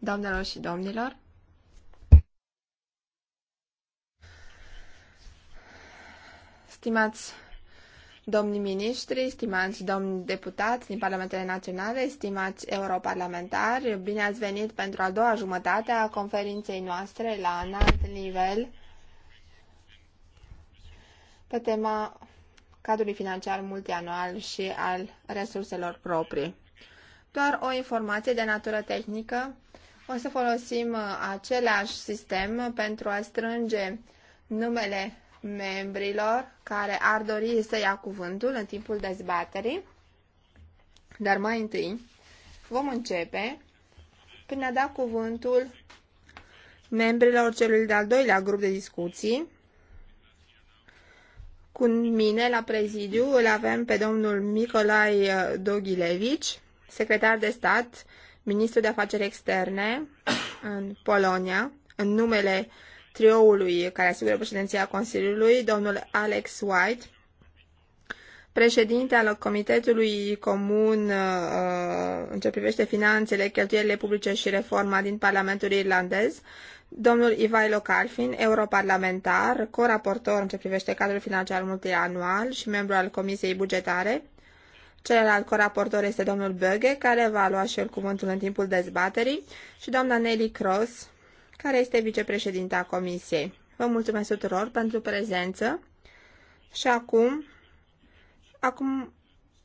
Doamnelor și domnilor. Stimați domni miniștri, stimați domni deputați din Parlamentele Naționale, stimați europarlamentari, bine ați venit pentru a doua jumătate a conferinței noastre la înalt nivel pe tema cadrului financiar multianual și al resurselor proprii doar o informație de natură tehnică. O să folosim uh, același sistem pentru a strânge numele membrilor care ar dori să ia cuvântul în timpul dezbaterii. Dar mai întâi vom începe prin a da cuvântul membrilor celui de-al doilea grup de discuții. Cu mine la prezidiu îl avem pe domnul Nicolae Doghilevici, secretar de stat, ministru de afaceri externe în Polonia, în numele trioului care asigură președinția Consiliului, domnul Alex White, președinte al Comitetului Comun uh, în ce privește finanțele, cheltuielile publice și reforma din Parlamentul Irlandez, domnul Ivailo Calfin, europarlamentar, coraportor în ce privește cadrul financiar multianual și membru al Comisiei Bugetare, Celălalt coraportor este domnul Böge, care va lua și el cuvântul în timpul dezbaterii, și doamna Nelly Cross, care este vicepreședinta Comisiei. Vă mulțumesc tuturor pentru prezență și acum, acum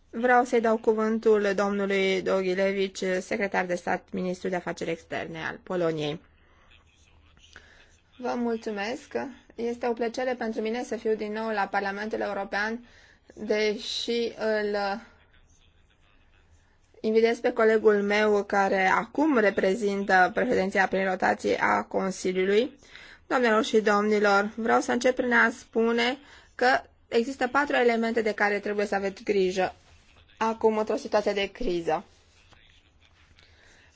vreau să-i dau cuvântul domnului Doghilevici, secretar de stat, ministru de afaceri externe al Poloniei. Vă mulțumesc. Este o plăcere pentru mine să fiu din nou la Parlamentul European, deși îl Invitez pe colegul meu care acum reprezintă președinția prin rotație a Consiliului. Doamnelor și domnilor, vreau să încep prin a spune că există patru elemente de care trebuie să aveți grijă acum într-o situație de criză.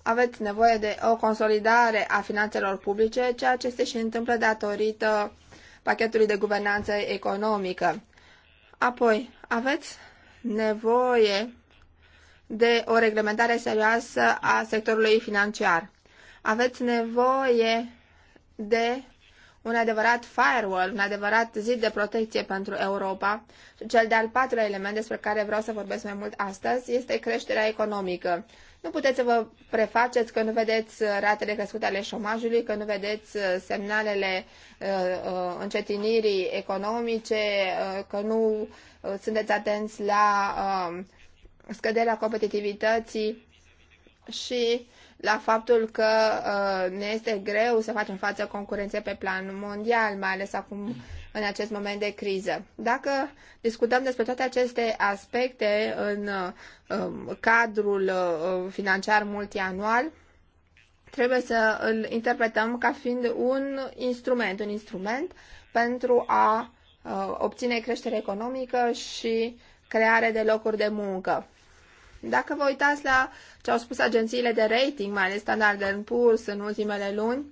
Aveți nevoie de o consolidare a finanțelor publice, ceea ce se și întâmplă datorită pachetului de guvernanță economică. Apoi, aveți nevoie de o reglementare serioasă a sectorului financiar. Aveți nevoie de un adevărat firewall, un adevărat zid de protecție pentru Europa. Și Cel de-al patrulea element despre care vreau să vorbesc mai mult astăzi este creșterea economică. Nu puteți să vă prefaceți că nu vedeți ratele crescute ale șomajului, că nu vedeți uh, semnalele uh, uh, încetinirii economice, că nu sunteți atenți la scăderea competitivității și la faptul că uh, ne este greu să facem față concurenței pe plan mondial, mai ales acum în acest moment de criză. Dacă discutăm despre toate aceste aspecte în uh, cadrul uh, financiar multianual, trebuie să îl interpretăm ca fiind un instrument, un instrument pentru a uh, obține creștere economică și creare de locuri de muncă. Dacă vă uitați la ce au spus agențiile de rating, mai ales Standard Poor's în ultimele luni,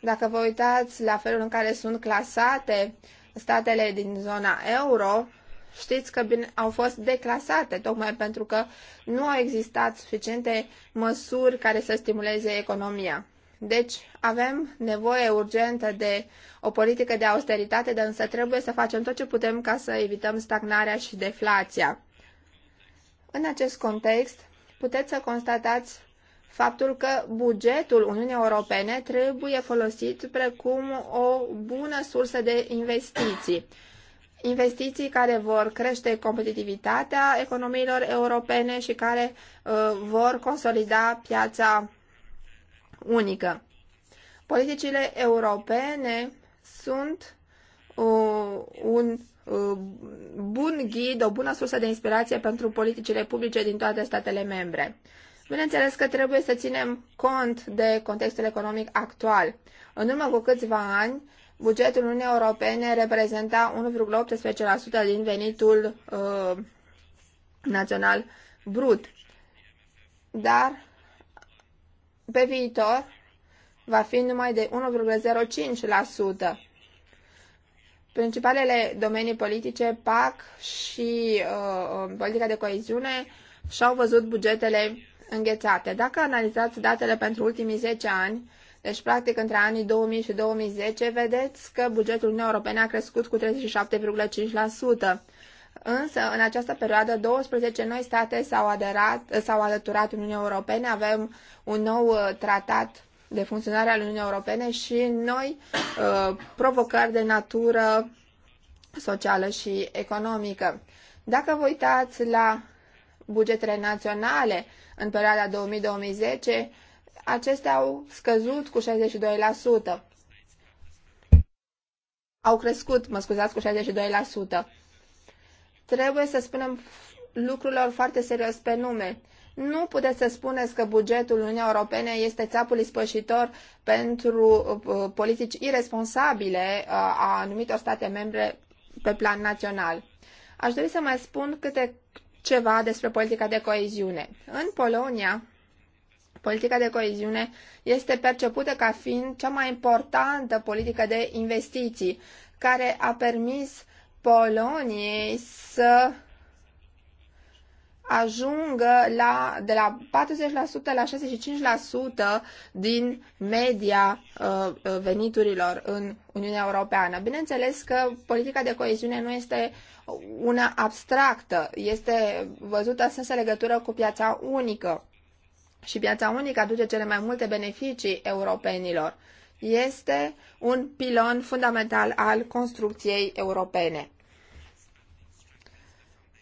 dacă vă uitați la felul în care sunt clasate statele din zona euro, știți că bine, au fost declasate, tocmai pentru că nu au existat suficiente măsuri care să stimuleze economia. Deci avem nevoie urgentă de o politică de austeritate, dar însă trebuie să facem tot ce putem ca să evităm stagnarea și deflația. În acest context, puteți să constatați faptul că bugetul Uniunii Europene trebuie folosit precum o bună sursă de investiții. Investiții care vor crește competitivitatea economiilor europene și care uh, vor consolida piața unică. Politicile europene sunt uh, un uh, bun ghid, o bună sursă de inspirație pentru politicile publice din toate statele membre. Bineînțeles că trebuie să ținem cont de contextul economic actual. În urmă cu câțiva ani, bugetul Uniunii Europene reprezenta 1,18% din venitul uh, național brut. Dar pe viitor va fi numai de 1,05%. Principalele domenii politice, PAC și uh, um, politica de coeziune, și-au văzut bugetele înghețate. Dacă analizați datele pentru ultimii 10 ani, deci practic între anii 2000 și 2010, vedeți că bugetul Uniunii Europene a crescut cu 37,5%. Însă, în această perioadă, 12 noi state s-au, aderat, s-au alăturat Uniunii Europene, avem un nou uh, tratat de funcționare al Uniunii Europene și noi uh, provocări de natură socială și economică. Dacă vă uitați la bugetele naționale în perioada 2000-2010, acestea au scăzut cu 62%. Au crescut, mă scuzați, cu 62%. Trebuie să spunem lucrurilor foarte serios pe nume. Nu puteți să spuneți că bugetul Uniunii Europene este țapul ispășitor pentru uh, politici irresponsabile uh, a anumitor state membre pe plan național. Aș dori să mai spun câte ceva despre politica de coeziune. În Polonia, politica de coeziune este percepută ca fiind cea mai importantă politică de investiții, care a permis Poloniei să ajungă la, de la 40% la 65% din media uh, uh, veniturilor în Uniunea Europeană. Bineînțeles că politica de coeziune nu este una abstractă, este văzută în sens legătură cu piața unică. Și piața unică aduce cele mai multe beneficii europenilor. Este un pilon fundamental al construcției europene.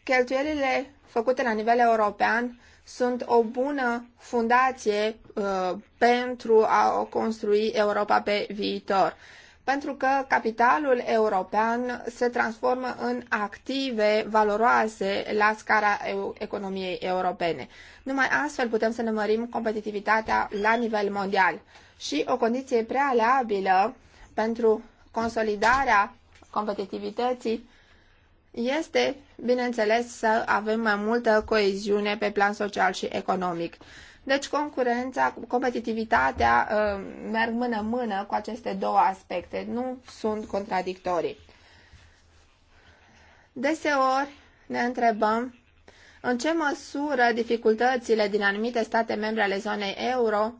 Cheltuielile făcute la nivel european sunt o bună fundație uh, pentru a o construi Europa pe viitor. Pentru că capitalul european se transformă în active valoroase la scara economiei europene. Numai astfel putem să ne mărim competitivitatea la nivel mondial. Și o condiție prealabilă pentru consolidarea competitivității este, bineînțeles, să avem mai multă coeziune pe plan social și economic. Deci concurența, competitivitatea uh, merg mână-mână cu aceste două aspecte, nu sunt contradictorii. Deseori ne întrebăm în ce măsură dificultățile din anumite state membre ale zonei euro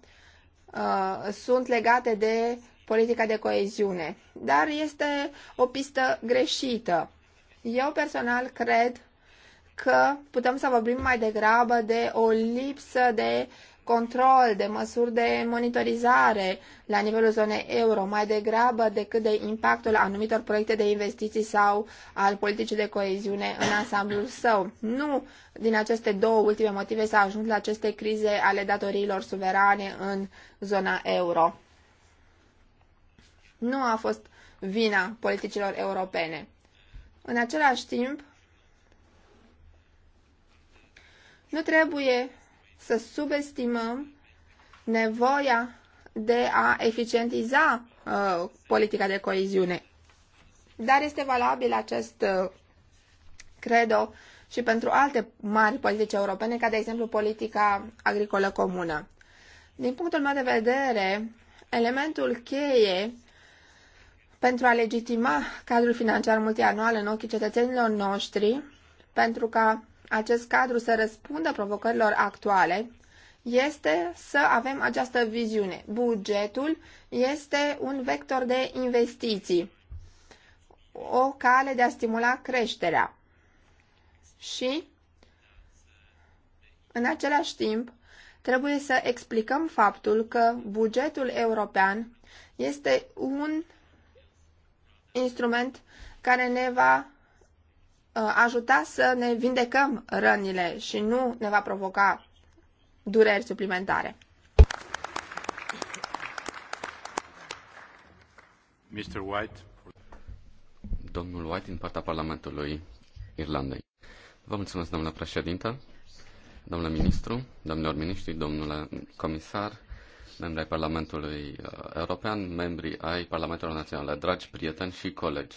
uh, sunt legate de politica de coeziune. Dar este o pistă greșită. Eu personal cred că putem să vorbim mai degrabă de o lipsă de control, de măsuri de monitorizare la nivelul zonei euro, mai degrabă decât de impactul anumitor proiecte de investiții sau al politicii de coeziune în ansamblul său. Nu din aceste două ultime motive s-a ajuns la aceste crize ale datoriilor suverane în zona euro. Nu a fost vina politicilor europene. În același timp, nu trebuie să subestimăm nevoia de a eficientiza uh, politica de coeziune. Dar este valabil acest uh, credo și pentru alte mari politici europene, ca de exemplu politica agricolă comună. Din punctul meu de vedere, elementul cheie pentru a legitima cadrul financiar multianual în ochii cetățenilor noștri, pentru ca acest cadru să răspundă provocărilor actuale, este să avem această viziune. Bugetul este un vector de investiții, o cale de a stimula creșterea. Și, în același timp, trebuie să explicăm faptul că bugetul european este un instrument care ne va uh, ajuta să ne vindecăm rănile și nu ne va provoca dureri suplimentare. Mr. White. Domnul White din partea Parlamentului Irlandei. Vă mulțumesc, domnule președinte, domnule ministru, domnilor miniștri, domnule comisar, membri ai Parlamentului uh, European, membri ai Parlamentelor Naționale, dragi prieteni și colegi.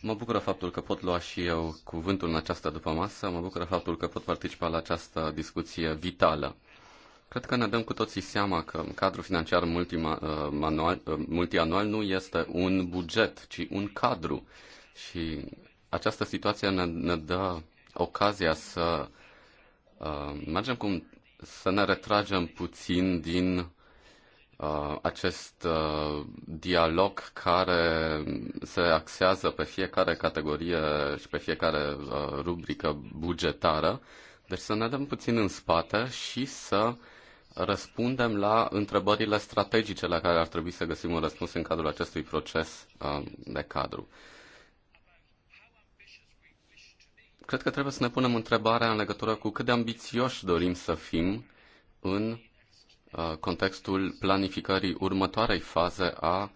Mă bucură faptul că pot lua și eu cuvântul în această după masă, mă bucură faptul că pot participa la această discuție vitală. Cred că ne dăm cu toții seama că cadrul financiar multianual, uh, uh, multianual nu este un buget, ci un cadru. Și această situație ne, ne dă ocazia să uh, mergem cum să ne retragem puțin din Uh, acest uh, dialog care se axează pe fiecare categorie și pe fiecare uh, rubrică bugetară. Deci să ne dăm puțin în spate și să răspundem la întrebările strategice la care ar trebui să găsim un răspuns în cadrul acestui proces de cadru. Cred că trebuie să ne punem întrebarea în legătură cu cât de ambițioși dorim să fim în Uh, contextul planificării următoarei faze a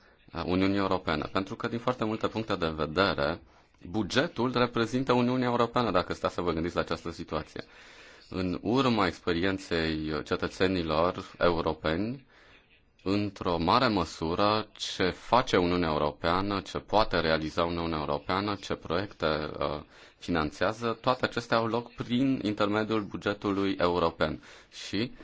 Uniunii Europene. Pentru că, din foarte multe puncte de vedere, bugetul reprezintă Uniunea Europeană, dacă stați să vă gândiți la această situație. În urma experienței cetățenilor europeni, într-o mare măsură, ce face Uniunea Europeană, ce poate realiza Uniunea Europeană, ce proiecte uh, finanțează, toate acestea au loc prin intermediul bugetului european. Și uh,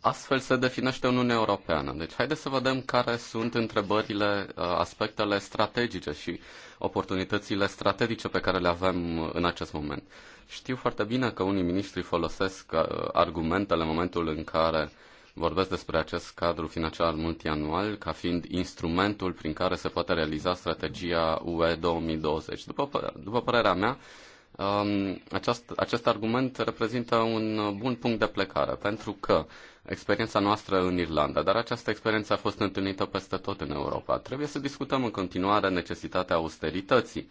Astfel se definește Uniunea Europeană. Deci haideți să vedem care sunt întrebările, uh, aspectele strategice și oportunitățile strategice pe care le avem în acest moment. Știu foarte bine că unii miniștri folosesc uh, argumentele în momentul în care vorbesc despre acest cadru financiar multianual ca fiind instrumentul prin care se poate realiza strategia UE 2020. După, după părerea mea, Um, aceast, acest argument reprezintă un bun punct de plecare, pentru că experiența noastră în Irlanda, dar această experiență a fost întâlnită peste tot în Europa. Trebuie să discutăm în continuare necesitatea austerității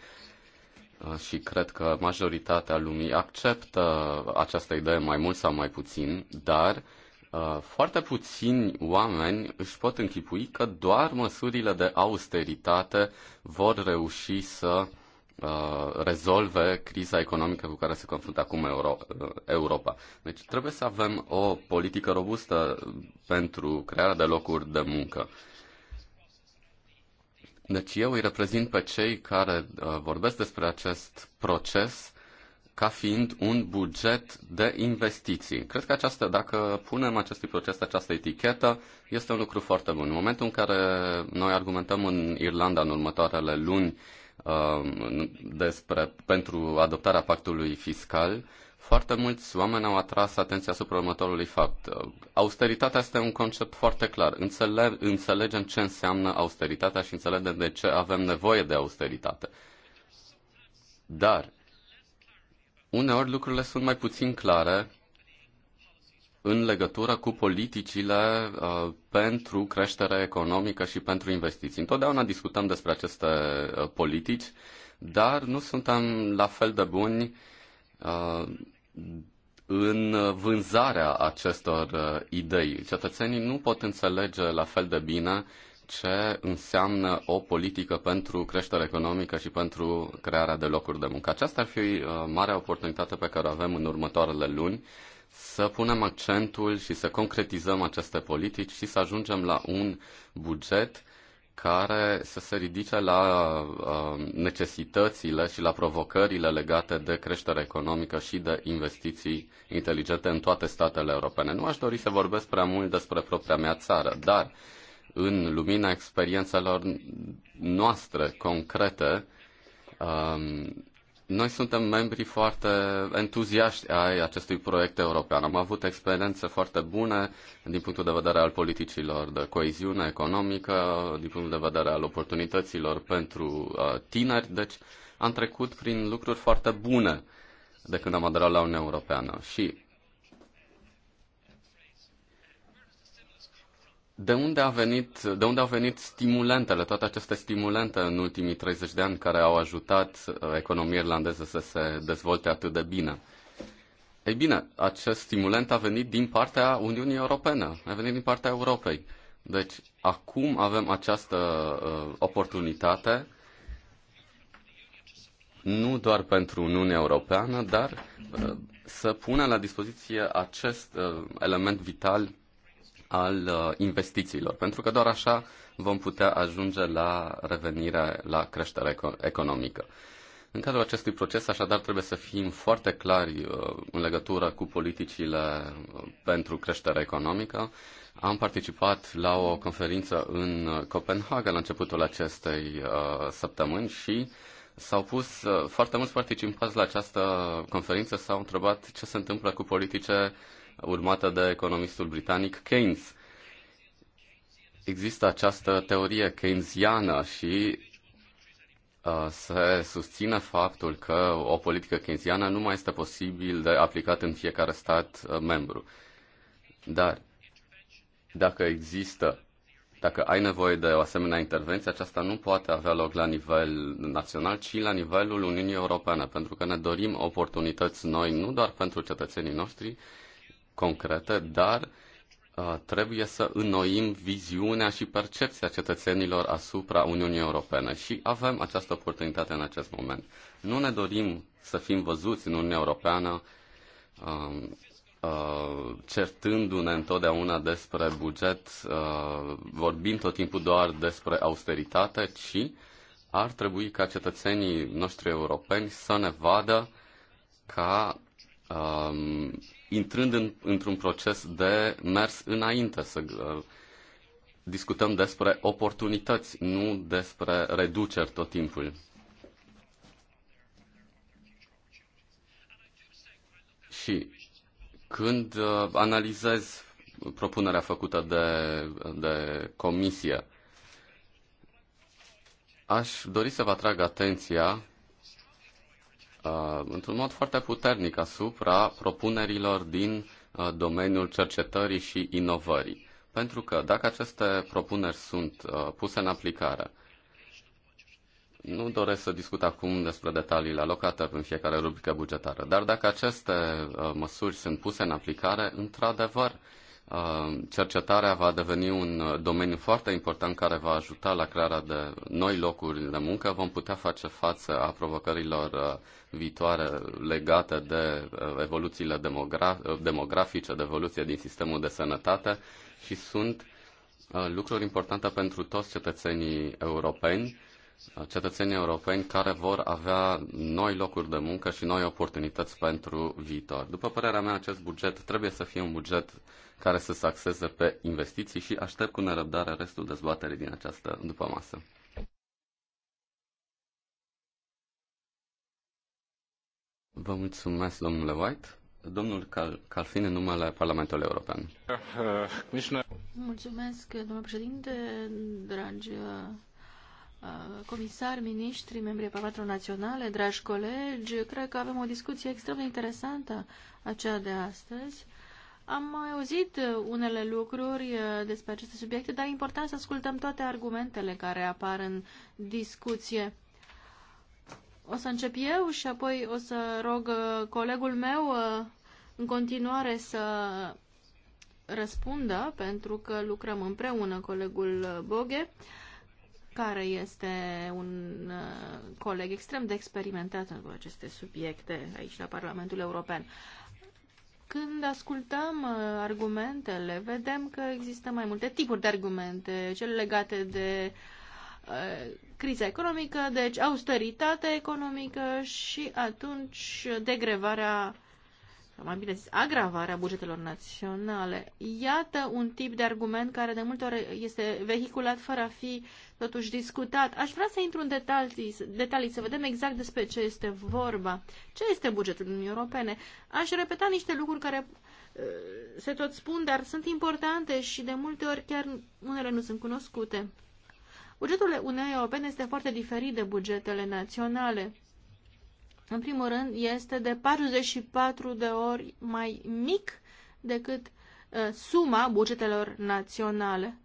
uh, și cred că majoritatea lumii acceptă această idee mai mult sau mai puțin, dar uh, foarte puțini oameni își pot închipui că doar măsurile de austeritate vor reuși să Uh, rezolve criza economică cu care se confruntă acum Euro- uh, Europa. Deci trebuie să avem o politică robustă pentru crearea de locuri de muncă. Deci eu îi reprezint pe cei care uh, vorbesc despre acest proces ca fiind un buget de investiții. Cred că aceasta, dacă punem acestui proces această etichetă, este un lucru foarte bun. În momentul în care noi argumentăm în Irlanda în următoarele luni Um, despre, pentru adoptarea pactului fiscal, foarte mulți oameni au atras atenția asupra următorului fapt. Uh, austeritatea este un concept foarte clar. Înțele- înțelegem ce înseamnă austeritatea și înțelegem de ce avem nevoie de austeritate. Dar, uneori lucrurile sunt mai puțin clare în legătură cu politicile uh, pentru creștere economică și pentru investiții. Întotdeauna discutăm despre aceste uh, politici, dar nu suntem la fel de buni uh, în vânzarea acestor uh, idei. Cetățenii nu pot înțelege la fel de bine ce înseamnă o politică pentru creștere economică și pentru crearea de locuri de muncă. Aceasta ar fi uh, marea oportunitate pe care o avem în următoarele luni să punem accentul și să concretizăm aceste politici și să ajungem la un buget care să se ridice la uh, necesitățile și la provocările legate de creștere economică și de investiții inteligente în toate statele europene. Nu aș dori să vorbesc prea mult despre propria mea țară, dar în lumina experiențelor noastre concrete, um, noi suntem membri foarte entuziaști ai acestui proiect european. Am avut experiențe foarte bune din punctul de vedere al politicilor de coeziune economică, din punctul de vedere al oportunităților pentru uh, tineri, deci am trecut prin lucruri foarte bune de când am aderat la Uniunea Europeană. Și de unde, a venit, de unde au venit stimulentele, toate aceste stimulente în ultimii 30 de ani care au ajutat uh, economia irlandeză să se dezvolte atât de bine? Ei bine, acest stimulant a venit din partea Uniunii Europene, a venit din partea Europei. Deci, acum avem această uh, oportunitate nu doar pentru Uniunea Europeană, dar uh, să pună la dispoziție acest uh, element vital al uh, investițiilor, pentru că doar așa vom putea ajunge la revenire, la creștere economică. În cadrul acestui proces, așadar, trebuie să fim foarte clari uh, în legătură cu politicile uh, pentru creștere economică. Am participat la o conferință în Copenhaga la începutul acestei săptămâni și s-au pus foarte mulți participanți la această conferință, s-au întrebat ce se întâmplă cu politice urmată de economistul britanic Keynes. Există această teorie keynesiană și uh, se susține faptul că o politică keynesiană nu mai este posibil de aplicat în fiecare stat uh, membru. Dar dacă există, dacă ai nevoie de o asemenea intervenție, aceasta nu poate avea loc la nivel național, ci la nivelul Uniunii Europene, pentru că ne dorim oportunități noi nu doar pentru cetățenii noștri, concrete, dar uh, trebuie să înnoim viziunea și percepția cetățenilor asupra Uniunii Europene și avem această oportunitate în acest moment. Nu ne dorim să fim văzuți în Uniunea Europeană uh, uh, certându-ne întotdeauna despre buget, uh, vorbim tot timpul doar despre austeritate, ci ar trebui ca cetățenii noștri europeni să ne vadă ca um, intrând în, într-un proces de mers înainte, să uh, discutăm despre oportunități, nu despre reduceri tot timpul. Și când uh, analizez propunerea făcută de, de comisie, aș dori să vă atrag atenția Uh, într-un mod foarte puternic asupra propunerilor din uh, domeniul cercetării și inovării. Pentru că dacă aceste propuneri sunt uh, puse în aplicare, nu doresc să discut acum despre detaliile alocate în fiecare rubrică bugetară, dar dacă aceste măsuri sunt puse în aplicare, într-adevăr, Uh, cercetarea va deveni un domeniu foarte important care va ajuta la crearea de noi locuri de muncă. Vom putea face față a provocărilor uh, viitoare legate de uh, evoluțiile demogra- demografice, de evoluție din sistemul de sănătate și sunt lucruri importante pentru toți cetățenii europeni, cetățenii europeni care vor avea noi locuri de muncă și noi oportunități pentru viitor. După părerea mea, acest buget trebuie să fie un buget care să se axeze pe investiții și aștept cu nerăbdare restul dezbaterii din această după masă. Vă mulțumesc, domnule White. Domnul Cal Calfin, în numele Parlamentului European. Mulțumesc, domnule președinte, dragi uh, comisari, miniștri, membrii Parlamentului Naționale, dragi colegi. Cred că avem o discuție extrem de interesantă, aceea de astăzi am mai auzit uh, unele lucruri uh, despre aceste subiecte, dar e important să ascultăm toate argumentele care apar în discuție. O să încep eu și apoi o să rog uh, colegul meu în continuare să răspundă, pentru că lucrăm împreună colegul Boghe, care este un coleg extrem de experimentat în aceste subiecte aici la Parlamentul European. Când ascultăm uh, argumentele, vedem că există mai multe tipuri de argumente, cele legate de uh, criza economică, deci austeritate economică și atunci degrevarea sau mai bine zis, agravarea bugetelor naționale. Iată un tip de argument care de multe ori este vehiculat fără a fi totuși discutat. Aș vrea să intru în detalii, detalii să vedem exact despre ce este vorba. Ce este bugetul Uniunii Europene? Aș repeta niște lucruri care uh, se tot spun, dar sunt importante și de multe ori chiar unele nu sunt cunoscute. Bugetul Uniunii Europene este foarte diferit de bugetele naționale în primul rând, este de 44 de ori mai mic decât uh, suma bugetelor naționale.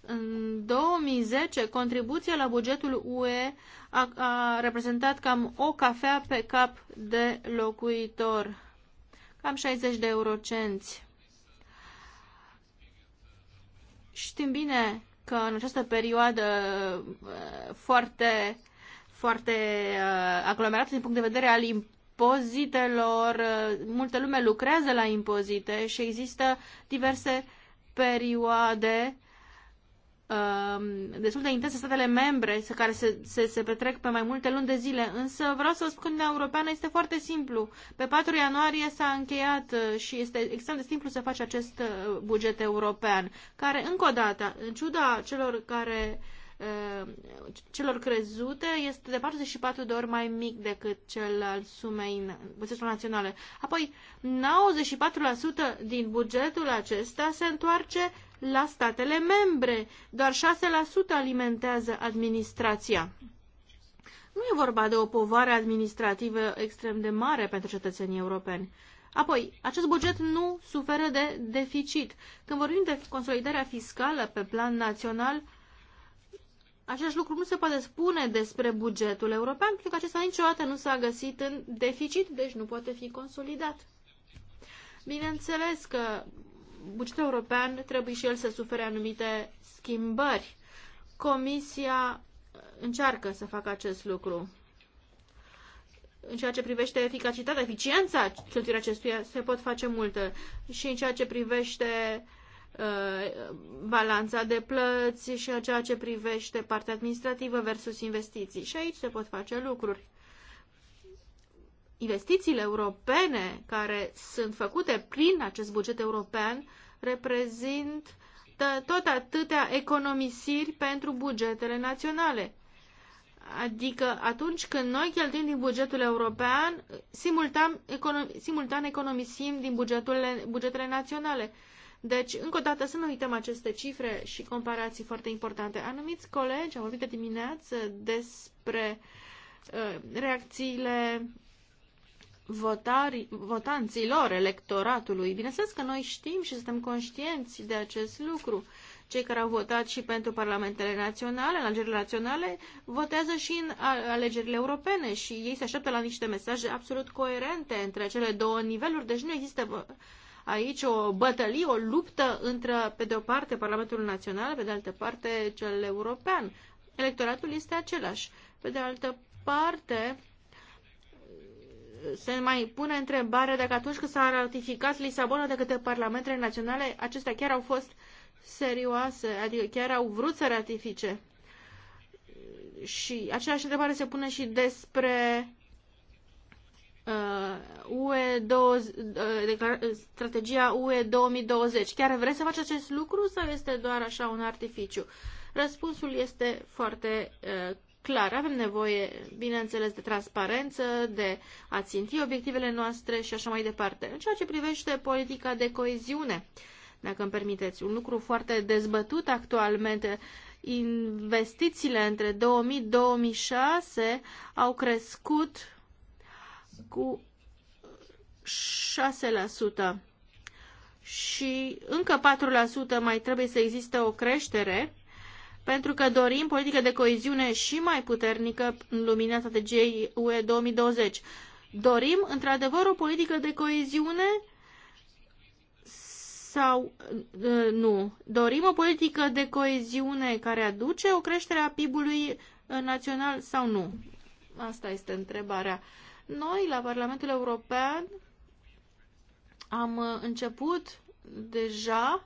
În 2010, contribuția la bugetul UE a, a reprezentat cam o cafea pe cap de locuitor, cam 60 de eurocenți. Știm bine că în această perioadă uh, foarte uh, foarte uh, aglomerată din punct de vedere al impozitelor. Uh, multă lume lucrează la impozite și există diverse perioade uh, destul de intense statele membre care se, se, se petrec pe mai multe luni de zile. Însă vreau să vă spun că Uniunea Europeană este foarte simplu. Pe 4 ianuarie s-a încheiat uh, și este extrem de simplu să faci acest uh, buget european, care încă o dată, în ciuda celor care uh, Eh, celor crezute este de 44 de ori mai mic decât cel al sumei bugetul naționale. Apoi, 94% din bugetul acesta se întoarce la statele membre, doar 6% alimentează administrația. Nu e vorba de o povară administrativă extrem de mare pentru cetățenii europeni. Apoi, acest buget nu suferă de deficit. Când vorbim de consolidarea fiscală pe plan național, Același lucru nu se poate spune despre bugetul european, pentru că acesta niciodată nu s-a găsit în deficit, deci nu poate fi consolidat. Bineînțeles că bugetul european trebuie și el să sufere anumite schimbări. Comisia încearcă să facă acest lucru. În ceea ce privește eficacitatea, eficiența cheltuirii acestuia, se pot face multe. Și în ceea ce privește uh, Uh, balanța de plăți și a ceea ce privește partea administrativă versus investiții. Și aici se pot face lucruri. Investițiile europene care sunt făcute prin acest buget european reprezintă tot atâtea economisiri pentru bugetele naționale. Adică atunci când noi cheltuim din bugetul european, simultan, econom, simultan economisim din bugetul, bugetele naționale. Deci, încă o dată, să nu uităm aceste cifre și comparații foarte importante. Anumiți colegi au vorbit de dimineață despre uh, reacțiile votari, votanților, electoratului. Bineînțeles că noi știm și suntem conștienți de acest lucru. Cei care au votat și pentru parlamentele naționale, în alegerile naționale, votează și în alegerile europene și ei se așteaptă la niște mesaje absolut coerente între cele două niveluri, deci nu există aici o bătălie, o luptă între, pe de o parte, Parlamentul Național, pe de altă parte, cel european. Electoratul este același. Pe de altă parte, se mai pune întrebarea dacă atunci când s-a ratificat Lisabona de către parlamentele naționale, acestea chiar au fost serioase, adică chiar au vrut să ratifice. Și aceeași întrebare se pune și despre UE uh, 20, uh, uh, strategia UE 2020. Chiar vreți să faceți acest lucru sau este doar așa un artificiu? Răspunsul este foarte clar. Avem nevoie, bineînțeles, de transparență, de a ținti obiectivele noastre și așa mai departe. În ceea ce privește politica de coeziune, dacă îmi permiteți, un lucru foarte dezbătut actualmente, investițiile între 2000-2006 au crescut cu 6% și încă 4% mai trebuie să existe o creștere pentru că dorim politică de coeziune și mai puternică în lumina strategiei UE 2020. Dorim, într-adevăr, o politică de coeziune sau uh, nu? Dorim o politică de coeziune care aduce o creștere a PIB-ului uh, național sau nu? Asta este întrebarea. Noi, la Parlamentul European, am început deja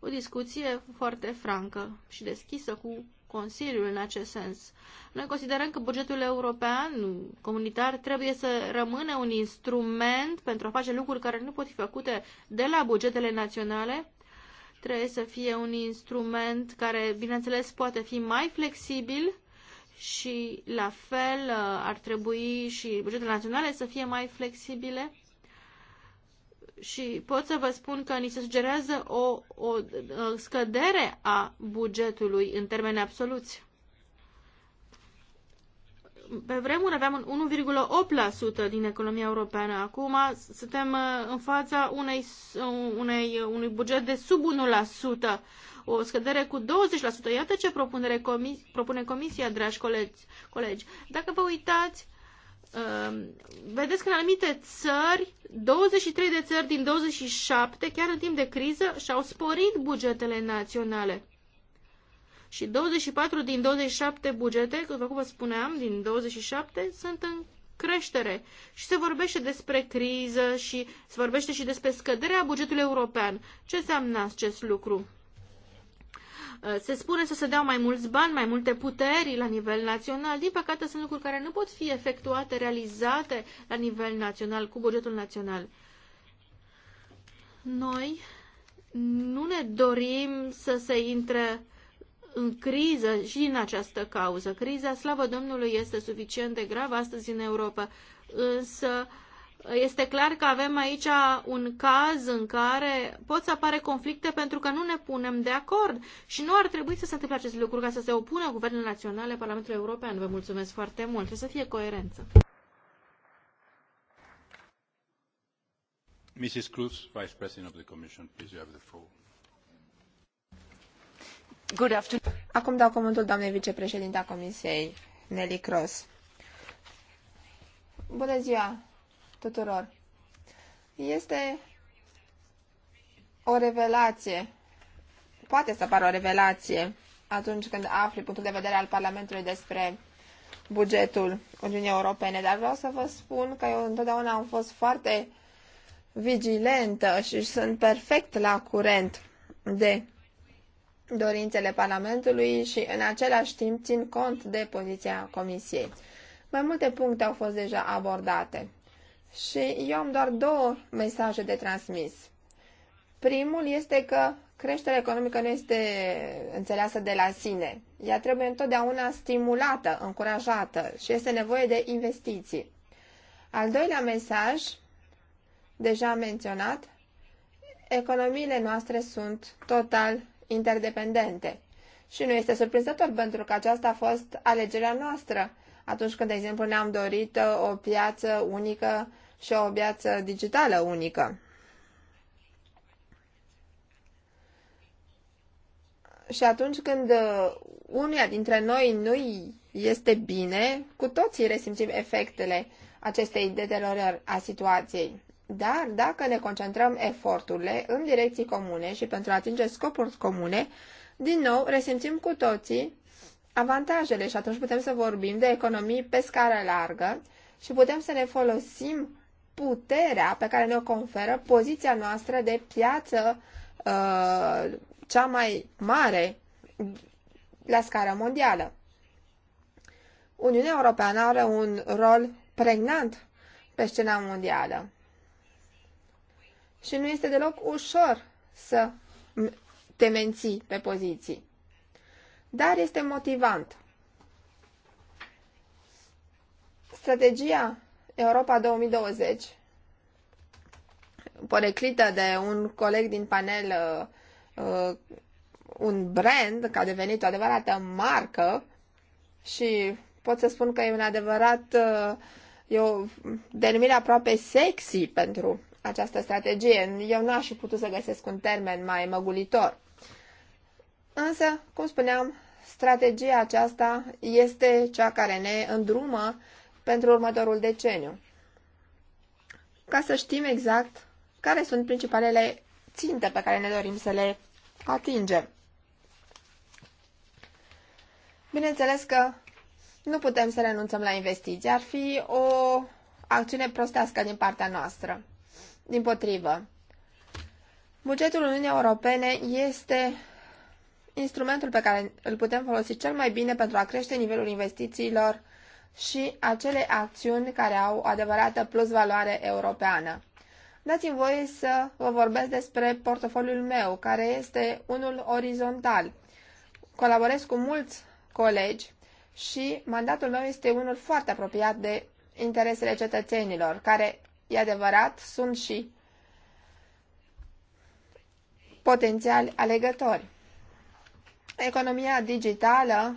o discuție foarte francă și deschisă cu Consiliul în acest sens. Noi considerăm că bugetul european comunitar trebuie să rămână un instrument pentru a face lucruri care nu pot fi făcute de la bugetele naționale. Trebuie să fie un instrument care, bineînțeles, poate fi mai flexibil și la fel uh, ar trebui și bugetele naționale să fie mai flexibile și pot să vă spun că ni se sugerează o, o uh, scădere a bugetului în termeni absoluți. Pe vremuri aveam 1,8% din economia europeană. Acum suntem uh, în fața unei, unei, unui buget de sub 1% o scădere cu 20%. Iată ce propunere comis propune Comisia, dragi colegi. colegi. Dacă vă uitați, um, vedeți că în anumite țări, 23 de țări din 27, chiar în timp de criză, și-au sporit bugetele naționale. Și 24 din 27 bugete, după cum vă spuneam, din 27, sunt în creștere. Și se vorbește despre criză și se vorbește și despre scăderea bugetului european. Ce înseamnă acest lucru? Eh, se spune să se dea mai mulți bani, mai multe puteri la nivel național. Din păcate sunt lucruri care nu pot fi efectuate, realizate la nivel național, cu bugetul național. Noi nu ne dorim să se intre în criză și din această cauză. Criza, slavă Domnului, este suficient de gravă astăzi în Europa, însă uh, este clar că avem aici un caz în care pot să apare conflicte pentru că nu ne punem de acord și nu ar trebui să se întâmple acest lucru ca să se opună guvernele naționale Parlamentului European. Vă mulțumesc foarte mult. Trebuie să fie coerență. Mrs. Cruz, Vice President of the Commission, please you have the floor. Good afternoon. Acum dau cuvântul doamnei vicepreședinte a Comisiei, Nelly Cross. Bună ziua! tuturor. Este o revelație, poate să apară o revelație atunci când afli punctul de vedere al Parlamentului despre bugetul Uniunii Europene, dar vreau să vă spun că eu întotdeauna am fost foarte vigilentă și sunt perfect la curent de dorințele Parlamentului și în același timp țin cont de poziția Comisiei. Mai multe puncte au fost deja abordate. Și eu am doar două mesaje de transmis. Primul este că creșterea economică nu este înțeleasă de la sine. Ea trebuie întotdeauna stimulată, încurajată și este nevoie de investiții. Al doilea mesaj, deja menționat, economiile noastre sunt total interdependente. Și nu este surprinzător pentru că aceasta a fost alegerea noastră atunci când, de exemplu, ne-am dorit uh, o piață unică și o piață digitală unică. Și atunci când uh, unuia dintre noi nu este bine, cu toții resimțim efectele acestei deteriorări a situației. Dar dacă ne concentrăm eforturile în direcții comune și pentru a atinge scopuri comune, din nou resimțim cu toții avantajele și atunci putem să vorbim de economii pe scară largă și putem să ne folosim puterea pe care ne-o conferă poziția noastră de piață uh, cea mai mare la scară mondială. Uniunea Europeană are un rol pregnant pe scena mondială și nu este deloc ușor să te menții pe poziții dar este motivant. Strategia Europa 2020, poreclită de un coleg din panel, uh, uh, un brand, că a devenit o adevărată marcă și pot să spun că e un adevărat, uh, e o denumire aproape sexy pentru această strategie. Eu n-aș fi putut să găsesc un termen mai măgulitor. Însă, cum spuneam, strategia aceasta este cea care ne îndrumă pentru următorul deceniu. Ca să știm exact care sunt principalele ținte pe care ne dorim să le atingem. Bineînțeles că nu putem să renunțăm la investiții. Ar fi o acțiune prostească din partea noastră. Din potrivă, bugetul Uniunii Europene este instrumentul pe care îl putem folosi cel mai bine pentru a crește nivelul investițiilor și acele acțiuni care au o adevărată valoare europeană. Dați-mi voie să vă vorbesc despre portofoliul meu, care este unul orizontal. Colaborez cu mulți colegi și mandatul meu este unul foarte apropiat de interesele cetățenilor, care, e adevărat, sunt și potențiali alegători. Economia digitală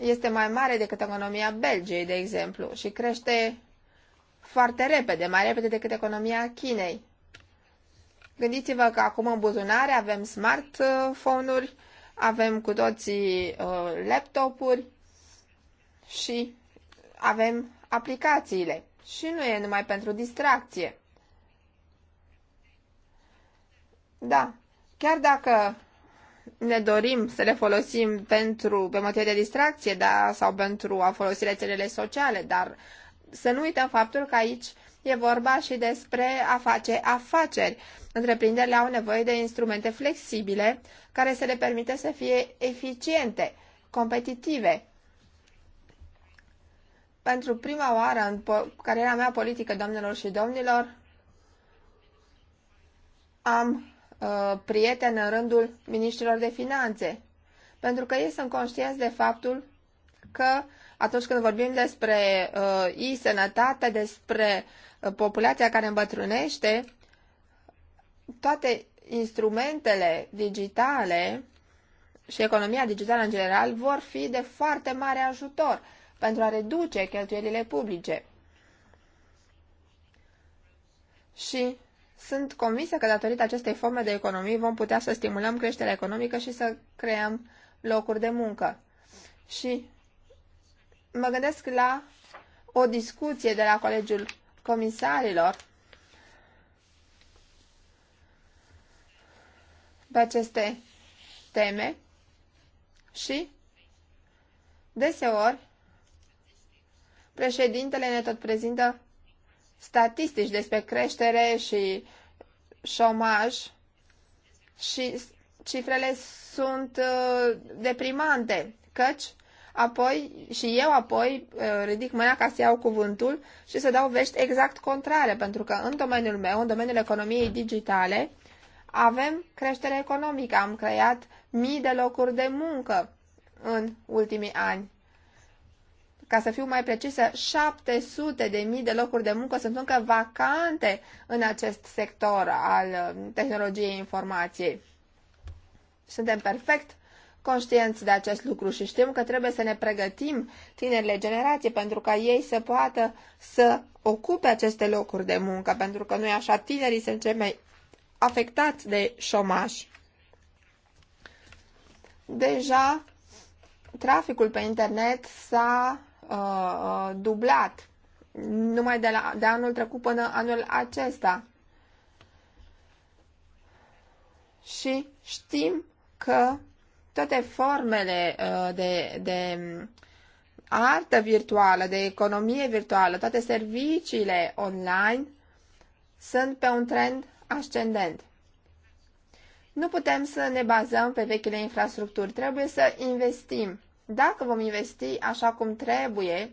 este mai mare decât economia Belgiei, de exemplu, și crește foarte repede, mai repede decât economia Chinei. Gândiți-vă că acum în buzunare avem smartphone-uri, avem cu toții uh, laptopuri și avem aplicațiile. Și nu e numai pentru distracție. Da, chiar dacă ne dorim să le folosim pentru, pe motive de distracție da, sau pentru a folosi rețelele sociale, dar să nu uităm faptul că aici e vorba și despre a face afaceri. Întreprinderile au nevoie de instrumente flexibile care să le permită să fie eficiente, competitive. Pentru prima oară în cariera mea politică, domnilor și domnilor, am uh, prieten în rândul ministrilor de finanțe, pentru că ei sunt conștienți de faptul că atunci când vorbim despre uh, e-sănătate, despre uh, populația care îmbătrânește, toate instrumentele digitale și economia digitală în general vor fi de foarte mare ajutor pentru a reduce cheltuielile publice. Și sunt convinsă că datorită acestei forme de economii vom putea să stimulăm creșterea economică și să creăm locuri de muncă. Și mă gândesc la o discuție de la Colegiul Comisarilor pe aceste teme și deseori președintele ne tot prezintă statistici despre creștere și șomaj și cifrele sunt uh, deprimante, căci apoi și eu apoi uh, ridic mâna ca să iau cuvântul și să dau vești exact contrare, pentru că în domeniul meu, în domeniul economiei digitale, avem creștere economică, am creat mii de locuri de muncă în ultimii ani ca să fiu mai precisă, 700 de mii de locuri de muncă sunt încă vacante în acest sector al uh, tehnologiei informației. Suntem perfect conștienți de acest lucru și știm că trebuie să ne pregătim tinerile generații pentru ca ei să poată să ocupe aceste locuri de muncă, pentru că noi așa tinerii sunt cei mai afectați de șomaj. Deja traficul pe internet s-a Uh, uh, dublat numai de, la, de anul trecut până anul acesta. Și știm că toate formele uh, de, de artă virtuală, de economie virtuală, toate serviciile online sunt pe un trend ascendent. Nu putem să ne bazăm pe vechile infrastructuri, trebuie să investim. Dacă vom investi așa cum trebuie,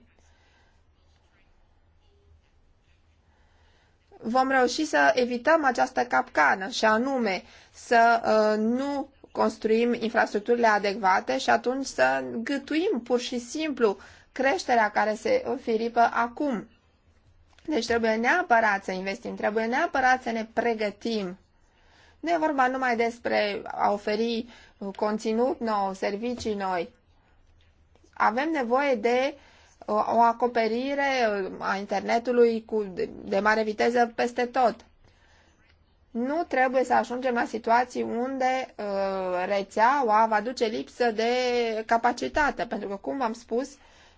vom reuși să evităm această capcană și anume să uh, nu construim infrastructurile adecvate și atunci să gătuim pur și simplu creșterea care se înfiripă acum. Deci trebuie neapărat să investim, trebuie neapărat să ne pregătim. Nu e vorba numai despre a oferi conținut nou, servicii noi, avem nevoie de uh, o acoperire uh, a internetului cu, de mare viteză peste tot. Nu trebuie să ajungem la situații unde uh, rețeaua va duce lipsă de capacitate, pentru că, cum v-am spus,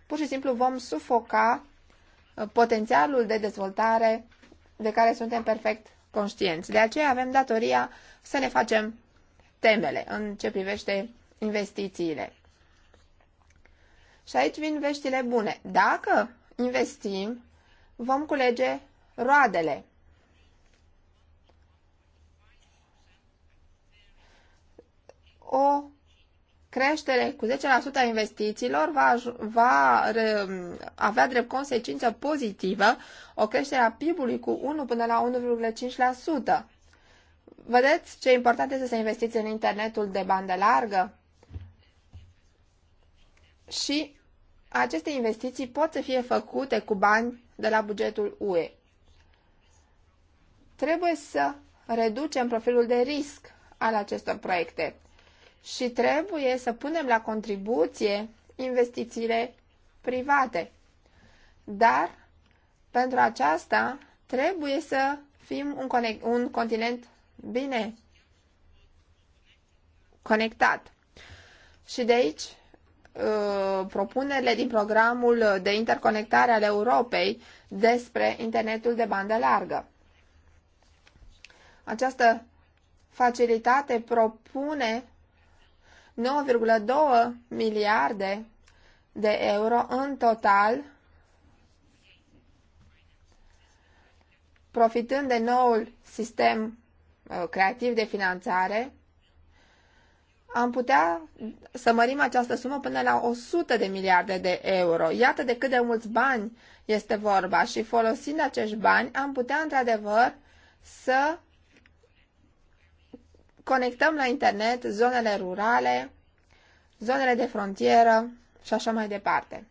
pur și simplu vom sufoca uh, potențialul de dezvoltare de care suntem perfect conștienți. De aceea avem datoria să ne facem temele în ce privește investițiile. Și aici vin veștile bune. Dacă investim, vom culege roadele. O creștere cu 10% a investițiilor va, va re, avea drept consecință pozitivă o creștere a PIB-ului cu 1 până la 1,5%. Vedeți ce important este să investiți în internetul de bandă largă? și aceste investiții pot să fie făcute cu bani de la bugetul UE. Trebuie să reducem profilul de risc al acestor proiecte și trebuie să punem la contribuție investițiile private. Dar, pentru aceasta, trebuie să fim un, conect, un continent bine conectat. Și de aici Uh, propunerile din programul de interconectare al Europei despre internetul de bandă largă. Această facilitate propune 9,2 miliarde de euro în total, profitând de noul sistem uh, creativ de finanțare, am putea să mărim această sumă până la 100 de miliarde de euro. Iată de cât de mulți bani este vorba și folosind acești bani am putea într-adevăr să conectăm la internet zonele rurale, zonele de frontieră și așa mai departe.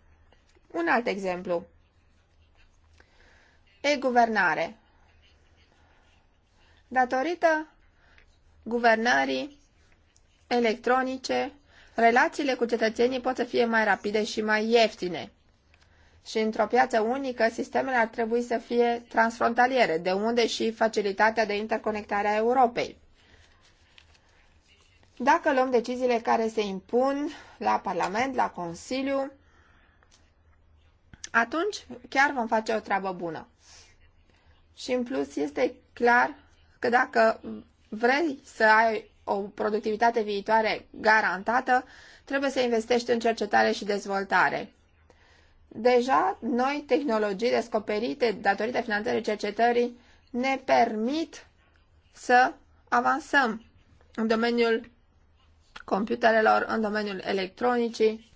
Un alt exemplu. E-guvernare. Datorită guvernării electronice, relațiile cu cetățenii pot să fie mai rapide și mai ieftine. Și într-o piață unică, sistemele ar trebui să fie transfrontaliere, de unde și facilitatea de interconectare a Europei. Dacă luăm deciziile care se impun la Parlament, la Consiliu, atunci chiar vom face o treabă bună. Și în plus este clar că dacă vrei să ai o productivitate viitoare garantată, trebuie să investești în cercetare și dezvoltare. Deja, noi tehnologii descoperite datorită finanțării cercetării ne permit să avansăm în domeniul computerelor, în domeniul electronicii.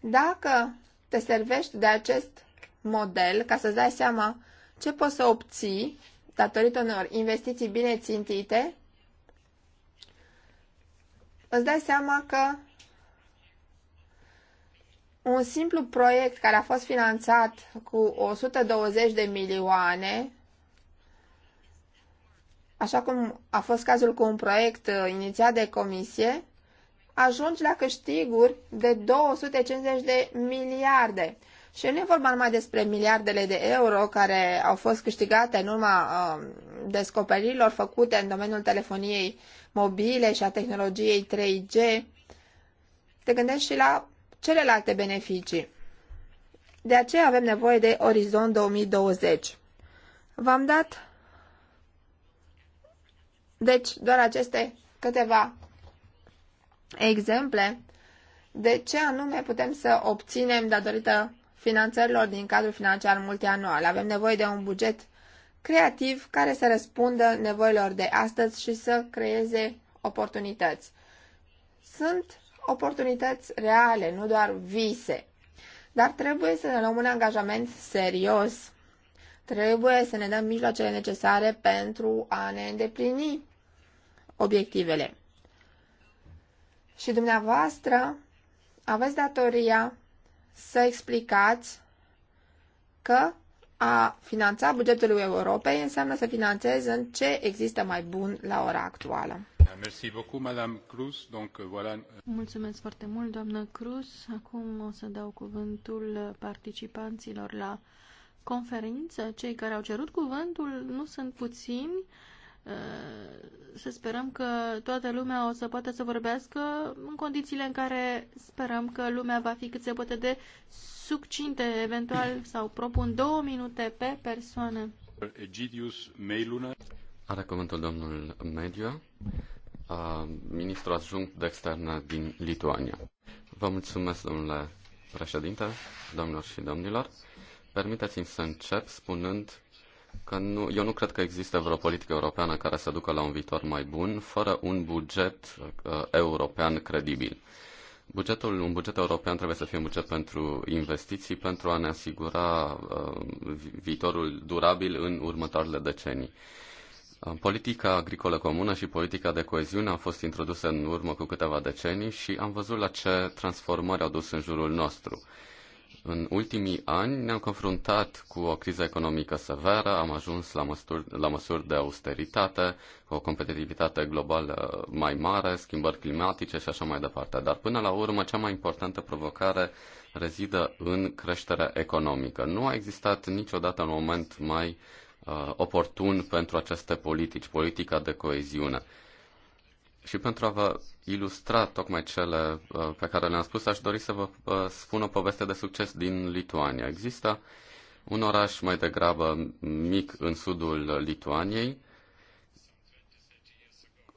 Dacă te servești de acest model ca să-ți dai seama ce poți să obții datorită unor investiții bine țintite, îți dai seama că un simplu proiect care a fost finanțat cu 120 de milioane, așa cum a fost cazul cu un proiect uh, inițiat de comisie, ajungi la câștiguri de 250 de miliarde. Și nu e vorba numai despre miliardele de euro care au fost câștigate în urma uh, descoperirilor făcute în domeniul telefoniei mobile și a tehnologiei 3G. Te gândești și la celelalte beneficii. De aceea avem nevoie de Orizon 2020. V-am dat deci doar aceste câteva exemple de ce anume putem să obținem datorită finanțărilor din cadrul financiar multianual. Avem nevoie de un buget creativ care să răspundă nevoilor de astăzi și să creeze oportunități. Sunt oportunități reale, nu doar vise. Dar trebuie să ne luăm un angajament serios. Trebuie să ne dăm mijloacele necesare pentru a ne îndeplini obiectivele. Și dumneavoastră aveți datoria să explicați că a finanța bugetul Europei înseamnă să finanțezi în ce există mai bun la ora actuală. Da, Mulțumesc foarte mult, doamnă Cruz. Acum o să dau cuvântul participanților la conferință. Cei care au cerut cuvântul nu sunt puțini să sperăm că toată lumea o să poată să vorbească în condițiile în care sperăm că lumea va fi cât se poate de succinte, eventual, sau propun două minute pe persoană. Egidius Meiluna. Are cuvântul domnul Mediu, ministru adjunct de externe din Lituania. Vă mulțumesc, domnule președinte, domnilor și domnilor. Permiteți-mi să încep spunând că nu, eu nu cred că există vreo politică europeană care să ducă la un viitor mai bun fără un buget uh, european credibil. Bugetul, un buget european trebuie să fie un buget pentru investiții, pentru a ne asigura uh, viitorul durabil în următoarele decenii. Uh, politica agricolă comună și politica de coeziune au fost introduse în urmă cu câteva decenii și am văzut la ce transformări au dus în jurul nostru. Uh, în ultimii ani ne-am confruntat cu o criză economică severă, am ajuns la măsuri, la măsuri de austeritate, cu o competitivitate globală mai mare, schimbări climatice și așa mai departe. Dar până la urmă, cea mai importantă provocare rezidă în creșterea economică. Nu a existat niciodată un moment mai uh, oportun pentru aceste politici, politica de coeziune. Și pentru a vă ilustra tocmai cele uh, pe care le-am spus, aș dori să vă uh, spun o poveste de succes din Lituania. Există un oraș mai degrabă mic în sudul Lituaniei,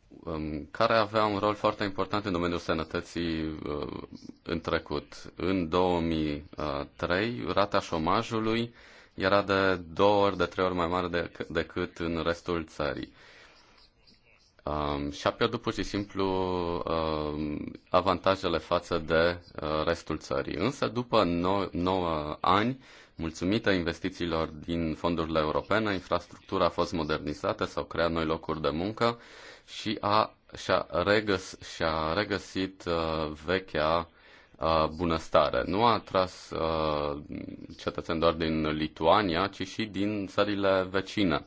um, care avea un rol foarte important în domeniul sănătății uh, în trecut. În 2003, rata șomajului era de două ori, de trei ori mai mare decât în restul țării um, și-a pierdut pur și simplu um, avantajele față de uh, restul țării. Însă, după 9 no- ani, mulțumită investițiilor din fondurile europene, infrastructura a fost modernizată, s-au creat noi locuri de muncă și a, și-a, regăs, și-a regăsit uh, vechea uh, bunăstare. Nu a atras uh, cetățeni doar din Lituania, ci și din țările vecine. Uh,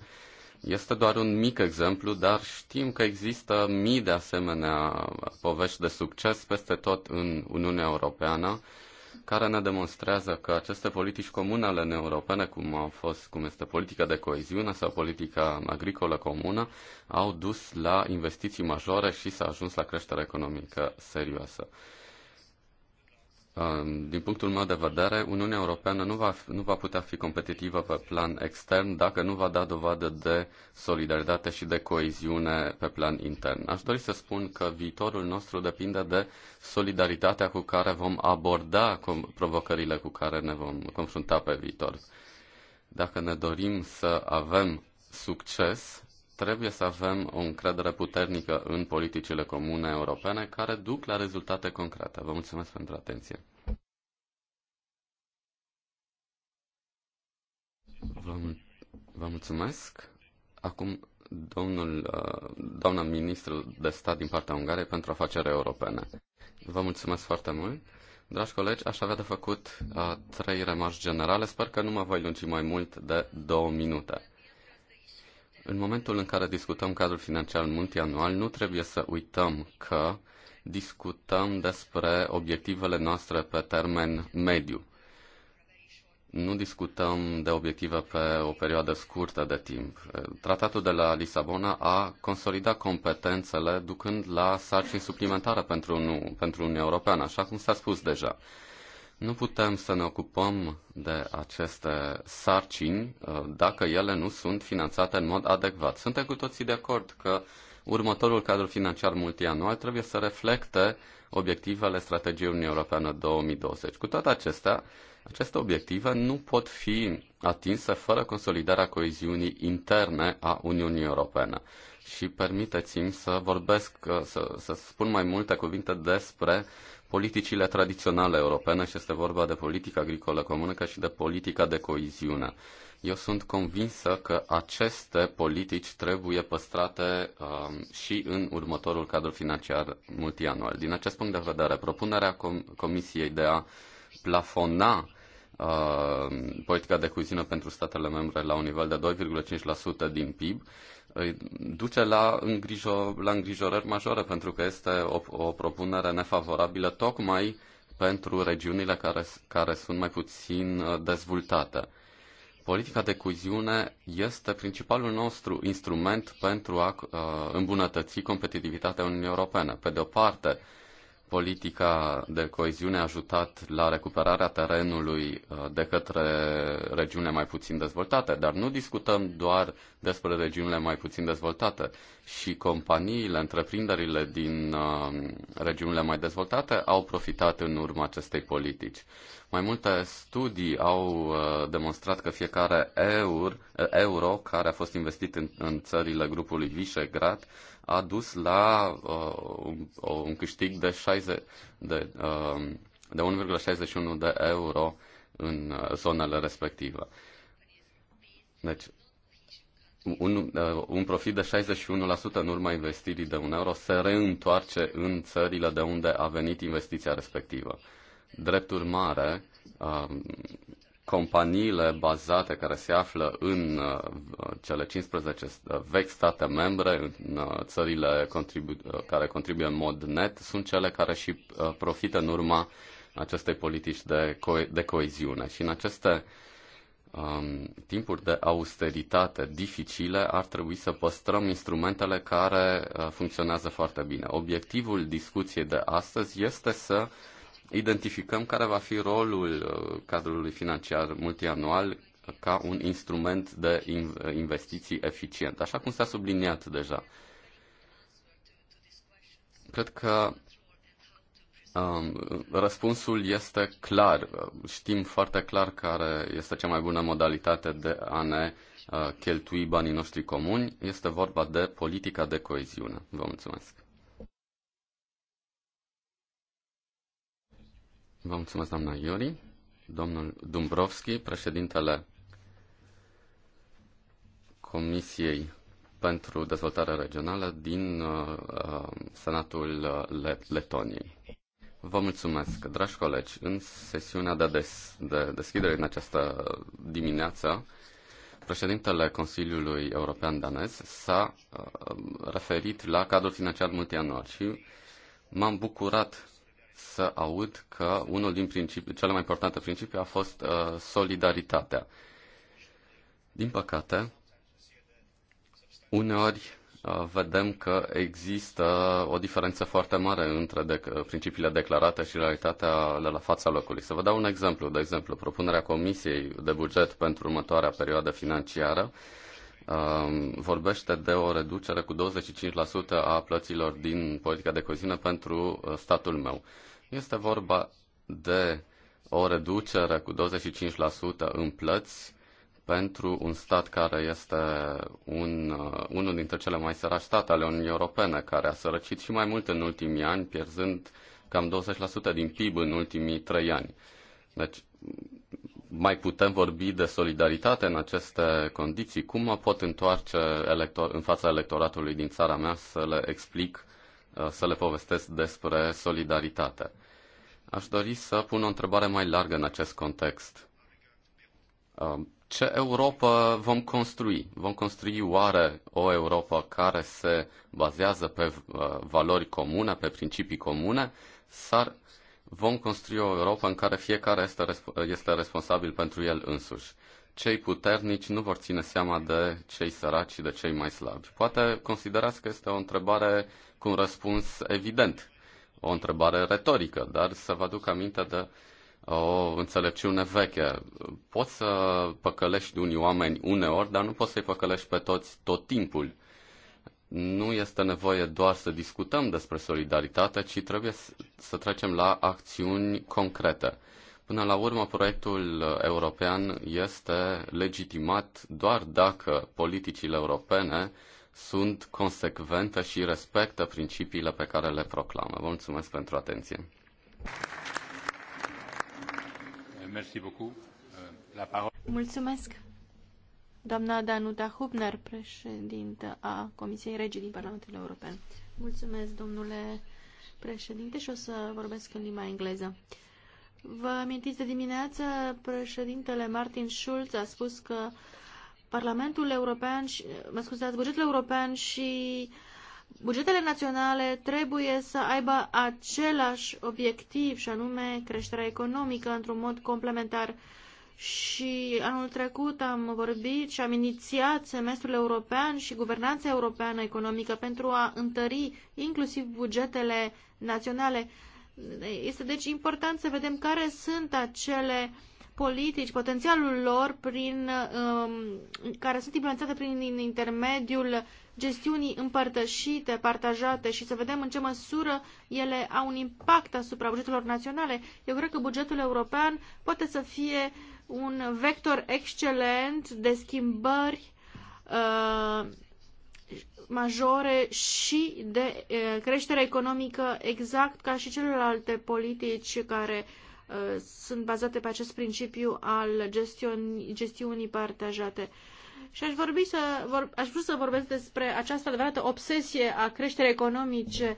este doar un mic exemplu, dar știm că există mii de asemenea povești de succes peste tot în Uniunea Europeană, care ne demonstrează că aceste politici comune ale europene, cum au fost, cum este politica de coeziune sau politica agricolă comună, au dus la investiții majore și s-a ajuns la creștere economică serioasă. Um, din punctul meu de vedere, Uniunea Europeană nu va, nu va putea fi competitivă pe plan extern dacă nu va da dovadă de solidaritate și de coeziune pe plan intern. Aș dori să spun că viitorul nostru depinde de solidaritatea cu care vom aborda provocările cu care ne vom confrunta pe viitor. Dacă ne dorim să avem succes, Trebuie să avem o încredere puternică în politicile comune europene care duc la rezultate concrete. Vă mulțumesc pentru atenție. Vă, mul- vă mulțumesc. Acum domnul, uh, doamna ministru de stat din partea Ungariei pentru afaceri europene. Vă mulțumesc foarte mult. Dragi colegi, aș avea de făcut uh, trei remarci generale. Sper că nu mă voi lungi mai mult de două minute. În momentul în care discutăm cadrul financiar multianual, nu trebuie să uităm că discutăm despre obiectivele noastre pe termen mediu. Nu discutăm de obiective pe o perioadă scurtă de timp. Tratatul de la Lisabona a consolidat competențele ducând la sarcini suplimentare pentru, pentru Uniunea Europeană, așa cum s-a spus deja. Nu putem să ne ocupăm de aceste sarcini uh, dacă ele nu sunt finanțate în mod adecvat. Suntem cu toții de acord că următorul cadru financiar multianual trebuie să reflecte obiectivele strategiei Uniunii Europeană 2020. Cu toate acestea, aceste obiective nu pot fi atinse fără consolidarea coeziunii interne a Uniunii Europene. Și permiteți-mi să vorbesc, uh, să, să spun mai multe cuvinte despre politicile tradiționale europene și este vorba de politica agricolă comună ca și de politica de coeziune. Eu sunt convinsă că aceste politici trebuie păstrate um, și în următorul cadru financiar multianual. Din acest punct de vedere, propunerea com- Comisiei de a plafona uh, politica de coeziune pentru statele membre la un nivel de 2,5% din PIB duce la, îngrijo- la îngrijorări majore, pentru că este o, o propunere nefavorabilă tocmai pentru regiunile care, care sunt mai puțin uh, dezvoltate. Politica de coeziune este principalul nostru instrument pentru a uh, îmbunătăți competitivitatea Uniunii Europene. Pe de o parte, uh, Politica de coeziune a ajutat la recuperarea terenului uh, de către regiune mai puțin dezvoltate, dar nu discutăm doar despre regiunile mai puțin dezvoltate. Și companiile, întreprinderile din uh, regiunile mai dezvoltate au profitat în urma acestei politici. Mai multe studii au uh, demonstrat că fiecare euro care a fost investit în, în țările grupului Visegrad a dus la uh, un câștig de, 60, de, uh, de 1,61 de euro în uh, zonele respective. Deci, un, uh, un profit de 61% în urma investirii de un euro se reîntoarce în țările de unde a venit investiția respectivă. Drept urmare, uh, companiile bazate care se află în uh, cele 15 uh, vechi state membre, în uh, țările contribu- care contribuie în mod net, sunt cele care și profită în urma acestei politici de, co- de coeziune. Și în aceste um, timpuri de austeritate dificile ar trebui să păstrăm instrumentele care funcționează foarte bine. Obiectivul discuției de astăzi este să uh, identificăm care va fi rolul uh, cadrului financiar multianual ca un instrument de uh, investiții eficient, așa cum s-a subliniat deja. Cred că um, răspunsul este clar. Știm foarte clar care este cea mai bună modalitate de a ne uh, cheltui banii noștri comuni. Este vorba de politica de coeziune. Vă mulțumesc. Vă mulțumesc, doamna Iori. Domnul Dumbrovski, președintele Comisiei pentru Dezvoltare Regională din uh, uh Senatul Let- Letoniei. Vă mulțumesc, dragi colegi. În sesiunea de, des, de deschidere în această dimineață, președintele Consiliului European danez s-a uh, referit la cadrul financiar multianual și m-am bucurat să aud că unul din principii, cele mai importante principii a fost uh, solidaritatea. Din păcate, uneori uh, vedem că există o diferență foarte mare între dec- uh, principiile declarate și realitatea la, la fața locului. Să vă dau un exemplu. De exemplu, propunerea Comisiei de buget pentru următoarea perioadă financiară um, vorbește de o reducere cu 25% a plăților din politica de coziune pentru uh, statul meu. Este vorba de o reducere cu 25% în plăți pentru un stat care este un, uh, unul dintre cele mai sărași state ale Uniunii Europene, care a sărăcit și mai mult în ultimii ani, pierzând cam 20% din PIB în ultimii trei ani. Deci, mai putem vorbi de solidaritate în aceste condiții? Cum mă pot întoarce elector- în fața electoratului din țara mea să le explic Uh, să le povestesc despre solidaritate. Aș dori să pun o întrebare mai largă în acest context. Uh, ce Europa vom construi? Vom construi oare o Europa care se bazează pe uh, valori comune, pe principii comune? Sau vom construi o Europa în care fiecare este, este responsabil pentru el însuși? Cei puternici nu vor ține seama de cei săraci și de cei mai slabi. Poate considerați că este o întrebare cu un răspuns evident. O întrebare retorică, dar să vă aduc aminte de o înțelepciune veche. Poți să păcălești unii oameni uneori, dar nu poți să-i păcălești pe toți tot timpul. Nu este nevoie doar să discutăm despre solidaritate, ci trebuie să trecem la acțiuni concrete. Până la urmă, proiectul european este legitimat doar dacă politicile europene uh, sunt consecvente și respectă principiile pe care le proclamă. Vă mulțumesc pentru atenție. Mulțumesc. Doamna Danuta Hubner, președintă a Comisiei Regii din Parlamentul European. Mulțumesc, domnule președinte, și o să vorbesc în limba engleză. Vă amintiți de dimineață, președintele Martin Schulz a spus că Parlamentul European, și, mă scuzați, bugetul european și bugetele naționale trebuie să aibă același obiectiv și anume creșterea economică într-un mod complementar. Și anul trecut am vorbit și am inițiat semestrul european și guvernanța europeană economică pentru a întări inclusiv bugetele naționale. Este deci important să vedem care sunt acele uh, politici, potențialul lor prin, um, care sunt influențate prin intermediul gestiunii împărtășite, partajate și să vedem în ce măsură ele au un impact asupra bugetelor naționale. Eu cred că bugetul european poate să fie un vector excelent de schimbări uh, majore și de uh, creștere economică exact ca și celelalte politici care uh, sunt bazate pe acest principiu al gestiuni, gestiunii partajate. Și aș, vorbi să, vor, aș vrea să vorbesc despre această adevărată obsesie a creșterii economice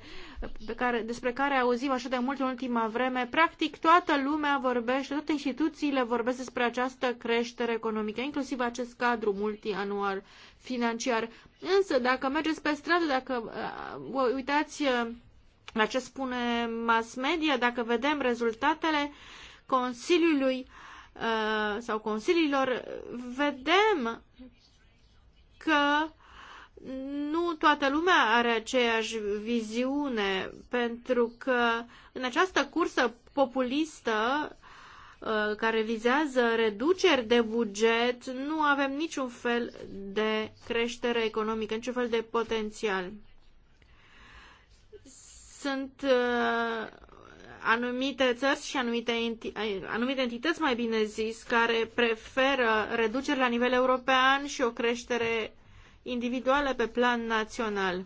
pe care, despre care auzim așa de mult în ultima vreme. Practic toată lumea vorbește, toate instituțiile vorbesc despre această creștere economică, inclusiv acest cadru multianual financiar. Însă, dacă mergeți pe stradă, dacă uh, uitați uh, la ce spune mass media, dacă vedem rezultatele Consiliului uh, sau consiliilor, vedem că nu toată lumea are aceeași viziune, pentru că în această cursă populistă uh, care vizează reduceri de buget, nu avem niciun fel de creștere economică, niciun fel de potențial sunt uh, anumite țări și anumite, enti, uh, anumite entități, mai bine zis, care preferă reduceri la nivel european și o creștere individuală pe plan național.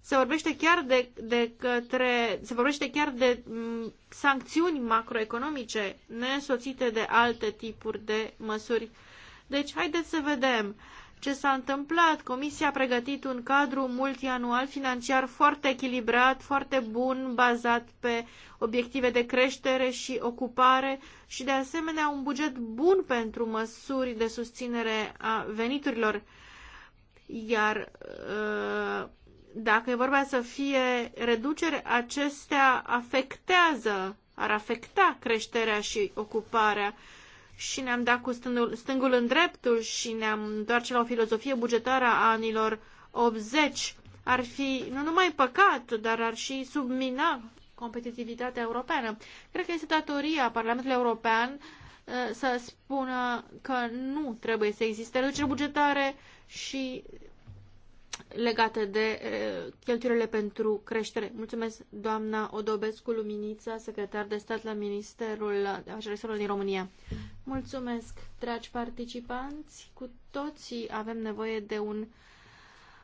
Se vorbește chiar de, de către, se vorbește chiar de m, mm, sancțiuni macroeconomice nesoțite de alte tipuri de măsuri. Deci, haideți să vedem. Uh, ce s-a întâmplat. Comisia a pregătit un cadru multianual financiar foarte echilibrat, foarte bun, bazat pe obiective de creștere și ocupare și de asemenea un buget bun pentru măsuri de susținere a veniturilor. Iar uh, dacă e vorba să fie reducere, acestea afectează, ar afecta creșterea și ocuparea și ne-am dat cu stângul, stângul în dreptul și ne-am întoarce la o filozofie bugetară a anilor 80, ar fi nu numai păcat, dar ar și submina competitivitatea europeană. Cred că este datoria Parlamentului European uh, să spună că nu trebuie să existe reduceri bugetare și legate de cheltuielile pentru creștere. Mulțumesc, doamna Odobescu Luminița, secretar de stat la Ministerul de Resurselor din România. Mulțumesc, dragi participanți. Cu toții avem nevoie de un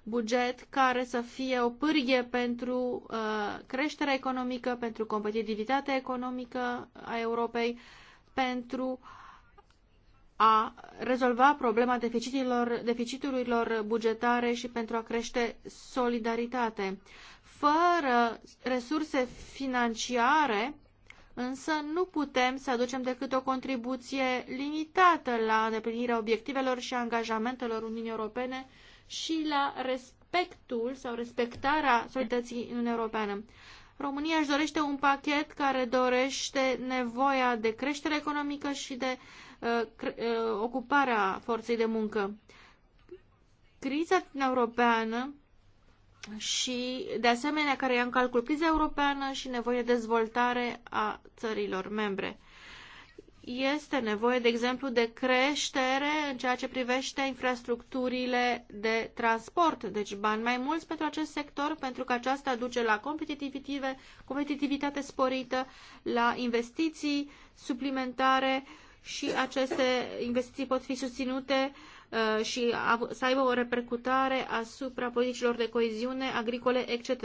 buget care să fie o pârghie pentru uh, creșterea economică, pentru competitivitatea economică a Europei, pentru uh, a rezolva problema deficitelor, deficiturilor bugetare și pentru a crește solidaritate. Fără resurse financiare, însă nu putem să aducem decât o contribuție limitată la îndeplinirea obiectivelor și angajamentelor Uniunii Europene și la respectul sau respectarea solidității în Uniunea Europeană. România își dorește un pachet care dorește nevoia de creștere economică și de uh, uh, ocuparea forței de muncă. Criza europeană și, de asemenea, care ia în calcul criza europeană și nevoia de dezvoltare a țărilor membre este nevoie, de exemplu, de creștere în ceea ce privește infrastructurile de transport, deci bani mai mulți pentru acest sector, pentru că aceasta duce la competitivitate, competitivitate sporită, la investiții suplimentare și aceste investiții pot fi susținute uh, și să aibă o repercutare asupra politicilor de coeziune, agricole, etc.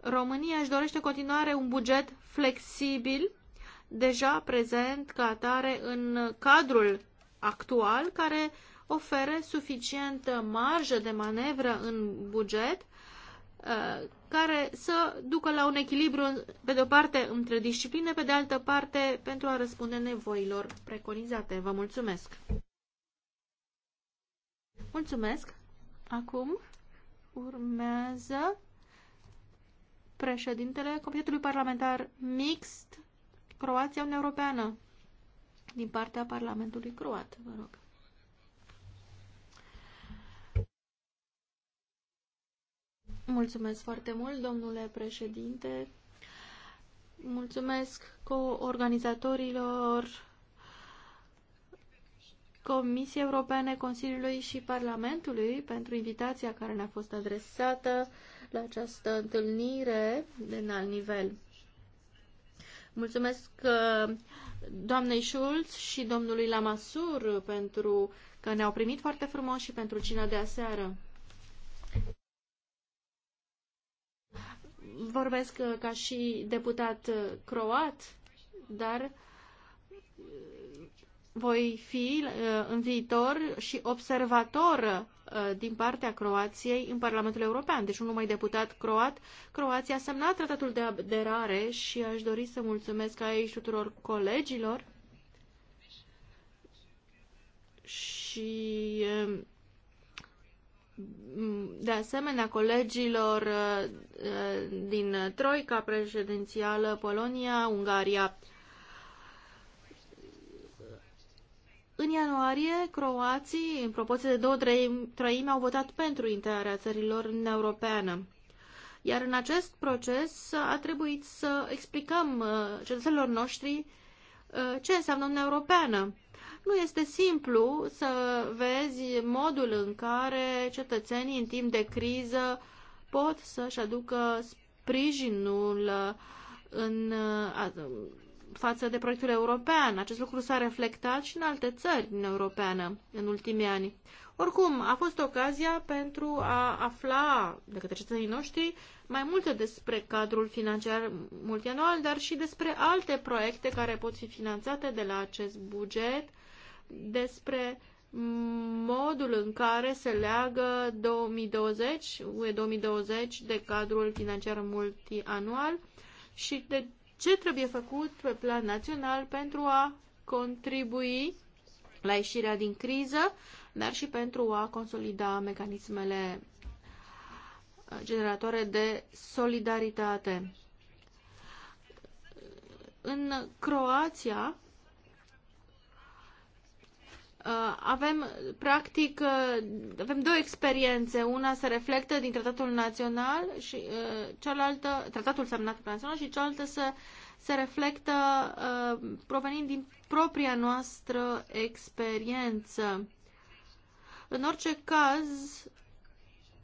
România își dorește continuare un buget flexibil deja prezent ca atare în cadrul actual, care ofere suficientă marjă de manevră în buget uh, care să ducă la un echilibru, pe de o parte, între discipline, pe de altă parte, pentru a răspunde nevoilor preconizate. Vă mulțumesc! Mulțumesc! Acum urmează președintele Comitetului Parlamentar Mixt Croația Uniunea Europeană din partea Parlamentului Croat, vă rog. Mulțumesc foarte mult, domnule președinte. Mulțumesc co-organizatorilor Comisiei Europene, Consiliului și Parlamentului pentru invitația care ne-a fost adresată la această întâlnire de înalt nivel. Mulțumesc uh, doamnei Schulz și domnului Lamasur pentru că ne-au primit foarte frumos și pentru cina de aseară. Vorbesc uh, ca și deputat uh, croat, dar voi fi în viitor și observator Uh, din partea Croației în Parlamentul European. Deci un numai deputat croat. Croația a semnat tratatul de aderare și aș dori să mulțumesc aici tuturor colegilor și um, de asemenea colegilor uh, uh, din Troica președințială Polonia, Ungaria, În ianuarie, croații, în proporție de două treimi, au votat pentru intrarea țărilor în Europeană. Iar în acest proces a trebuit să explicăm uh, cetățenilor noștri uh, ce înseamnă Uniunea Europeană. Nu este simplu să vezi modul în care cetățenii în timp de criză pot să-și aducă sprijinul uh, în față de proiectul european. Acest lucru s-a reflectat și în alte țări din Europeană în ultimii ani. Oricum, a fost ocazia pentru a afla de către cetățenii noștri mai multe despre cadrul financiar multianual, dar și despre alte proiecte care pot fi finanțate de la acest buget, despre modul în care se leagă 2020, UE 2020 de cadrul financiar multianual și de ce trebuie făcut pe plan național pentru a contribui la ieșirea din criză, dar și pentru a consolida mecanismele uh, generatoare de solidaritate. În Croația, Uh, avem, practic, uh, avem două experiențe. Una se reflectă din tratatul național și uh, cealaltă, tratatul semnat național și cealaltă se, se reflectă provenind din propria noastră experiență. În orice caz,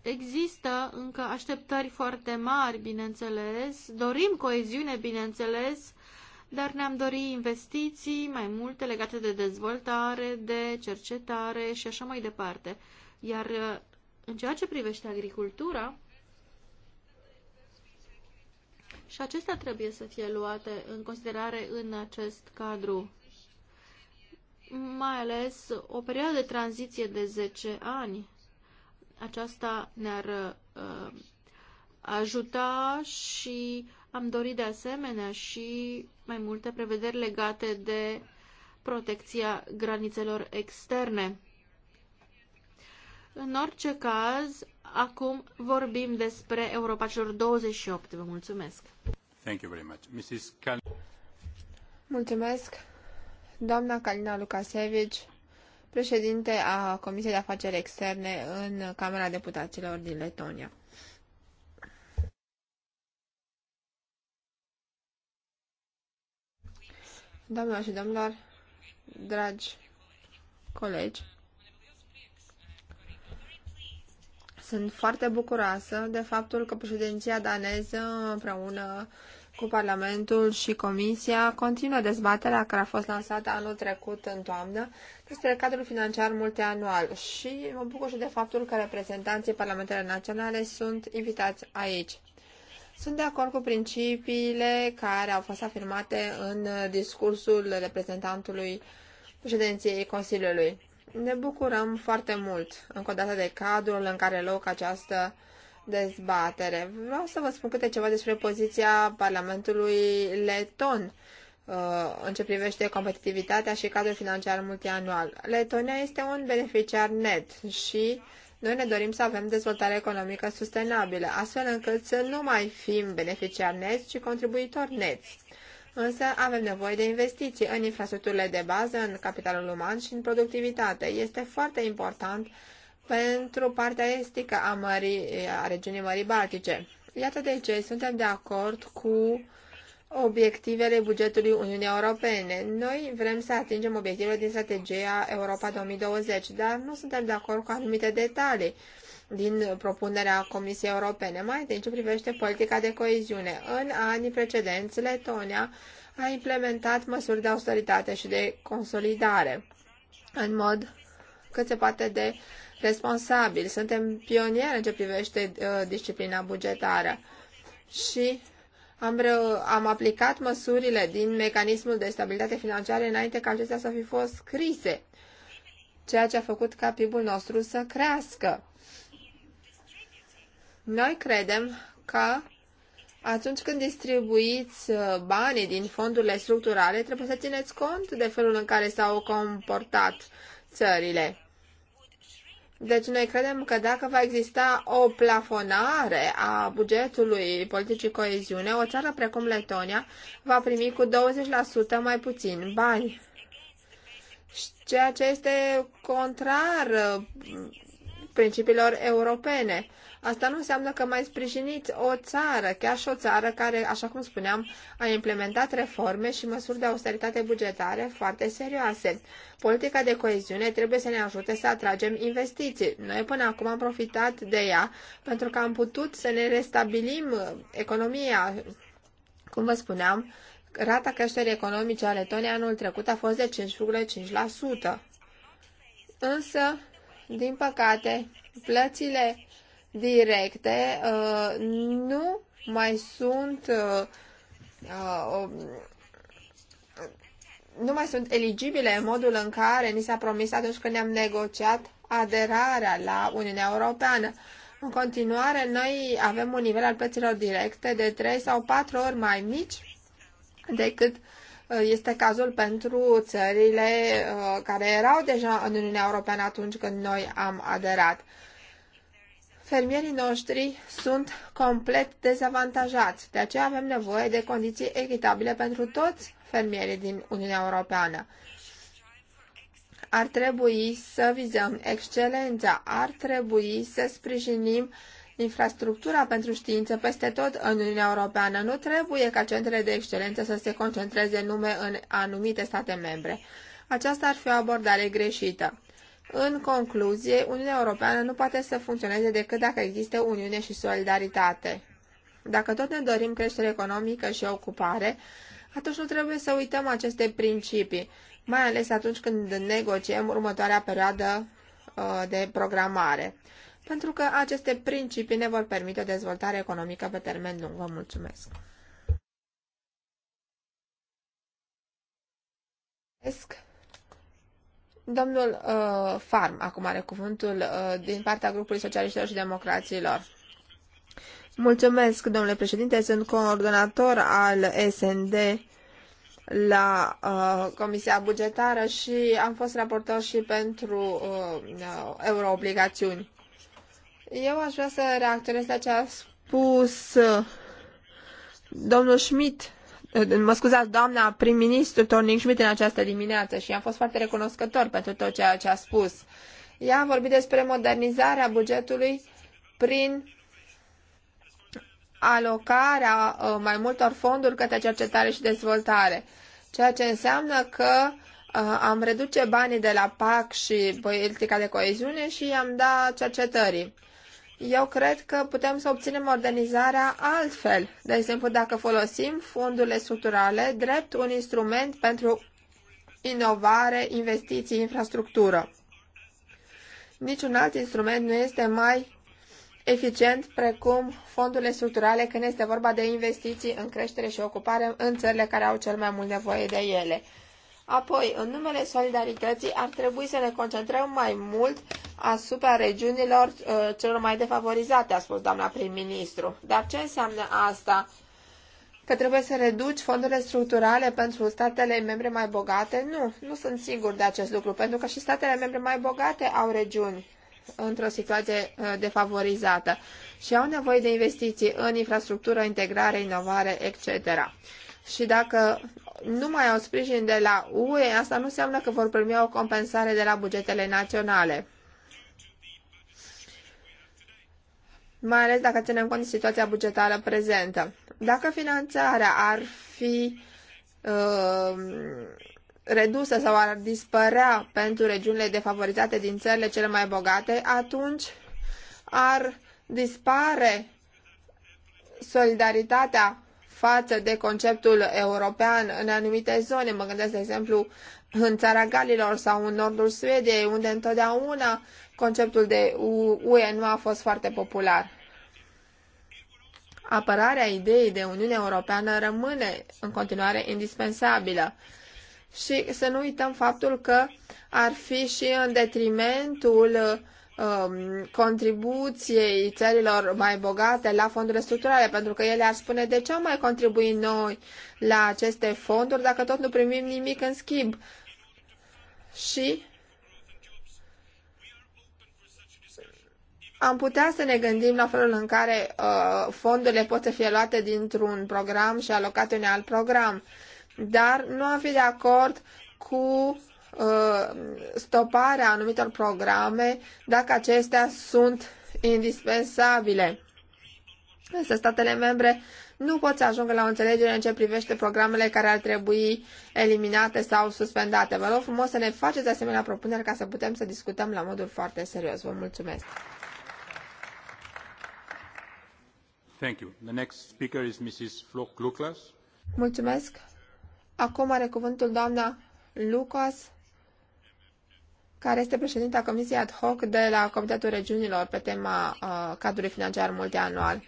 există încă așteptări foarte mari, bineînțeles. Dorim coeziune, bineînțeles, dar ne-am dorit investiții mai multe legate de dezvoltare, de cercetare și așa mai departe. Iar uh, în ceea ce privește agricultura, și acestea trebuie să fie luate în considerare în acest cadru, mai ales o perioadă de tranziție de 10 ani. Aceasta ne-ar uh, ajuta și am dorit de asemenea și mai multe prevederi legate de protecția granițelor externe. În orice caz, acum vorbim despre Europa celor 28. Vă mulțumesc. Thank you very much. Mrs. Cal mulțumesc, doamna Kalina Lukasevich, președinte a Comisiei de Afaceri Externe în Camera Deputaților din Letonia. Doamnelor și domnilor, dragi colegi, sunt foarte bucuroasă de faptul că președinția daneză împreună cu Parlamentul și Comisia continuă dezbaterea care a fost lansată anul trecut în toamnă despre cadrul financiar multianual și mă bucur și de faptul că reprezentanții parlamentele naționale sunt invitați aici. Sunt de acord cu principiile care au fost afirmate în discursul reprezentantului președinției Consiliului. Ne bucurăm foarte mult, încă o dată, de cadrul în care loc această dezbatere. Vreau să vă spun câte ceva despre poziția Parlamentului Leton uh, în ce privește competitivitatea și cadrul financiar multianual. Letonia este un beneficiar net și noi ne dorim să avem dezvoltare economică sustenabilă, astfel încât să nu mai fim beneficiari neți, ci contribuitori neți. Însă avem nevoie de investiții în infrastructurile de bază, în capitalul uman și în productivitate. Este foarte important pentru partea estică a, mării, a regiunii Mării Baltice. Iată de ce suntem de acord cu obiectivele bugetului Uniunii Europene. Noi vrem să atingem obiectivele din strategia Europa 2020, dar nu suntem de acord cu anumite detalii din propunerea Comisiei Europene, mai de ce privește politica de coeziune. În anii precedenți, Letonia a implementat măsuri de austeritate și de consolidare în mod cât se poate de responsabil. Suntem pionieri în ce privește uh, disciplina bugetară și am, reu- am aplicat măsurile din mecanismul de stabilitate financiară înainte ca acestea să fi fost scrise, ceea ce a făcut ca PIB-ul nostru să crească. Noi credem că atunci când distribuiți uh, banii din fondurile structurale, trebuie să țineți cont de felul în care s-au comportat țările. Deci noi credem că dacă va exista o plafonare a bugetului politicii coeziune, o țară precum Letonia va primi cu 20% mai puțin bani. Ceea ce este contrar uh, principiilor europene. Asta nu înseamnă că mai sprijiniți o țară, chiar și o țară care, așa cum spuneam, a implementat reforme și măsuri de austeritate bugetare foarte serioase. Politica de coeziune trebuie să ne ajute să atragem investiții. Noi până acum am profitat de ea pentru că am putut să ne restabilim economia, cum vă spuneam, Rata creșterii economice a Letoniei anul trecut a fost de 5,5%. Însă, din păcate, plățile directe uh, nu mai sunt uh, uh, nu mai sunt eligibile în modul în care ni s-a promis atunci când ne-am negociat aderarea la Uniunea Europeană. În continuare, noi avem un nivel al plăților directe de 3 sau 4 ori mai mici decât este cazul pentru țările care erau deja în Uniunea Europeană atunci când noi am aderat fermierii noștri sunt complet dezavantajați. De aceea avem nevoie de condiții echitabile pentru toți fermierii din Uniunea Europeană. Ar trebui să vizăm excelența, ar trebui să sprijinim infrastructura pentru știință peste tot în Uniunea Europeană. Nu trebuie ca centrele de excelență să se concentreze nume în anumite state membre. Aceasta ar fi o abordare greșită. În concluzie, Uniunea Europeană nu poate să funcționeze decât dacă există uniune și solidaritate. Dacă tot ne dorim creștere economică și ocupare, atunci nu trebuie să uităm aceste principii, mai ales atunci când negociem următoarea perioadă uh, de programare, pentru că aceste principii ne vor permite o dezvoltare economică pe termen lung. Vă mulțumesc! mulțumesc. Domnul uh, Farm acum are cuvântul uh, din partea grupului socialiștilor și democraților. Mulțumesc, domnule președinte. Sunt coordonator al SND la uh, Comisia Bugetară și am fost raportor și pentru uh, euroobligațiuni. Eu aș vrea să reacționez la ce a spus uh, domnul Schmidt Eh, mă scuzați, doamna prim-ministru Torning Schmidt în această dimineață și am fost foarte recunoscător pentru tot ceea ce a spus. Ea a vorbit despre modernizarea bugetului prin alocarea eh, mai multor fonduri către cercetare și dezvoltare, ceea ce înseamnă că eh, am reduce banii de la PAC și politica de coeziune și i-am dat cercetării eu cred că putem să obținem organizarea altfel. De exemplu, dacă folosim fondurile structurale drept un instrument pentru inovare, investiții, infrastructură. Niciun alt instrument nu este mai eficient precum fondurile structurale când este vorba de investiții în creștere și ocupare în țările care au cel mai mult nevoie de ele. Apoi, în numele solidarității, ar trebui să ne concentrăm mai mult asupra regiunilor uh, celor mai defavorizate, a spus doamna prim-ministru. Dar ce înseamnă asta? Că trebuie să reduci fondurile structurale pentru statele membre mai bogate? Nu, nu sunt sigur de acest lucru, pentru că și statele membre mai bogate au regiuni într-o situație uh, defavorizată și au nevoie de investiții în infrastructură, integrare, inovare, etc. Și dacă nu mai au sprijin de la UE, asta nu înseamnă că vor primi o compensare de la bugetele naționale. mai ales dacă ținem cont de situația bugetară prezentă. Dacă finanțarea ar fi uh, redusă sau ar dispărea pentru regiunile defavorizate din țările cele mai bogate, atunci ar dispare solidaritatea față de conceptul european în anumite zone. Mă gândesc, de exemplu, în țara Galilor sau în nordul Suediei, unde întotdeauna conceptul de UE nu a fost foarte popular. Apărarea ideii de Uniune Europeană rămâne în continuare indispensabilă și să nu uităm faptul că ar fi și în detrimentul um, contribuției țărilor mai bogate la fondurile structurale, pentru că ele ar spune de ce am mai contribui noi la aceste fonduri dacă tot nu primim nimic în schimb. Și am putea să ne gândim la felul în care uh, fondurile pot să fie luate dintr-un program și alocate unui alt program, dar nu am fi de acord cu uh, stoparea anumitor programe dacă acestea sunt indispensabile. Însă statele membre nu pot să ajungă la o înțelegere în ce privește programele care ar trebui eliminate sau suspendate. Vă rog frumos să ne faceți asemenea propuneri ca să putem să discutăm la modul foarte serios. Vă mulțumesc! Mulțumesc. Acum are cuvântul doamna Lucas, care este președinta Comisiei Ad Hoc de la Comitetul Regiunilor pe tema uh, cadrului financiar multianual.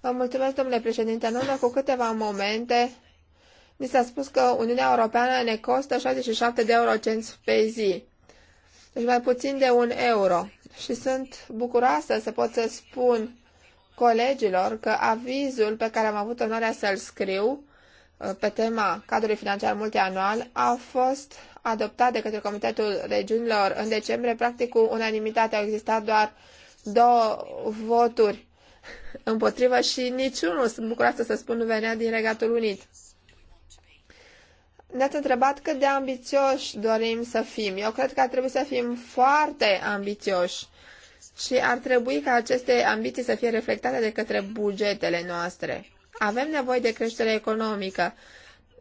Vă mulțumesc, domnule președinte. În urmă cu câteva momente mi s-a spus că Uniunea Europeană ne costă 67 de eurocenți pe zi, deci mai puțin de un euro. Și sunt bucuroasă să pot să spun colegilor că avizul pe care am avut onoarea să-l scriu uh, pe tema cadrului financiar multianual a fost adoptat de către Comitetul Regiunilor în decembrie, practic cu unanimitate. Au existat doar două voturi împotrivă și niciunul, sunt bucuroasă să spun, nu venea din Regatul Unit. Ne-ați întrebat cât de ambițioși dorim să fim. Eu cred că ar trebui să fim foarte ambițioși și ar trebui ca aceste ambiții să fie reflectate de către bugetele noastre. Avem nevoie de creștere economică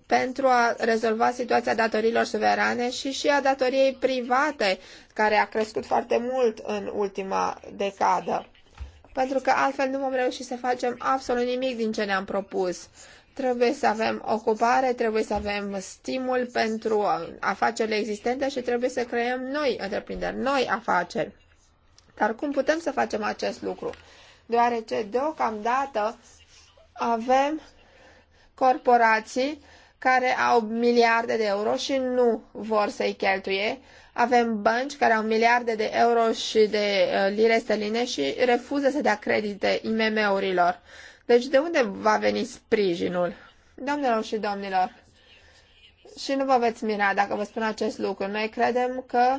pentru a rezolva situația datorilor suverane și și a datoriei private, care a crescut foarte mult în ultima decadă. Pentru că altfel nu vom reuși să facem absolut nimic din ce ne-am propus. Trebuie să avem ocupare, trebuie să avem stimul pentru afacerile existente și trebuie să creăm noi întreprinderi, noi afaceri. Dar cum putem să facem acest lucru? Deoarece deocamdată avem corporații care au miliarde de euro și nu vor să-i cheltuie. Avem bănci care au miliarde de euro și de uh, lire sterline și refuză să dea credite IMM-urilor. Deci de unde va veni sprijinul? Domnilor și domnilor, și nu vă veți mira dacă vă spun acest lucru. Noi credem că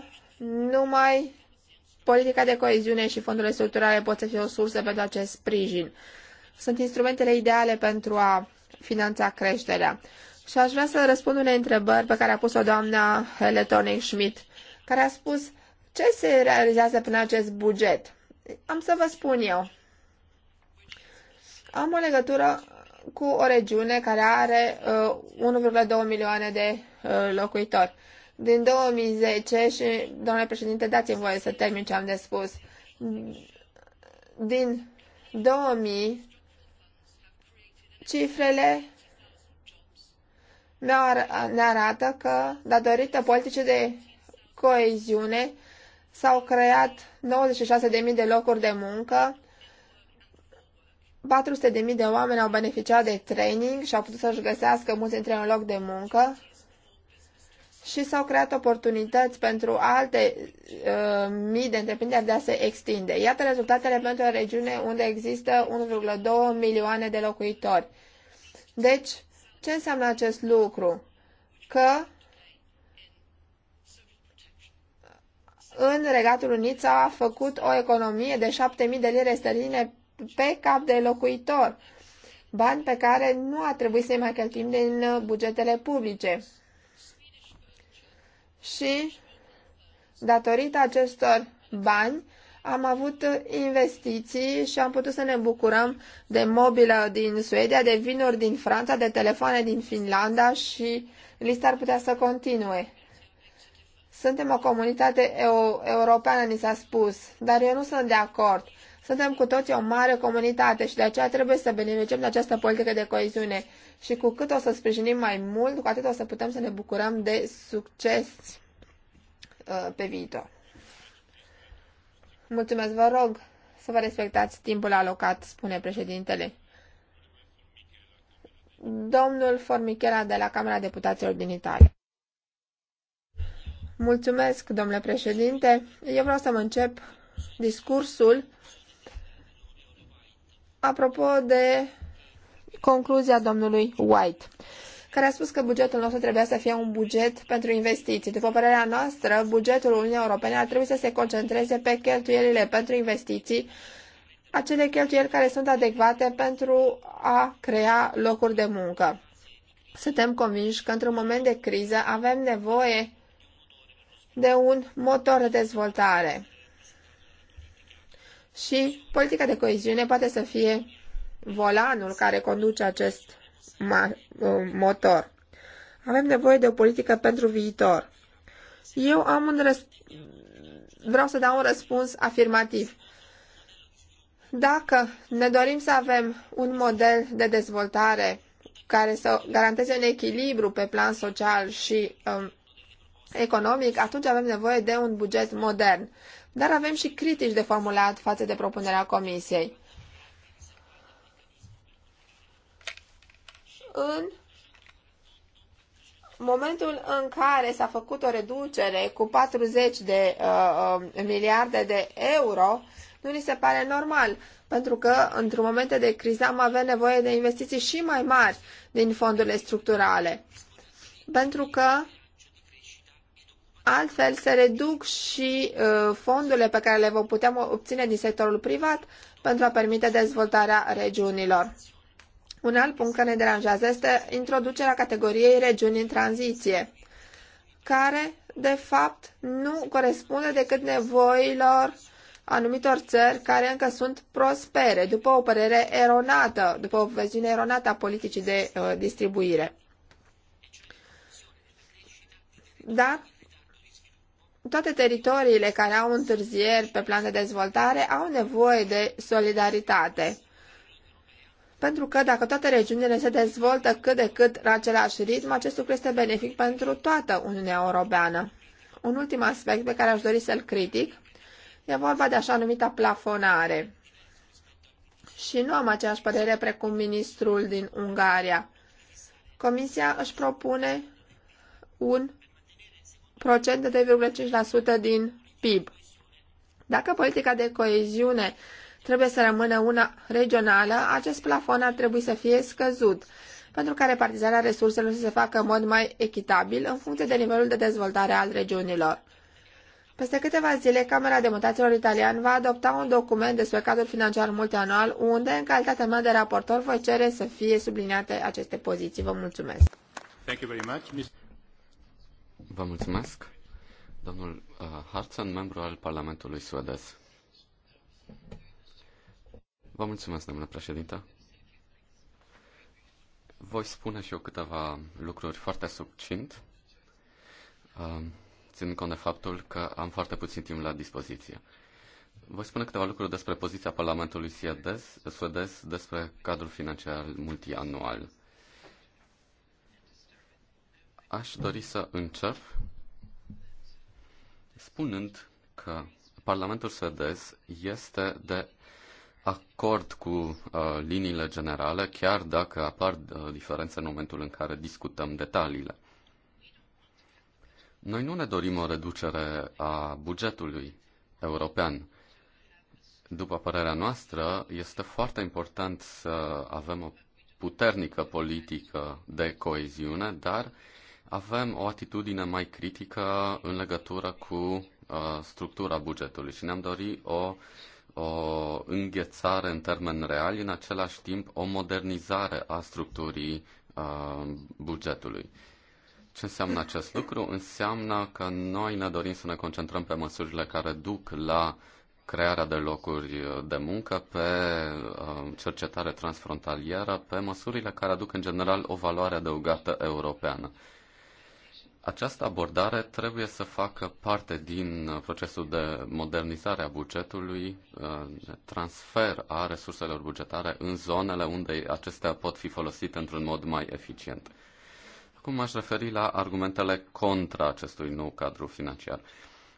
numai Politica de coeziune și fondurile structurale pot să fie o sursă pentru acest sprijin. Sunt instrumentele ideale pentru a finanța creșterea. Și aș vrea să răspund unei întrebări pe care a pus-o doamna Letonic Schmidt, care a spus ce se realizează prin acest buget. Am să vă spun eu. Am o legătură cu o regiune care are uh, 1,2 milioane de uh, locuitori din 2010 și, domnule președinte, dați-mi voie să termin ce am de spus. Din 2000, cifrele ne arată că, datorită politicii de coeziune, s-au creat 96.000 de locuri de muncă, 400.000 de oameni au beneficiat de training și au putut să-și găsească mulți dintre un loc de muncă, și s-au creat oportunități pentru alte uh, mii de întreprinderi de a se extinde. Iată rezultatele pentru o regiune unde există 1,2 milioane de locuitori. Deci, ce înseamnă acest lucru? Că în Regatul Unit s-a făcut o economie de 7.000 de lire sterline pe cap de locuitor, bani pe care nu a trebuit să-i mai cheltuim din bugetele publice și datorită acestor bani am avut investiții și am putut să ne bucurăm de mobilă din Suedia, de vinuri din Franța, de telefoane din Finlanda și lista ar putea să continue. Suntem o comunitate eu, europeană, ni s-a spus, dar eu nu sunt de acord. Suntem cu toții o mare comunitate și de aceea trebuie să beneficiem de această politică de coeziune și cu cât o să sprijinim mai mult, cu atât o să putem să ne bucurăm de succes uh, pe viitor. Mulțumesc, vă rog să vă respectați timpul alocat, spune președintele. Domnul Formichela de la Camera Deputaților din Italia. Mulțumesc, domnule președinte. Eu vreau să mă încep discursul apropo de concluzia domnului White, care a spus că bugetul nostru trebuia să fie un buget pentru investiții. După părerea noastră, bugetul Uniunii Europene ar trebui să se concentreze pe cheltuielile pentru investiții, acele cheltuieli care sunt adecvate pentru a crea locuri de muncă. Suntem convinși că într-un moment de criză avem nevoie de un motor de dezvoltare. Și politica de coeziune poate să fie volanul care conduce acest uh, motor. Avem nevoie de o politică pentru viitor. Eu am un răsp- vreau să dau un răspuns afirmativ. Dacă ne dorim să avem un model de dezvoltare care să garanteze un echilibru pe plan social și um, economic, atunci avem nevoie de un buget modern. Dar avem și critici de formulat față de propunerea Comisiei. în momentul în care s-a făcut o reducere cu 40 de uh, uh, miliarde de euro, nu ni se pare normal, pentru că într-un moment de criză am avea nevoie de investiții și mai mari din fondurile structurale. Pentru că altfel se reduc și uh, fondurile pe care le vom putea obține din sectorul privat pentru a permite dezvoltarea regiunilor. Un alt punct care ne deranjează este introducerea categoriei regiuni în tranziție, care, de fapt, nu corespunde decât nevoilor anumitor țări care încă sunt prospere, după o părere eronată, după o viziune eronată a politicii de uh, distribuire. Dar toate teritoriile care au întârzieri pe plan de dezvoltare au nevoie de solidaritate. Pentru că dacă toate regiunile se dezvoltă cât de cât la același ritm, acest lucru este benefic pentru toată Uniunea Europeană. Un ultim aspect pe care aș dori să-l critic e vorba de așa numita plafonare. Și nu am aceeași părere precum ministrul din Ungaria. Comisia își propune un procent de 2,5% din PIB. Dacă politica de coeziune trebuie să rămână una regională, acest plafon ar trebui să fie scăzut, pentru ca repartizarea resurselor să se facă în mod mai echitabil în funcție de nivelul de dezvoltare al regiunilor. Peste câteva zile, Camera Deputaților Italian va adopta un document despre cadrul financiar multianual, unde, în calitatea mea de raportor, voi cere să fie subliniate aceste poziții. Vă mulțumesc! Thank you very much. Vă mulțumesc! Domnul uh, Hartson, membru al Parlamentului suedez. Vă mulțumesc, domnule președinte. Voi spune și eu câteva lucruri foarte subcint, uh, ținând cont de faptul că am foarte puțin timp la dispoziție. Voi spune câteva lucruri despre poziția Parlamentului suedez, suedez despre cadrul financiar multianual. Aș dori să încep spunând că Parlamentul suedez este de acord cu uh, liniile generale, chiar dacă apar uh, diferențe în momentul în care discutăm detaliile. Noi nu ne dorim o reducere a bugetului european. După părerea noastră, este foarte important să avem o puternică politică de coeziune, dar avem o atitudine mai critică în legătură cu uh, structura bugetului și ne-am dorit o uh, o înghețare în termen real, în același timp o modernizare a structurii uh, bugetului. Ce înseamnă acest lucru? Înseamnă că noi ne dorim să ne concentrăm pe măsurile care duc la crearea de locuri de muncă, pe cercetare transfrontalieră, pe măsurile care aduc în general o valoare adăugată europeană. Această abordare trebuie să facă parte din procesul de modernizare a bugetului, uh, transfer a resurselor bugetare în zonele unde acestea pot fi folosite într-un mod mai eficient. Acum m-aș referi la argumentele contra acestui nou cadru financiar.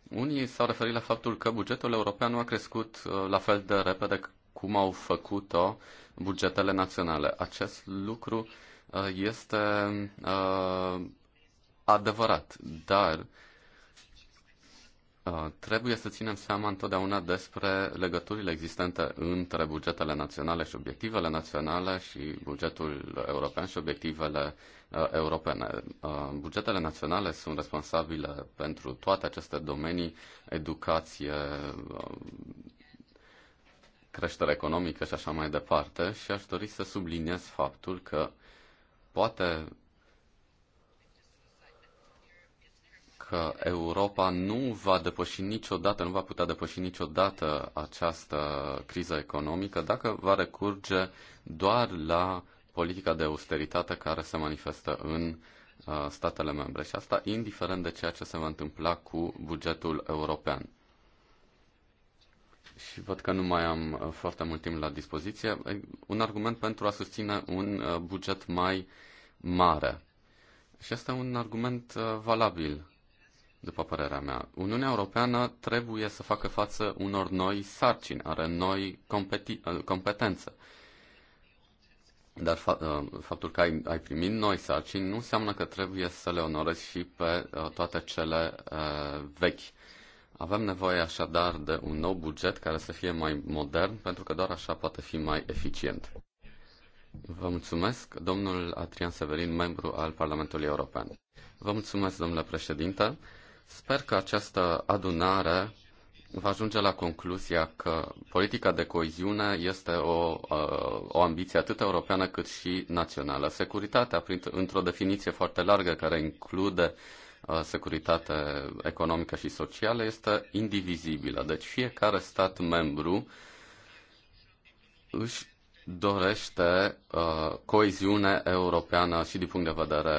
Unii s-au referit la faptul că bugetul european nu a crescut uh, la fel de repede cum au făcut-o bugetele naționale. Acest lucru uh, este adevărat, dar uh, trebuie să ținem seama întotdeauna despre legăturile existente între bugetele naționale și obiectivele naționale și bugetul european și obiectivele uh, europene. Uh, bugetele naționale sunt responsabile pentru toate aceste domenii, educație, creștere economică și așa mai departe și aș dori să subliniez faptul că poate că Europa nu va depăși niciodată, nu va putea depăși niciodată această criză economică dacă va recurge doar la politica de austeritate care se manifestă în uh, statele membre și asta indiferent de ceea ce se va întâmpla cu bugetul european. Și văd că nu mai am uh, foarte mult timp la dispoziție. Un argument pentru a susține un uh, buget mai mare. Și asta e un argument valabil după părerea mea. Uniunea Europeană trebuie să facă față unor noi sarcini, are noi uh, competențe. Dar fa- uh, faptul că ai, ai primit noi sarcini nu înseamnă că trebuie să le onorezi și pe uh, toate cele uh, vechi. Avem nevoie așadar de un nou buget care să fie mai modern, pentru că doar așa poate fi mai eficient. Vă mulțumesc, domnul Adrian Severin, membru al Parlamentului European. Vă mulțumesc, domnule președinte. Sper că această adunare va ajunge la concluzia că politica de coeziune este o, uh, o ambiție atât europeană cât și națională. Securitatea, într-o definiție foarte largă care include uh, securitate economică și socială, este indivizibilă. Deci fiecare stat membru își dorește uh, coeziune europeană și din punct de vedere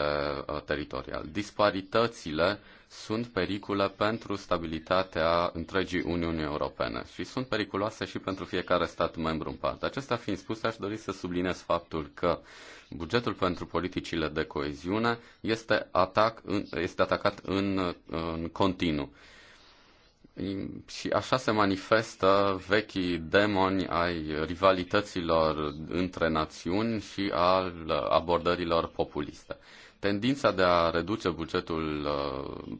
uh, teritorial. Disparitățile sunt pericole pentru stabilitatea întregii Uniuni Europene și sunt periculoase și pentru fiecare stat membru în parte. Acestea fiind spuse, aș dori să subliniez faptul că bugetul pentru politicile de coeziune este, atac, este atacat în, uh, în continuu și așa se manifestă vechii demoni ai rivalităților între națiuni și al abordărilor populiste. Tendința de a reduce bugetul,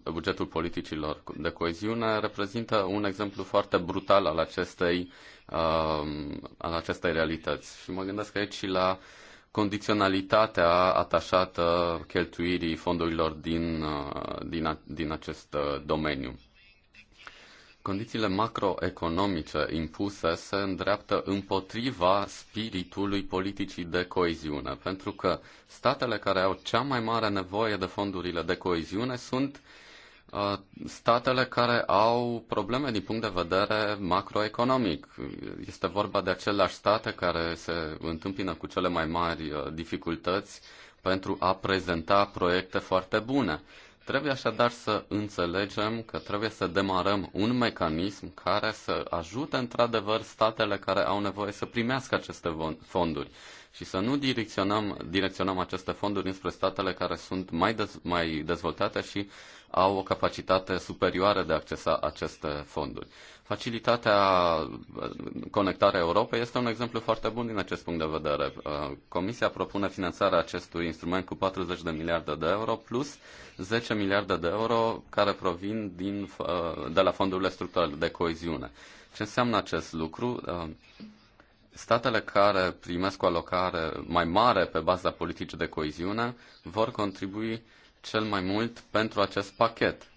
uh, bugetul politicilor de coeziune reprezintă un exemplu foarte brutal al acestei, um, al acestei realități. Și mă gândesc aici și la condiționalitatea atașată cheltuirii fondurilor din, uh, din, din acest uh, domeniu. Condițiile macroeconomice impuse se îndreaptă împotriva spiritului politicii de coeziune, pentru că statele care au cea mai mare nevoie de fondurile de coeziune sunt uh, statele care au probleme din punct de vedere macroeconomic. Este vorba de aceleași state care se întâmpină cu cele mai mari uh, dificultăți pentru a prezenta proiecte foarte bune. Trebuie așadar să înțelegem că trebuie să demarăm un mecanism care să ajute într-adevăr statele care au nevoie să primească aceste fonduri și să nu direcționăm, direcționăm aceste fonduri înspre statele care sunt mai, dez, mai dezvoltate și uh, au o capacitate superioară de a accesa aceste fonduri. Facilitatea uh, Conectarea Europei este un exemplu foarte bun din acest punct de vedere. Uh, Comisia propune finanțarea acestui instrument cu 40 de miliarde de euro plus 10 miliarde de euro care provin din, uh, de la fondurile structurale de coeziune. Ce înseamnă acest lucru? statele care primesc o alocare mai mare pe baza politicii de coeziune vor contribui cel mai mult pentru acest pachet.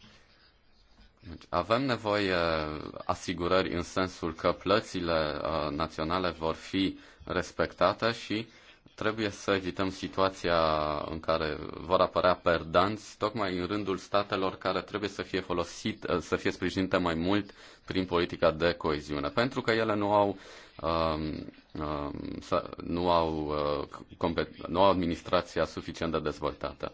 Deci avem nevoie uh, asigurări în sensul că plățile uh, naționale vor fi respectate și trebuie să evităm situația în care vor apărea perdanți tocmai în rândul statelor care trebuie să fie folosit, uh, să fie sprijinite mai mult prin politica de coeziune, pentru că ele nu au um, um, nu au, uh, nu au administrația suficient de dezvoltată.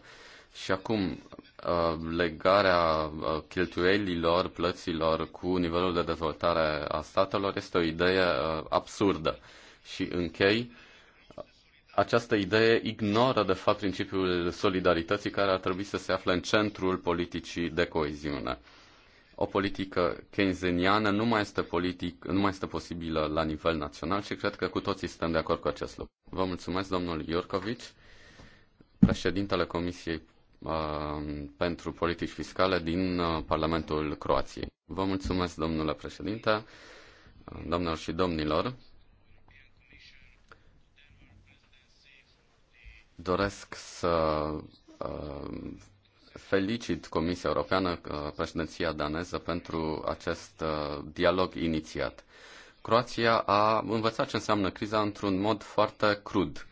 Și acum, uh, legarea uh, cheltuielilor, plăților cu nivelul de dezvoltare a statelor este o idee uh, absurdă. Și închei, această idee ignoră, de fapt, principiul solidarității care ar trebui să se afle în centrul politicii de coeziune. O politică keynesiană nu mai este, politic, nu mai este posibilă la nivel național și cred că cu toții suntem de acord cu acest lucru. Vă mulțumesc, domnul Iorcovici, președintele Comisiei Uh, pentru politici fiscale din uh, Parlamentul Croației. Vă mulțumesc, domnule președinte, uh, doamnelor și domnilor. Doresc să felicit Comisia Europeană, președinția daneză, pentru acest dialog inițiat. Croația a învățat ce înseamnă criza într-un mod foarte crud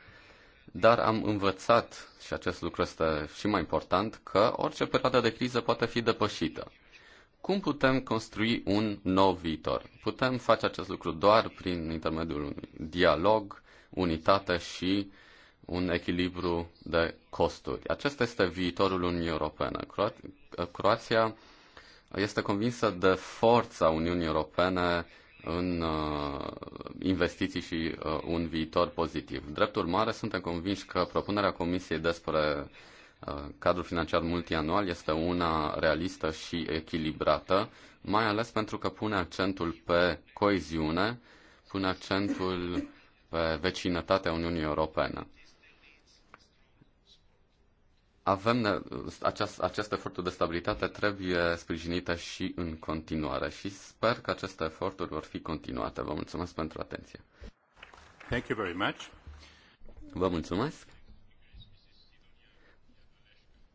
dar am învățat, și acest lucru este și mai important, că orice perioadă de criză poate fi depășită. Cum putem construi un nou viitor? Putem face acest lucru doar prin intermediul unui dialog, unitate și un echilibru de costuri. Acesta este viitorul Uniunii Europene. Croația este convinsă de forța Uniunii Europene în uh, investiții și uh, un viitor pozitiv. Drept urmare, suntem convinși că propunerea Comisiei despre uh, cadrul financiar multianual este una realistă și echilibrată, mai ales pentru că pune accentul pe coeziune, pune accentul pe vecinătatea Uniunii Europene avem această aceste efortul de stabilitate trebuie sprijinită și în continuare și sper că aceste eforturi vor fi continuate. Vă mulțumesc pentru atenție. Thank you very much. Vă mulțumesc.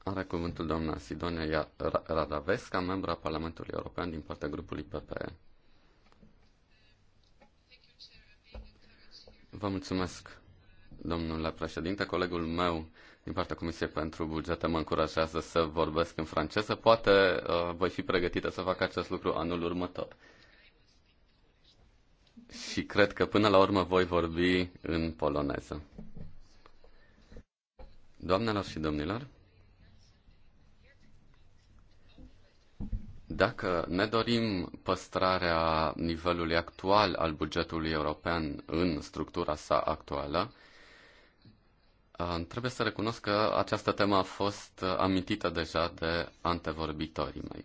Are cuvântul doamna Sidonia Radavesca, membra Parlamentului European din partea grupului PPE. Vă mulțumesc, domnule președinte. Colegul meu din partea Comisiei pentru Bugete mă încurajează să vorbesc în franceză. Poate uh, voi fi pregătită să fac acest lucru anul următor. Și cred că până la urmă voi vorbi în poloneză. Doamnelor și domnilor, Dacă ne dorim păstrarea nivelului actual al bugetului european în structura sa actuală, Uh, trebuie să recunosc că această temă a fost uh, amintită deja de antevorbitorii mei.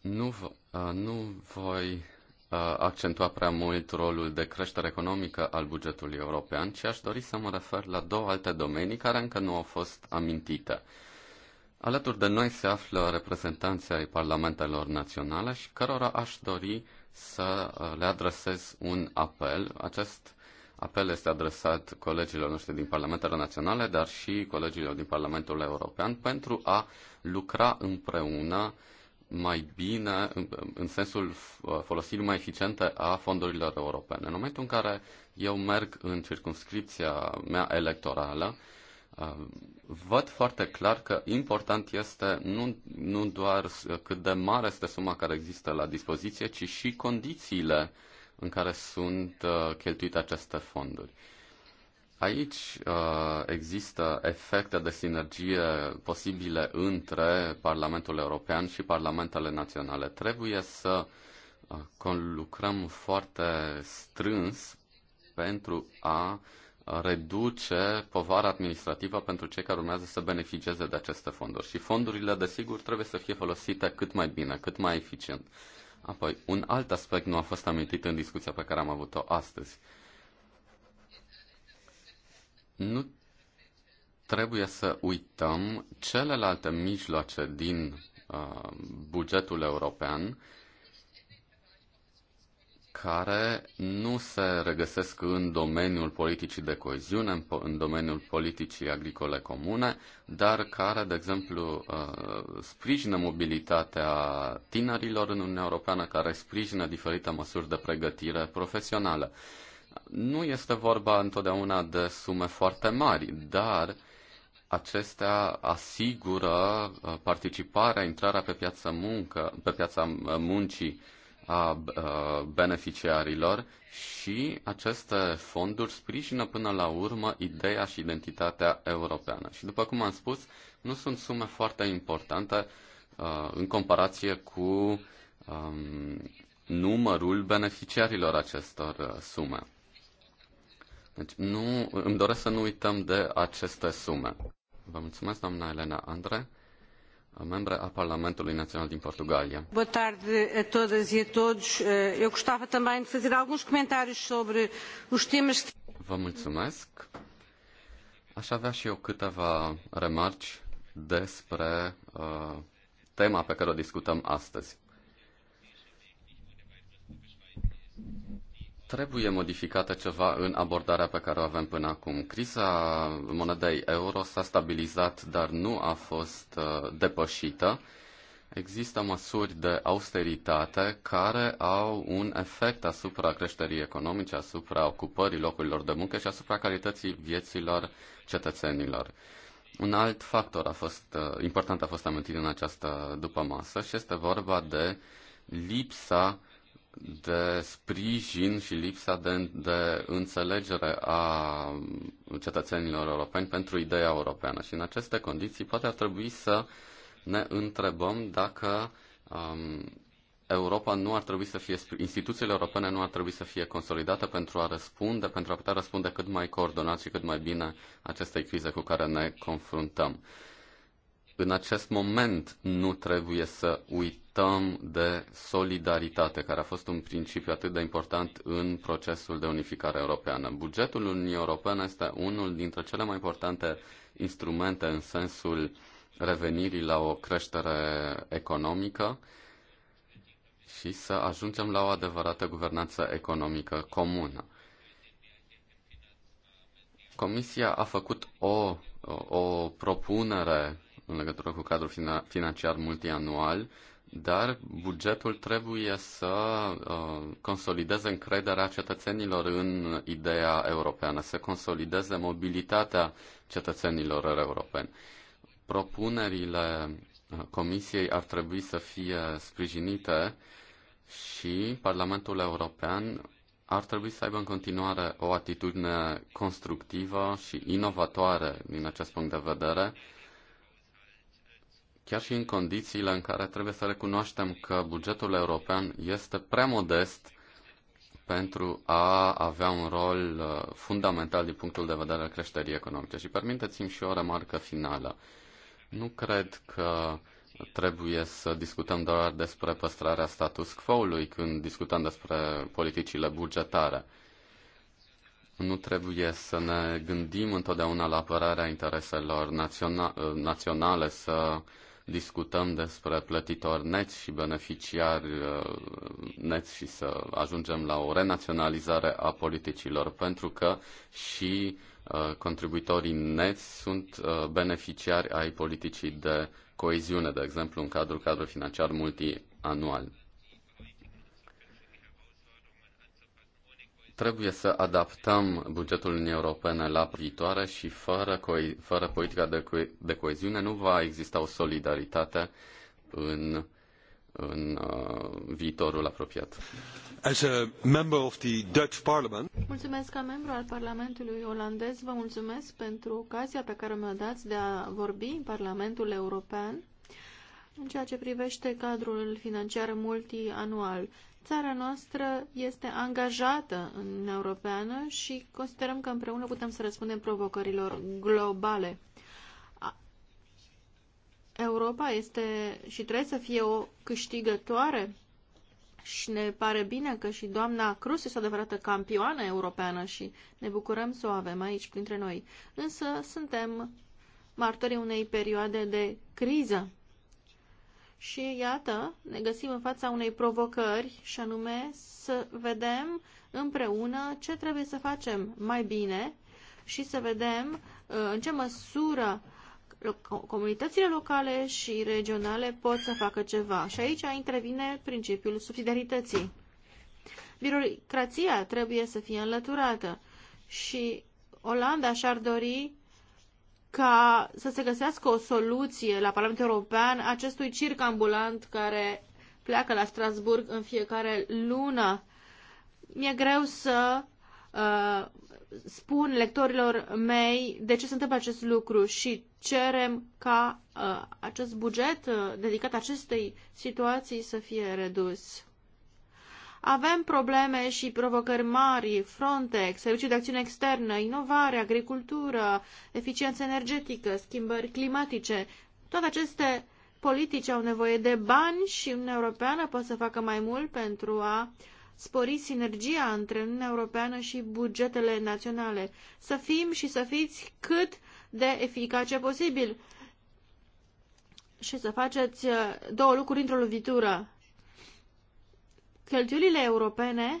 Nu, uh, nu voi accentua prea mult rolul de creștere economică al bugetului european, ci aș dori să mă refer la două alte domenii care încă nu au fost amintite. Alături de noi se află reprezentanții ai parlamentelor naționale și cărora aș dori să le adresez un apel. Acest apel este adresat colegilor noștri din Parlamentele Naționale, dar și colegilor din Parlamentul European pentru a lucra împreună mai bine, în, în sensul folosirii mai eficiente a fondurilor europene. În momentul în care eu merg în circunscripția mea electorală, uh, văd foarte clar că important este nu, nu doar cât de mare este suma care există la dispoziție, ci și condițiile uh, în care sunt uh, cheltuite aceste fonduri. Aici uh, există efecte de sinergie posibile între Parlamentul European și Parlamentele Naționale. Trebuie să uh, conlucrăm foarte strâns pentru a reduce povara administrativă pentru cei care urmează să beneficieze de aceste fonduri. Și fondurile, desigur, trebuie să fie folosite cât mai bine, cât mai eficient. Apoi, un alt aspect nu a fost amintit în discuția pe care am avut-o astăzi. Nu trebuie să uităm celelalte mijloace din uh, bugetul european care nu se regăsesc în domeniul politicii de coeziune, în domeniul politicii agricole comune, dar care, de exemplu, uh, sprijină mobilitatea tinerilor în Uniunea Europeană, care sprijină diferite măsuri de pregătire profesională. Nu este vorba întotdeauna de sume foarte mari, dar acestea asigură uh, participarea, intrarea pe piața, muncă, pe piața uh, muncii a beneficiarilor și aceste fonduri sprijină până la urmă ideea și identitatea europeană. Și după cum am spus, nu sunt sume foarte importante în comparație cu numărul beneficiarilor acestor sume. Deci nu, îmi doresc să nu uităm de aceste sume. Vă mulțumesc, doamna Elena Andre membre a Parlamentului Național din Portugalia. Boa tarde a todas e a todos. Eh, eu gostava também de fazer alguns comentários sobre os temas que... Vă mulțumesc. Aș avea și eu câteva remarci despre uh, tema pe care o discutăm astăzi. trebuie modificată ceva în abordarea pe care o avem până acum. Criza monedei euro s-a stabilizat, dar nu a fost uh, depășită. Există măsuri de austeritate care au un efect asupra creșterii economice, asupra ocupării locurilor de muncă și asupra calității vieților cetățenilor. Un alt factor a fost, uh, important a fost amintit în această dupămasă masă și este vorba de lipsa uh, de sprijin și lipsa de, de înțelegere a cetățenilor europeni pentru ideea europeană. Și în aceste condiții poate ar trebui să ne întrebăm dacă um, Europa nu ar trebui să fie, instituțiile europene nu ar trebui să fie consolidate pentru a răspunde, pentru a putea răspunde cât mai coordonat și cât mai bine acestei crize cu care ne confruntăm în acest moment nu trebuie să uităm de solidaritate, care a fost un principiu atât de important în procesul de unificare europeană. Bugetul Uniunii Europene este unul dintre cele mai importante instrumente în sensul revenirii la o creștere economică și să ajungem la o adevărată guvernanță economică comună. Comisia a făcut o, o propunere în legătură cu cadrul financiar multianual, dar bugetul trebuie să uh, consolideze încrederea cetățenilor în ideea europeană, să consolideze mobilitatea cetățenilor europeni. Propunerile uh, Comisiei ar trebui să fie sprijinite și Parlamentul European ar trebui să aibă în continuare o atitudine constructivă și inovatoare din acest punct de vedere, chiar și în condițiile în care trebuie să recunoaștem că bugetul european este prea modest pentru a avea un rol uh, fundamental din punctul de vedere al creșterii economice. Și permiteți-mi și o remarcă finală. Nu cred că trebuie să discutăm doar despre păstrarea status quo-ului când discutăm despre politicile bugetare. Nu trebuie să ne gândim întotdeauna la apărarea intereselor naționa- naționale, să discutăm despre plătitori neți și beneficiari uh, neți și să ajungem la o renaționalizare a politicilor, pentru că și uh, contribuitorii neți sunt uh, beneficiari ai politicii de coeziune, de exemplu, în cadrul cadrului financiar multianual. Trebuie să adaptăm bugetul Uniunii Europene la viitoare și fără, co- fără politica de, co- de coeziune nu va exista o solidaritate în, în uh, viitorul apropiat. As a member of the Dutch Parliament. Mulțumesc ca membru al Parlamentului olandez, vă mulțumesc pentru ocazia pe care mi-o dați de a vorbi în Parlamentul European în ceea ce privește cadrul financiar multianual. Țara noastră este angajată în Uniunea Europeană și considerăm că împreună putem să răspundem provocărilor globale. Europa este și trebuie să fie o câștigătoare și ne pare bine că și doamna Cruz este o adevărată campioană europeană și ne bucurăm să o avem aici printre noi. Însă suntem martorii unei perioade de criză și iată, ne găsim în fața unei provocări și anume să vedem împreună ce trebuie să facem mai bine și să vedem uh, în ce măsură comunitățile locale și regionale pot să facă ceva. Și aici intervine principiul subsidiarității. Birocrația trebuie să fie înlăturată și Olanda și-ar dori ca să se găsească o soluție la Parlamentul European acestui circ ambulant care pleacă la Strasburg în fiecare lună. Mi-e greu să uh, spun lectorilor mei de ce se întâmplă acest lucru și cerem ca uh, acest buget uh, dedicat acestei situații să fie redus. Avem probleme și provocări mari, Frontex, serviciul de acțiune externă, inovare, agricultură, eficiență energetică, schimbări climatice. Toate aceste politici au nevoie de bani și Uniunea Europeană poate să facă mai mult pentru a spori sinergia între Uniunea Europeană și bugetele naționale. Să fim și să fiți cât de eficace posibil și să faceți uh, două lucruri într-o lovitură cheltuielile europene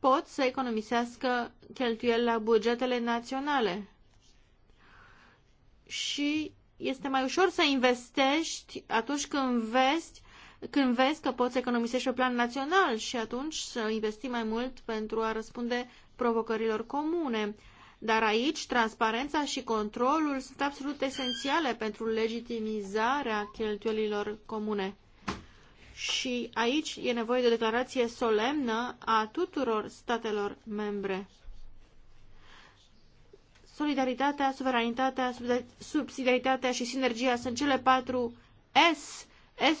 pot să economisească cheltuieli la bugetele naționale. Și este mai ușor să investești atunci când vezi, când vezi că poți economisești pe plan național și atunci să investi mai mult pentru a răspunde provocărilor comune. Dar aici transparența și controlul sunt absolut esențiale pentru legitimizarea cheltuielilor comune și aici e nevoie de o declarație solemnă a tuturor statelor membre. Solidaritatea, suveranitatea, subsidiaritatea și sinergia sunt cele patru S,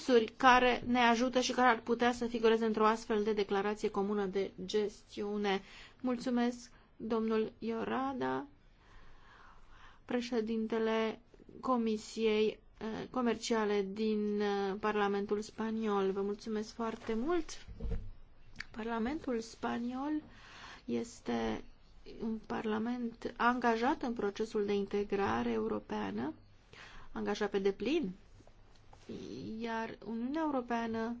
S-uri care ne ajută și care ar putea să figureze într-o astfel de declarație comună de gestiune. Mulțumesc, domnul Iorada, președintele Comisiei Eh, comerciale din eh, Parlamentul Spaniol. Vă mulțumesc foarte mult! Parlamentul Spaniol este un parlament angajat în procesul de integrare europeană, angajat pe deplin, iar Uniunea Europeană,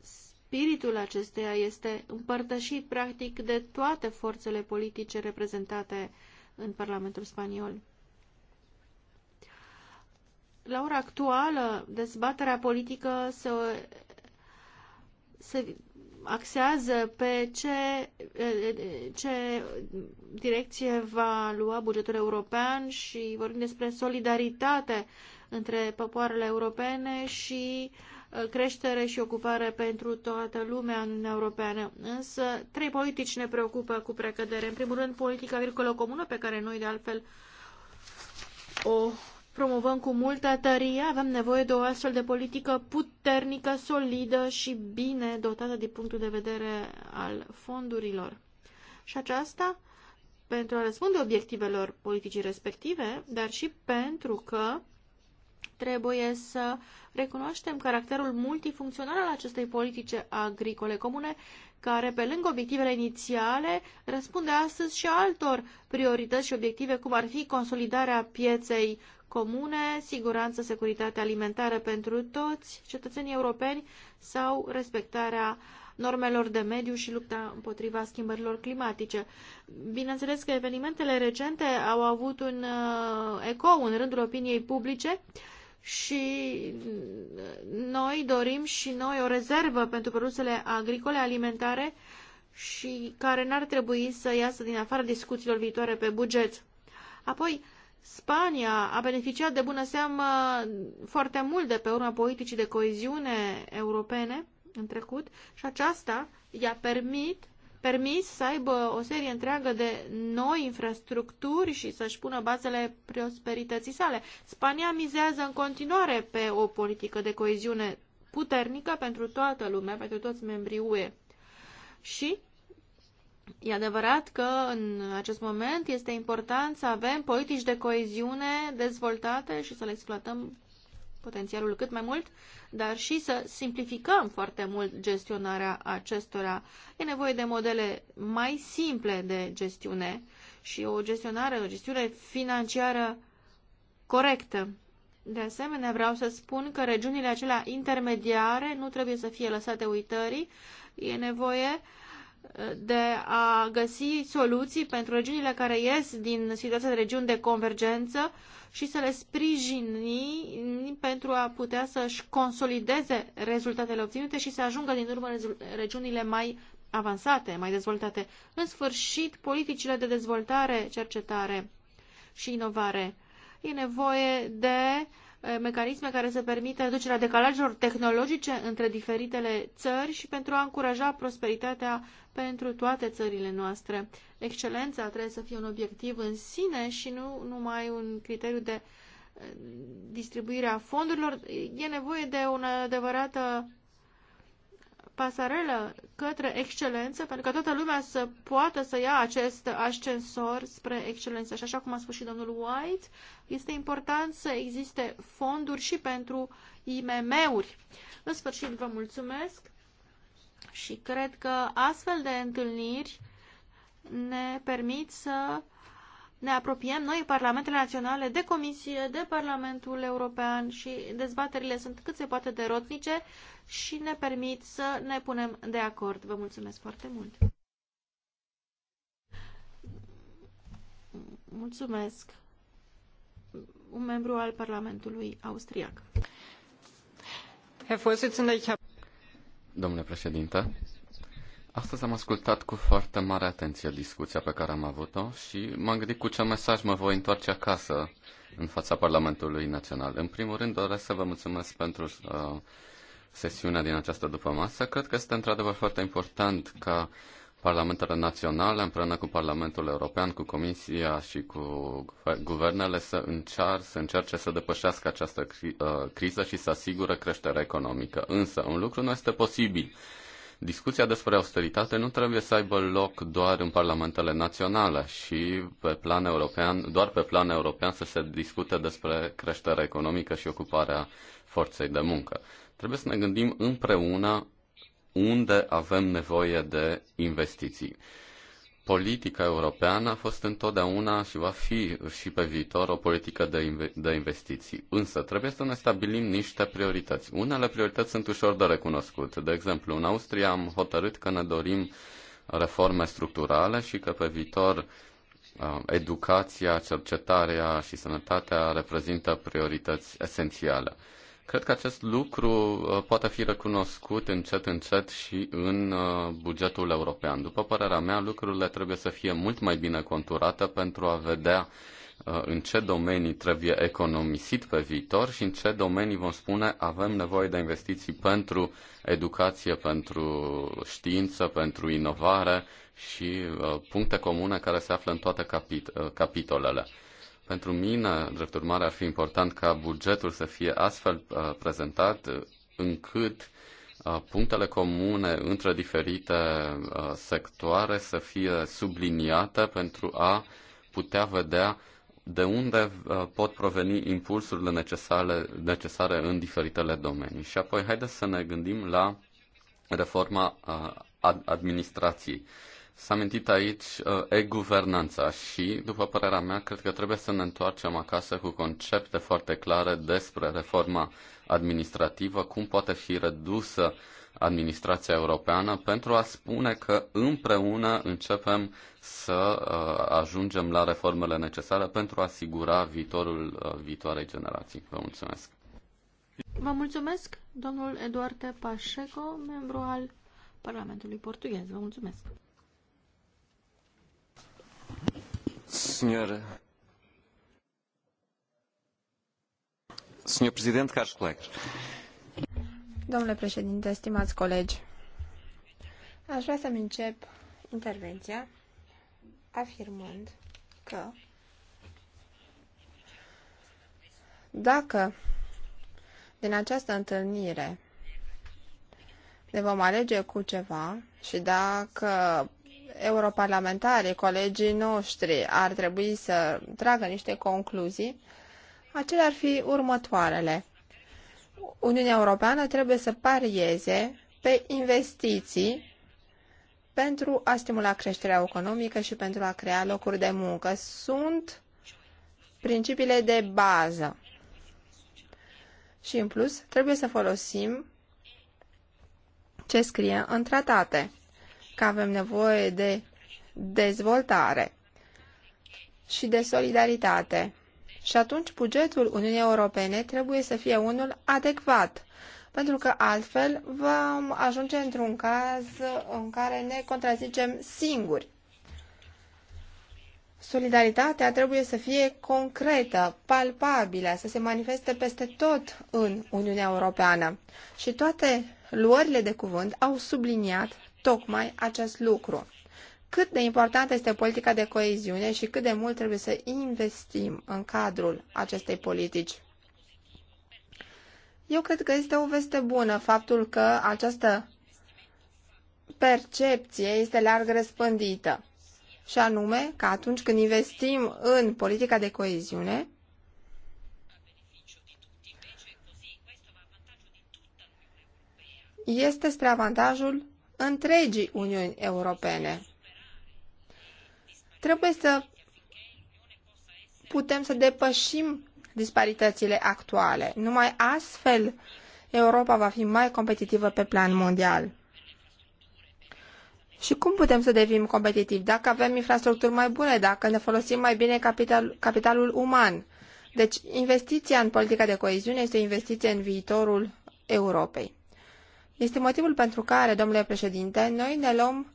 spiritul acesteia este împărtășit practic de toate forțele politice reprezentate în Parlamentul Spaniol la ora actuală, dezbaterea politică se, se axează pe ce, ce direcție va lua bugetul european și vorbim despre solidaritate între popoarele europene și uh, creștere și ocupare pentru toată lumea în Uniunea Europeană. Însă, trei politici ne preocupă cu precădere. În primul rând, politica agricolă comună, pe care noi, de altfel, o promovăm cu multă tărie, avem nevoie de o astfel de politică puternică, solidă și bine dotată din punctul de vedere al fondurilor. Și aceasta pentru a răspunde obiectivelor politicii respective, dar și pentru că trebuie să recunoaștem caracterul multifuncțional al acestei politice agricole comune, care, pe lângă obiectivele inițiale, răspunde astăzi și altor priorități și obiective, cum ar fi consolidarea pieței comune, siguranță, securitate alimentară pentru toți cetățenii europeni sau respectarea normelor de mediu și lupta împotriva schimbărilor climatice. Bineînțeles că evenimentele recente au avut un uh, eco în rândul opiniei publice și noi dorim și noi o rezervă pentru produsele agricole alimentare și care n-ar trebui să iasă din afara discuțiilor viitoare pe buget. Apoi, Spania a beneficiat de bună seamă foarte mult de pe urma politicii de coeziune europene în trecut și aceasta i-a permit, permis să aibă o serie întreagă de noi infrastructuri și să-și pună bazele prosperității sale. Spania mizează în continuare pe o politică de coeziune puternică pentru toată lumea, pentru toți membrii UE. Și E adevărat că în acest moment este important să avem politici de coeziune dezvoltate și să le exploatăm potențialul cât mai mult, dar și să simplificăm foarte mult gestionarea acestora. E nevoie de modele mai simple de gestiune și o gestionare, o gestiune financiară corectă. De asemenea, vreau să spun că regiunile acelea intermediare nu trebuie să fie lăsate uitării. E nevoie uh, de a găsi soluții pentru regiunile care ies din situația de regiuni de convergență și să le sprijini pentru a putea să-și consolideze rezultatele obținute și să ajungă din urmă regiunile mai avansate, mai dezvoltate. În sfârșit, politicile de dezvoltare, cercetare și inovare. E nevoie de uh, Uh, mecanisme care să permită reducerea decalajelor tehnologice între diferitele țări și pentru a încuraja prosperitatea pentru toate țările noastre. Excelența trebuie să fie un obiectiv în sine și nu numai un criteriu de uh, distribuire a fondurilor. E nevoie de o adevărată uh, pasarelă către excelență, pentru că toată lumea să poată să ia acest ascensor spre excelență. Și așa cum a spus și domnul White, este important să existe fonduri și pentru IMM-uri. În sfârșit, vă mulțumesc și cred că astfel de întâlniri ne permit să ne apropiem noi, Parlamentele Naționale, de Comisie, de Parlamentul European și dezbaterile sunt cât se poate de rotnice și ne permit să ne punem de acord. Vă mulțumesc foarte mult! Mulțumesc! Un membru al Parlamentului Austriac. Domnule președinte, Astăzi am ascultat cu foarte mare atenție discuția pe care am avut-o și m-am gândit cu ce mesaj mă voi întoarce acasă în fața Parlamentului Național. În primul rând doresc să vă mulțumesc pentru uh, sesiunea din această dupămasă. Cred că este într-adevăr foarte important ca Parlamentele naționale, împreună cu Parlamentul European, cu Comisia și cu guvernele, să, încear, să încerce să depășească această cri- uh, criză și să asigură creșterea economică. Însă, un lucru nu este posibil Discuția despre austeritate nu trebuie să aibă loc doar în parlamentele naționale și pe plan european, doar pe plan european să se discute despre creșterea economică și ocuparea forței de muncă. Trebuie să ne gândim împreună unde avem nevoie de investiții politica europeană a fost întotdeauna și va fi și pe viitor o politică de, inve- de investiții. Însă trebuie să ne stabilim niște priorități. Unele priorități sunt ușor de recunoscut. De exemplu, în Austria am hotărât că ne dorim reforme structurale și că pe viitor uh, educația, cercetarea și sănătatea reprezintă priorități esențiale. Cred că acest lucru uh, poate fi recunoscut încet, încet și în uh, bugetul european. După părerea mea, lucrurile trebuie să fie mult mai bine conturate pentru a vedea uh, în ce domenii trebuie economisit pe viitor și în ce domenii vom spune avem nevoie de investiții pentru educație, pentru știință, pentru inovare și puncte comune care se află în toate capit- capitolele. Pentru mine, drept urmare, ar fi important ca bugetul să fie astfel uh, prezentat uh, încât uh, punctele comune între diferite uh, sectoare să fie subliniate pentru a putea vedea de unde uh, pot proveni impulsurile necesare, necesare în diferitele domenii. Și apoi, haideți să ne gândim la reforma uh, administrației. S-a mintit aici uh, e-guvernanța și, după părerea mea, cred că trebuie să ne întoarcem acasă cu concepte foarte clare despre reforma administrativă, cum poate fi redusă administrația europeană pentru a spune că împreună începem să uh, ajungem la reformele necesare pentru a asigura viitorul uh, viitoarei generații. Vă mulțumesc! Vă mulțumesc, domnul Eduardo Pașeco, membru al Parlamentului Portughez. Vă mulțumesc! Domnule președinte, stimați colegi, aș vrea să-mi încep intervenția afirmând că dacă din această întâlnire ne vom alege cu ceva și dacă europarlamentarii, colegii noștri ar trebui să tragă niște concluzii, acelea ar fi următoarele. Uniunea Europeană trebuie să parieze pe investiții pentru a stimula creșterea economică și pentru a crea locuri de muncă. Sunt principiile de bază. Și în plus, trebuie să folosim ce scrie în tratate că avem nevoie de dezvoltare și de solidaritate. Și atunci bugetul Uniunii Europene trebuie să fie unul adecvat, pentru că altfel vom ajunge într-un caz în care ne contrazicem singuri. Solidaritatea trebuie să fie concretă, palpabilă, să se manifeste peste tot în Uniunea Europeană. Și toate luările de cuvânt au subliniat tocmai acest lucru. Cât de importantă este politica de coeziune și cât de mult trebuie să investim în cadrul acestei politici. Eu cred că este o veste bună faptul că această percepție este larg răspândită. Și anume că atunci când investim în politica de coeziune, este spre avantajul întregii Uniuni Europene. Trebuie să putem să depășim disparitățile actuale. Numai astfel Europa va fi mai competitivă pe plan mondial. Și cum putem să devenim competitivi? Dacă avem infrastructuri mai bune, dacă ne folosim mai bine capital, capitalul uman. Deci, investiția în politica de coeziune este o investiție în viitorul Europei. Este motivul pentru care, domnule președinte, noi ne luăm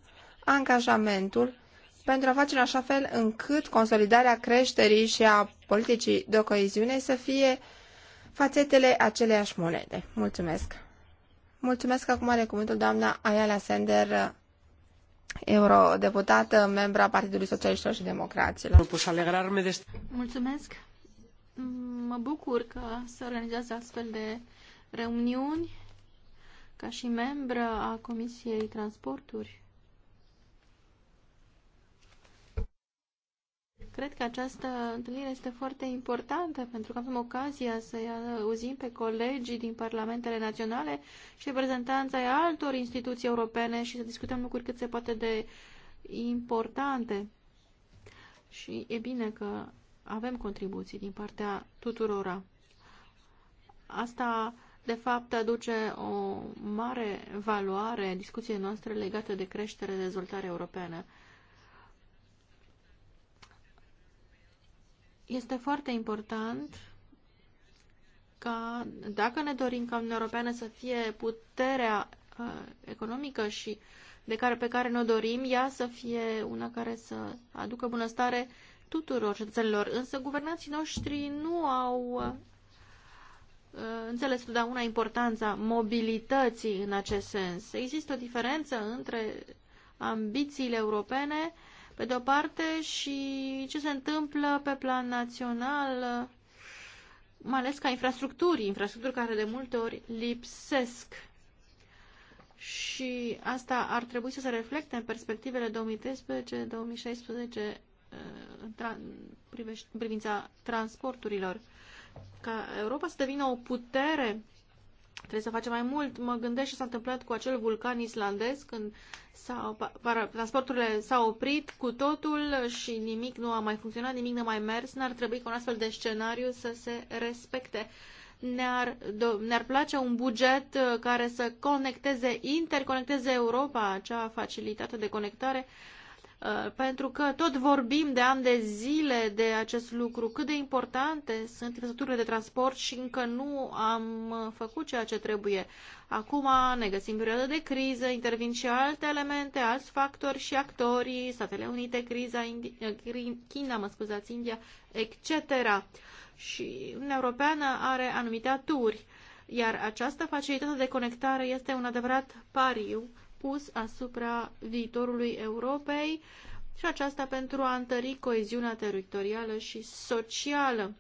angajamentul pentru a face în așa fel încât consolidarea creșterii și a politicii de coeziune să fie fațetele aceleiași monede. Mulțumesc! Mulțumesc acum are cuvântul doamna Ayala Sender, eurodeputată, membra Partidului Socialiștilor și Democraților. Mulțumesc! Mă bucur că se organizează astfel de reuniuni ca și membră a Comisiei Transporturi, Cred că această întâlnire este foarte importantă pentru că avem ocazia să auzim pe colegii din parlamentele naționale și reprezentanța ai altor instituții europene și să discutăm lucruri cât se poate de importante. Și e bine că avem contribuții din partea tuturora. Asta de fapt aduce o mare valoare discuției noastre legate de creștere, de dezvoltare europeană. Este foarte important ca, dacă ne dorim ca Uniunea Europeană să fie puterea uh, economică și de care, pe care ne dorim, ea să fie una care să aducă bunăstare tuturor cetățenilor. Însă guvernații noștri nu au uh, Uh, înțeles totdeauna importanța mobilității în acest sens. Există o diferență între ambițiile europene, pe de-o parte, și ce se întâmplă pe plan național, uh, mai ales ca infrastructuri, infrastructuri care de multe ori lipsesc. Și asta ar trebui să se reflecte în perspectivele 2013-2016 uh, în, în privința transporturilor ca Europa să devină o putere, trebuie să facem mai mult. Mă gândesc ce s-a întâmplat cu acel vulcan islandez când transporturile s-au oprit cu totul și nimic nu a mai funcționat, nimic nu a mai mers. N-ar trebui ca un astfel de scenariu să se respecte. Ne-ar, ne-ar place un buget uh, care să conecteze, interconecteze Europa, acea facilitate de conectare uh, Uh, pentru că tot vorbim de ani de zile de acest lucru, cât de importante sunt infrastructurile de transport și încă nu am făcut ceea ce trebuie. Acum ne găsim perioada de criză, intervin și alte elemente, alți factori și actorii, Statele Unite, criza, Indi- uh, China, mă scuzați, India, etc. Și Uniunea Europeană are anumite aturi, iar această facilitate de conectare este un adevărat pariu pus asupra viitorului Europei și aceasta pentru a întări coeziunea teritorială și socială.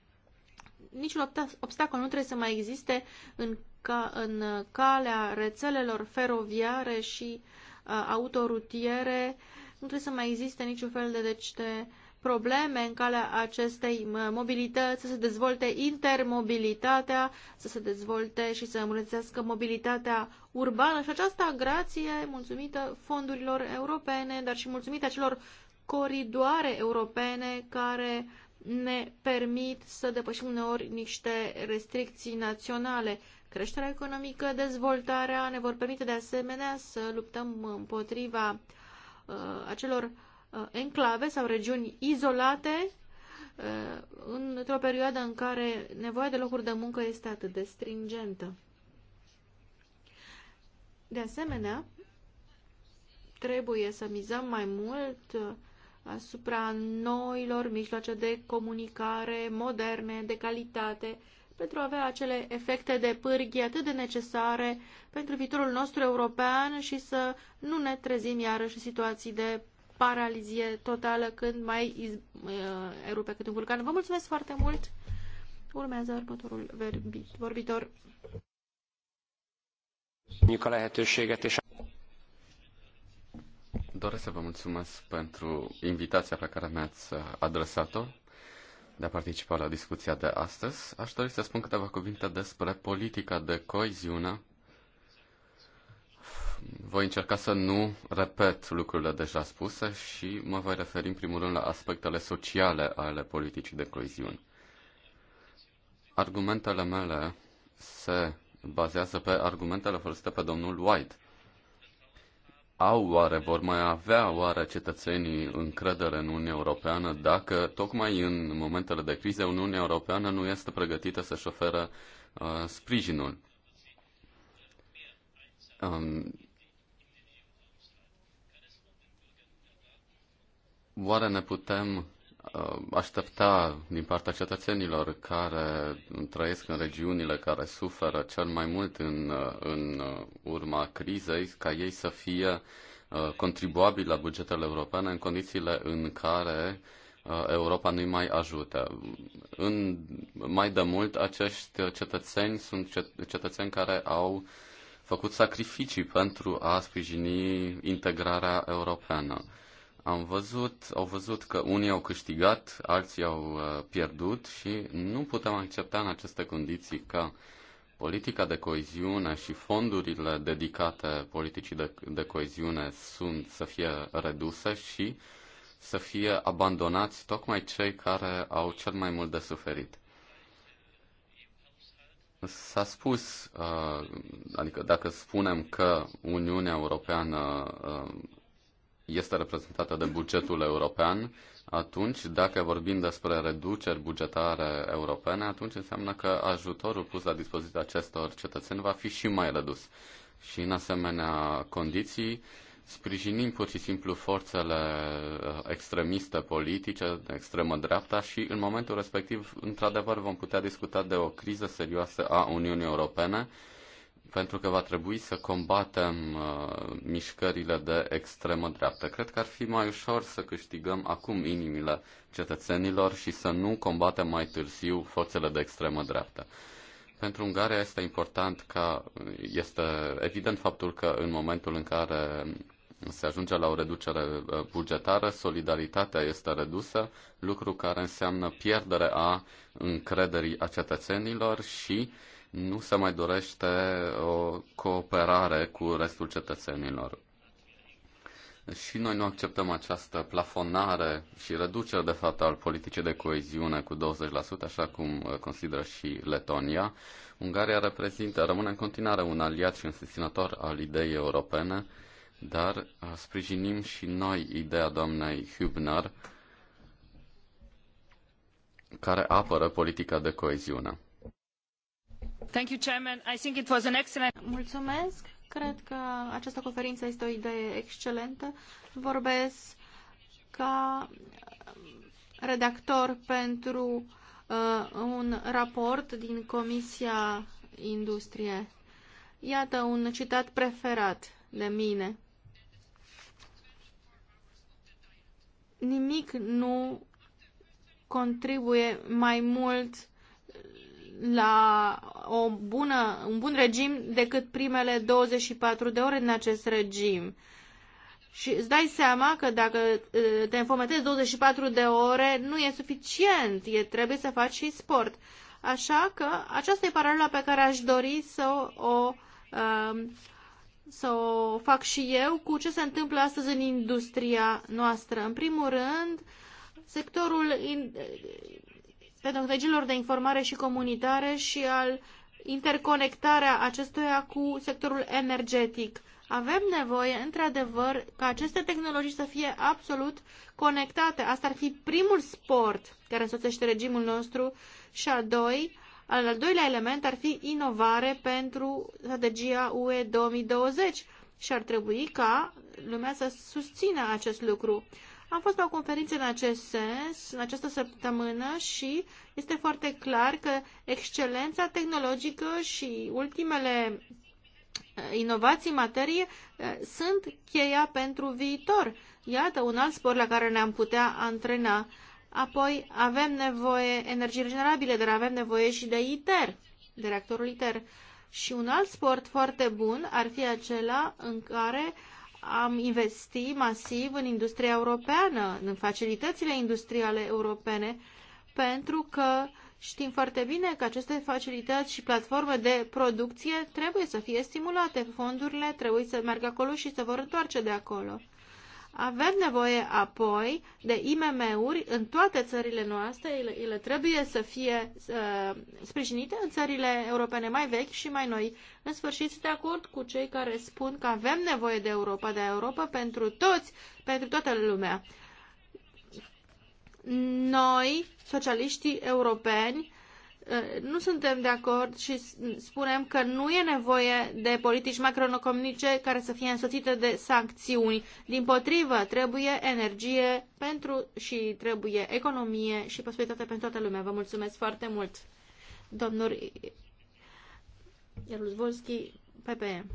Niciun obstacol nu trebuie să mai existe în, ca, în calea rețelelor feroviare și uh, autorutiere, nu trebuie să mai existe niciun fel de, deci, de uh, probleme în calea acestei mobilități, să se dezvolte intermobilitatea, să se dezvolte și să îmbunătățească mobilitatea urbană și aceasta grație mulțumită fondurilor europene, dar și mulțumită acelor coridoare europene care ne permit să depășim uneori niște restricții naționale. Creșterea economică, dezvoltarea ne vor permite de asemenea să luptăm împotriva uh, acelor uh, Uh, enclave sau regiuni izolate uh, într-o perioadă în care nevoia de locuri de muncă este atât de stringentă. De asemenea, trebuie să mizăm mai mult uh, asupra noilor mijloace de comunicare moderne, de calitate, pentru a avea acele efecte de pârghie atât de necesare pentru viitorul nostru european și să nu ne trezim iarăși situații de paralizie totală când mai iz, uh, erupe cât un vulcan. Vă mulțumesc foarte mult! Urmează următorul vorbitor. Doresc să vă mulțumesc pentru invitația pe care mi-ați uh, adresat-o de a participa la discuția de astăzi. Aș dori să spun câteva cuvinte despre politica de coeziune voi încerca să nu repet lucrurile deja spuse și mă voi referi în primul rând la aspectele sociale ale politicii de coeziune. Argumentele mele se bazează pe argumentele folosite pe domnul White. Au oare, vor mai avea oare cetățenii încredere în Uniunea Europeană dacă tocmai în momentele de criză Uniunea Europeană nu este pregătită să-și oferă uh, sprijinul? Um, Oare ne putem uh, aștepta din partea cetățenilor care trăiesc în regiunile care suferă cel mai mult în, uh, în uh, urma crizei ca ei să fie contribuabili la bugetele europene în condițiile în care Europa nu-i mai ajută. În, mai de mult, acești cetățeni sunt cetățeni care au făcut sacrificii pentru a sprijini integrarea europeană. Am văzut, au văzut că unii au câștigat, alții au uh, pierdut și nu putem accepta în aceste condiții ca politica de coeziune și fondurile dedicate politicii de, de coeziune sunt să fie reduse și să fie abandonați tocmai cei care au cel mai mult de suferit. S-a spus, uh, adică dacă spunem că Uniunea Europeană uh, este reprezentată de bugetul european, atunci, dacă vorbim despre reduceri bugetare europene, atunci înseamnă că ajutorul pus la dispoziția acestor cetățeni va fi și mai redus. Și în asemenea condiții, sprijinim pur și simplu forțele uh, extremiste politice, de extremă dreapta și în momentul respectiv, într-adevăr, vom putea discuta de o criză serioasă a Uniunii Europene, pentru că va trebui să combatem uh, mișcările de extremă dreaptă. Cred că ar fi mai ușor să câștigăm acum inimile cetățenilor și să nu combatem mai târziu forțele de extremă dreaptă. Pentru Ungaria este important ca este evident faptul că în momentul în care se ajunge la o reducere uh, bugetară, solidaritatea este redusă, lucru care înseamnă pierdere a încrederii a cetățenilor și uh, nu se mai dorește o cooperare cu restul cetățenilor. Și noi nu acceptăm această plafonare și reducere, de fapt, al politicii de coeziune cu 20%, așa cum uh, consideră și Letonia. Ungaria reprezintă, rămâne în continuare un aliat și un susținător al ideii europene, dar uh, sprijinim și noi ideea doamnei Hübner, care apără politica de coeziune. Mulțumesc. Cred că această conferință este o idee excelentă. Vorbesc ca uh, redactor pentru uh, un raport din Comisia Industrie. Iată un citat preferat de mine. Nimic nu contribuie mai mult la o bună, un bun regim decât primele 24 de ore în acest regim. Și îți dai seama că dacă te înfometezi 24 de ore, nu e suficient, e, trebuie să faci și sport. Așa că aceasta e paralela pe care aș dori să o, um, să o fac și eu cu ce se întâmplă astăzi în industria noastră. În primul rând, sectorul tehnologiilor de informare și comunitare și al interconectarea acestuia cu sectorul energetic. Avem nevoie, într-adevăr, ca aceste tehnologii să fie absolut conectate. Asta ar fi primul sport care însoțește regimul nostru și al doi, al, al doilea element ar fi inovare pentru strategia UE 2020 și ar trebui ca lumea să susțină acest lucru. Am fost la o conferință în acest sens, în această săptămână și este foarte clar că excelența tehnologică și ultimele eh, inovații în materie eh, sunt cheia pentru viitor. Iată un alt spor la care ne-am putea antrena. Apoi avem nevoie energii regenerabile, dar avem nevoie și de ITER, de reactorul ITER. Și un alt sport foarte bun ar fi acela în care uh, am investi masiv în industria europeană, în facilitățile industriale europene, pentru că știm foarte bine că aceste facilități și platforme de producție trebuie să fie stimulate. Fondurile trebuie să meargă acolo și să vor întoarce de acolo. Avem nevoie apoi de IMM-uri în toate țările noastre, ele, ele trebuie să fie uh, sprijinite în țările europene mai vechi și mai noi. În sfârșit, sunt de acord cu cei care spun că avem nevoie de Europa, de Europa pentru toți, pentru toată lumea. Noi, socialiștii europeni, nu suntem de acord și spunem că nu e nevoie de politici macroeconomice care să fie însoțite de sancțiuni. Din potrivă, trebuie energie pentru și trebuie economie și posibilitate pentru toată lumea. Vă mulțumesc foarte mult, domnul Ierluzvolski, PPE.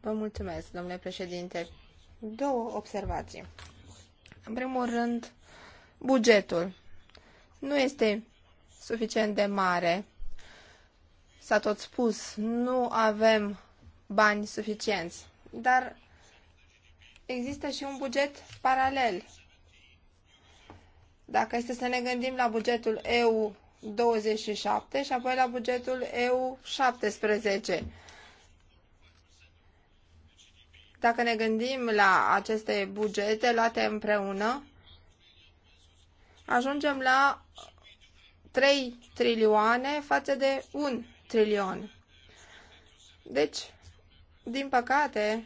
Vă mulțumesc, domnule președinte. Două observații. În primul rând, bugetul. Nu este suficient de mare. S-a tot spus, nu avem bani suficienți, dar există și un buget paralel. Dacă este să ne gândim la bugetul EU 27 și apoi la bugetul EU 17. Dacă ne gândim la aceste bugete luate împreună, ajungem la 3 trilioane față de 1 trilion. Deci, din păcate,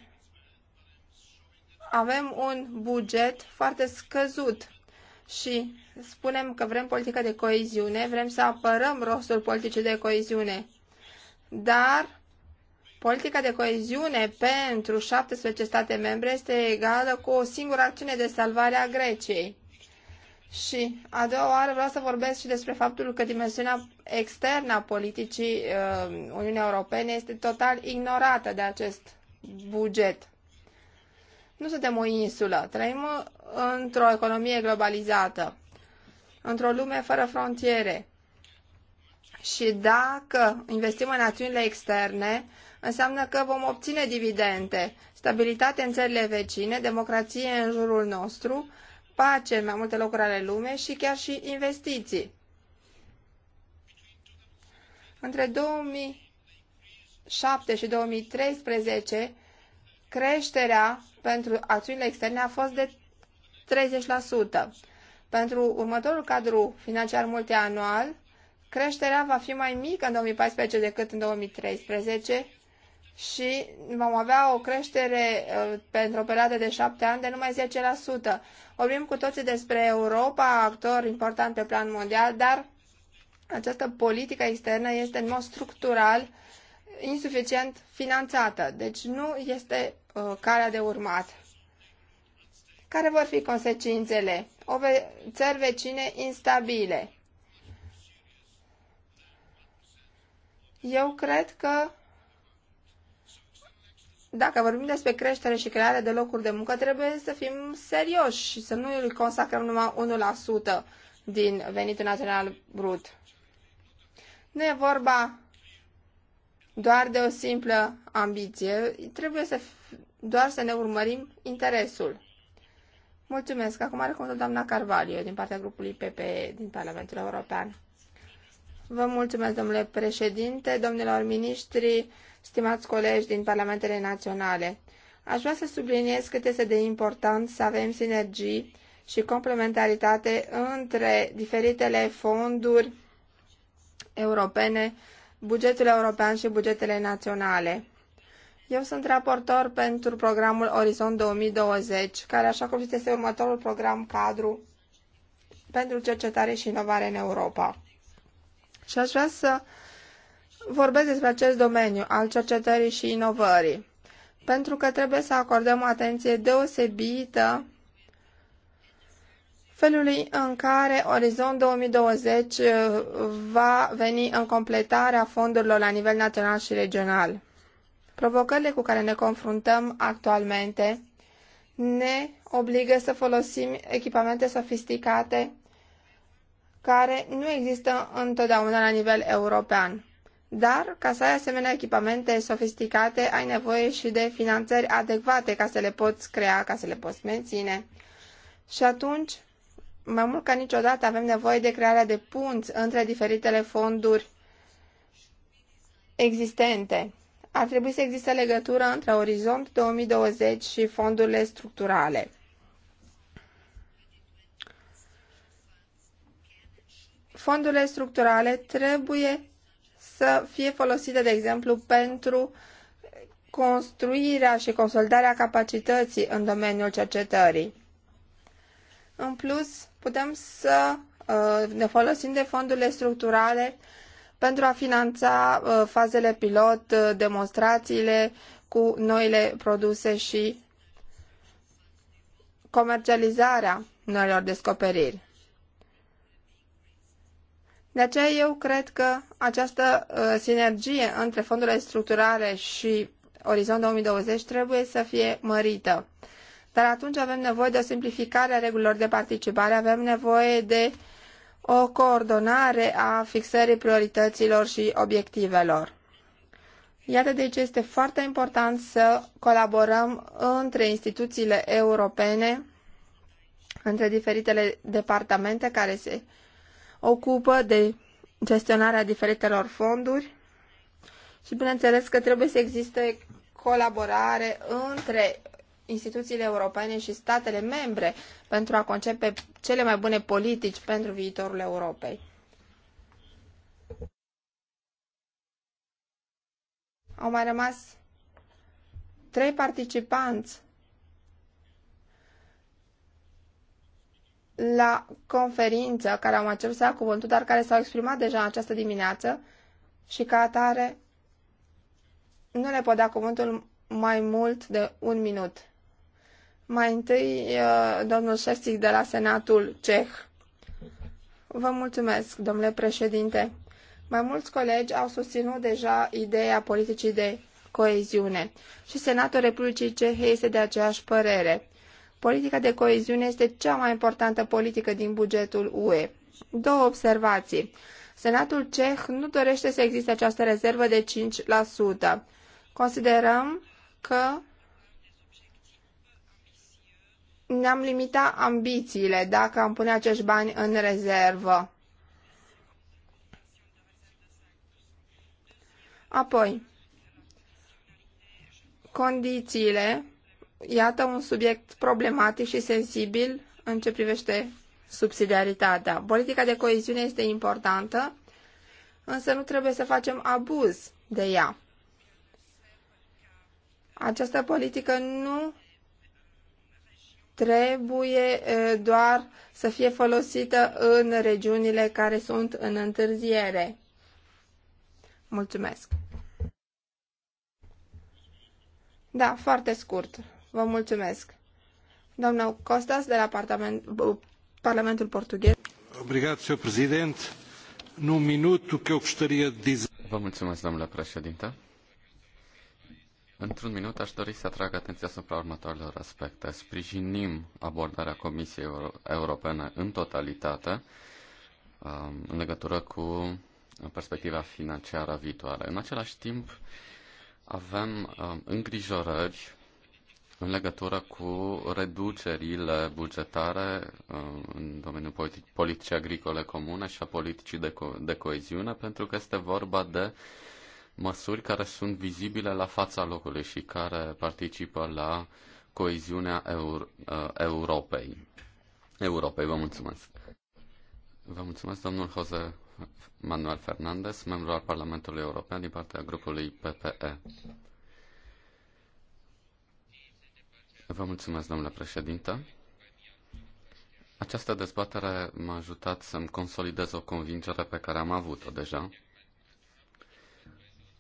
avem un buget foarte scăzut și spunem că vrem politică de coeziune, vrem să apărăm rostul politicii de coeziune, dar politica de coeziune pentru 17 state membre este egală cu o singură acțiune de salvare a Greciei. Și a doua oară vreau să vorbesc și despre faptul că dimensiunea externă a politicii uh, Uniunii Europene este total ignorată de acest buget. Nu suntem o insulă, trăim într-o economie globalizată, într-o lume fără frontiere. Și dacă investim în acțiunile externe, înseamnă că vom obține dividende, stabilitate în țările vecine, democrație în jurul nostru, pace în mai multe locuri ale lumei și chiar și investiții. Între 2007 și 2013, creșterea pentru acțiunile externe a fost de 30%. Pentru următorul cadru financiar multianual, creșterea va fi mai mică în 2014 decât în 2013 și vom avea o creștere uh, pentru o perioadă de șapte ani de numai 10%, Vorbim cu toții despre Europa, actor important pe plan mondial, dar această politică externă este în mod structural insuficient finanțată, deci nu este uh, calea de urmat. Care vor fi consecințele? O ve- țări vecine instabile. Eu cred că dacă vorbim despre creștere și creare de locuri de muncă, trebuie să fim serioși și să nu îl consacrăm numai 1% din venitul național brut. Nu e vorba doar de o simplă ambiție, trebuie să doar să ne urmărim interesul. Mulțumesc. Acum are cuvântul doamna Carvalho din partea grupului PPE din Parlamentul European. Vă mulțumesc, domnule președinte, domnilor miniștri, stimați colegi din parlamentele naționale. Aș vrea să subliniez cât este de important să avem sinergii și complementaritate între diferitele fonduri europene, bugetul european și bugetele naționale. Eu sunt raportor pentru programul Orizont 2020, care, așa cum este următorul program cadru pentru cercetare și inovare în Europa. Și aș vrea să vorbesc despre acest domeniu al cercetării și inovării, pentru că trebuie să acordăm atenție deosebită felului în care Orizont 2020 uh, va veni în completarea fondurilor la nivel național și regional. Provocările cu care ne confruntăm actualmente ne obligă să folosim echipamente sofisticate care nu există întotdeauna la nivel european. Dar, ca să ai asemenea echipamente sofisticate, ai nevoie și de finanțări adecvate ca să le poți crea, ca să le poți menține. Și atunci, mai mult ca niciodată, avem nevoie de crearea de punți între diferitele fonduri existente. Ar trebui să existe legătură între Orizont 2020 și fondurile structurale. Fondurile structurale trebuie să fie folosite, de exemplu, pentru construirea și consolidarea capacității în domeniul cercetării. În plus, putem să uh, ne folosim de fondurile structurale pentru a finanța uh, fazele pilot, uh, demonstrațiile cu noile produse și comercializarea noilor descoperiri. De aceea eu cred că această uh, sinergie între fondurile structurale și Orizont 2020 trebuie să fie mărită. Dar atunci avem nevoie de o simplificare a regulilor de participare, avem nevoie de o coordonare a fixării priorităților și obiectivelor. Iată de ce este foarte important să colaborăm între instituțiile europene, între diferitele departamente care se ocupă de gestionarea diferitelor fonduri și bineînțeles că trebuie să existe colaborare între instituțiile europene și statele membre pentru a concepe cele mai bune politici pentru viitorul Europei. Au mai rămas trei participanți la conferință care am început să ia cuvântul, dar care s-au exprimat deja în această dimineață și ca atare nu le pot da cuvântul mai mult de un minut. Mai întâi, uh, domnul Șefțic de la Senatul Ceh. Vă mulțumesc, domnule președinte. Mai mulți colegi au susținut deja ideea politicii de coeziune și Senatul Republicii Cehe este de aceeași părere. Politica de coeziune este cea mai importantă politică din bugetul UE. Două observații. Senatul ceh nu dorește să existe această rezervă de 5%. Considerăm că ne-am limitat ambițiile dacă am pune acești bani în rezervă. Apoi, condițiile iată un subiect problematic și sensibil în ce privește subsidiaritatea. Politica de coeziune este importantă, însă nu trebuie să facem abuz de ea. Această politică nu trebuie doar să fie folosită în regiunile care sunt în întârziere. Mulțumesc! Da, foarte scurt. Vă mulțumesc. Doamna Costas, de la Parlamentul Portughez. Obrigado, Sr. presidente. Num minuto que eu gostaria de dizer... Vă mulțumesc, domnule președinte. Într-un minut aș dori să atrag atenția asupra următoarelor aspecte. Sprijinim abordarea Comisiei Europene în totalitate um, în legătură cu perspectiva financiară viitoare. În același timp, avem um, îngrijorări în legătură cu reducerile bugetare uh, în domeniul politic, politicii agricole comune și a politicii de, co- de coeziune, pentru că este vorba de măsuri care sunt vizibile la fața locului și care participă la coeziunea Euro- uh, Europei. Europei, vă mulțumesc. Vă mulțumesc, domnul Jose Manuel Fernandez, membru al Parlamentului European din partea grupului PPE. Vă mulțumesc, domnule președinte. Această dezbatere m-a ajutat să-mi consolidez o convingere pe care am avut-o deja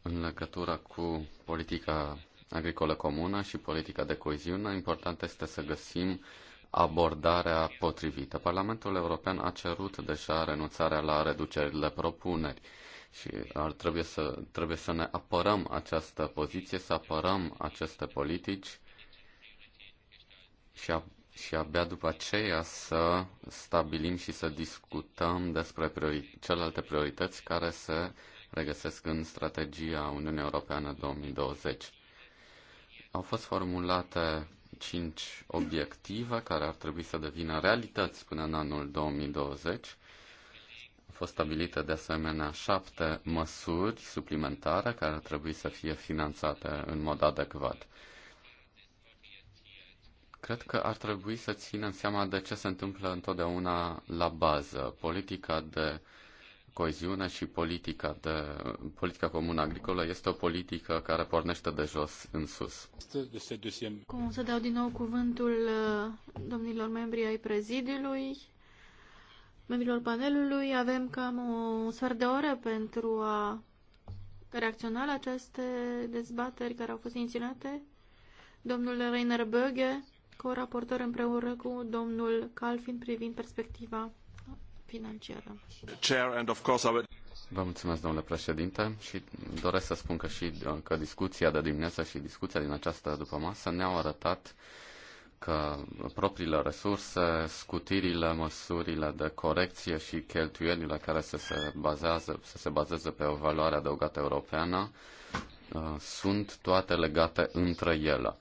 în legătură cu politica agricolă comună și politica de coeziune. Important este să găsim abordarea potrivită. Parlamentul European a cerut deja renunțarea la reducerile propuneri și ar trebui să, trebuie să ne apărăm această poziție, să apărăm aceste politici și, a, și abia după aceea să stabilim și să discutăm despre priori, celelalte priorități care se regăsesc în strategia Uniunii Europeană 2020. Au fost formulate cinci obiective care ar trebui să devină realități până în anul 2020. Au fost stabilite de asemenea șapte măsuri suplimentare care ar trebui să fie finanțate în mod adecvat. Cred că ar trebui să ținem seama de ce se întâmplă întotdeauna la bază. Politica de coeziune și politica, de, politica comună agricolă este o politică care pornește de jos în sus. Cum să dau din nou cuvântul uh, domnilor membri ai prezidiului, membrilor panelului, avem cam o sfert de oră pentru a reacționa la aceste dezbateri care au fost inținate. Domnul Rainer Böge, co-raportor împreună cu domnul Calfin privind perspectiva financiară. Chair and of course our... Vă mulțumesc, domnule președinte, și doresc să spun că și că discuția de dimineață și discuția din această după masă ne-au arătat că propriile resurse, scutirile, măsurile de corecție și cheltuielile care să se, bazează, să se bazeze pe o valoare adăugată europeană uh, sunt toate legate între ele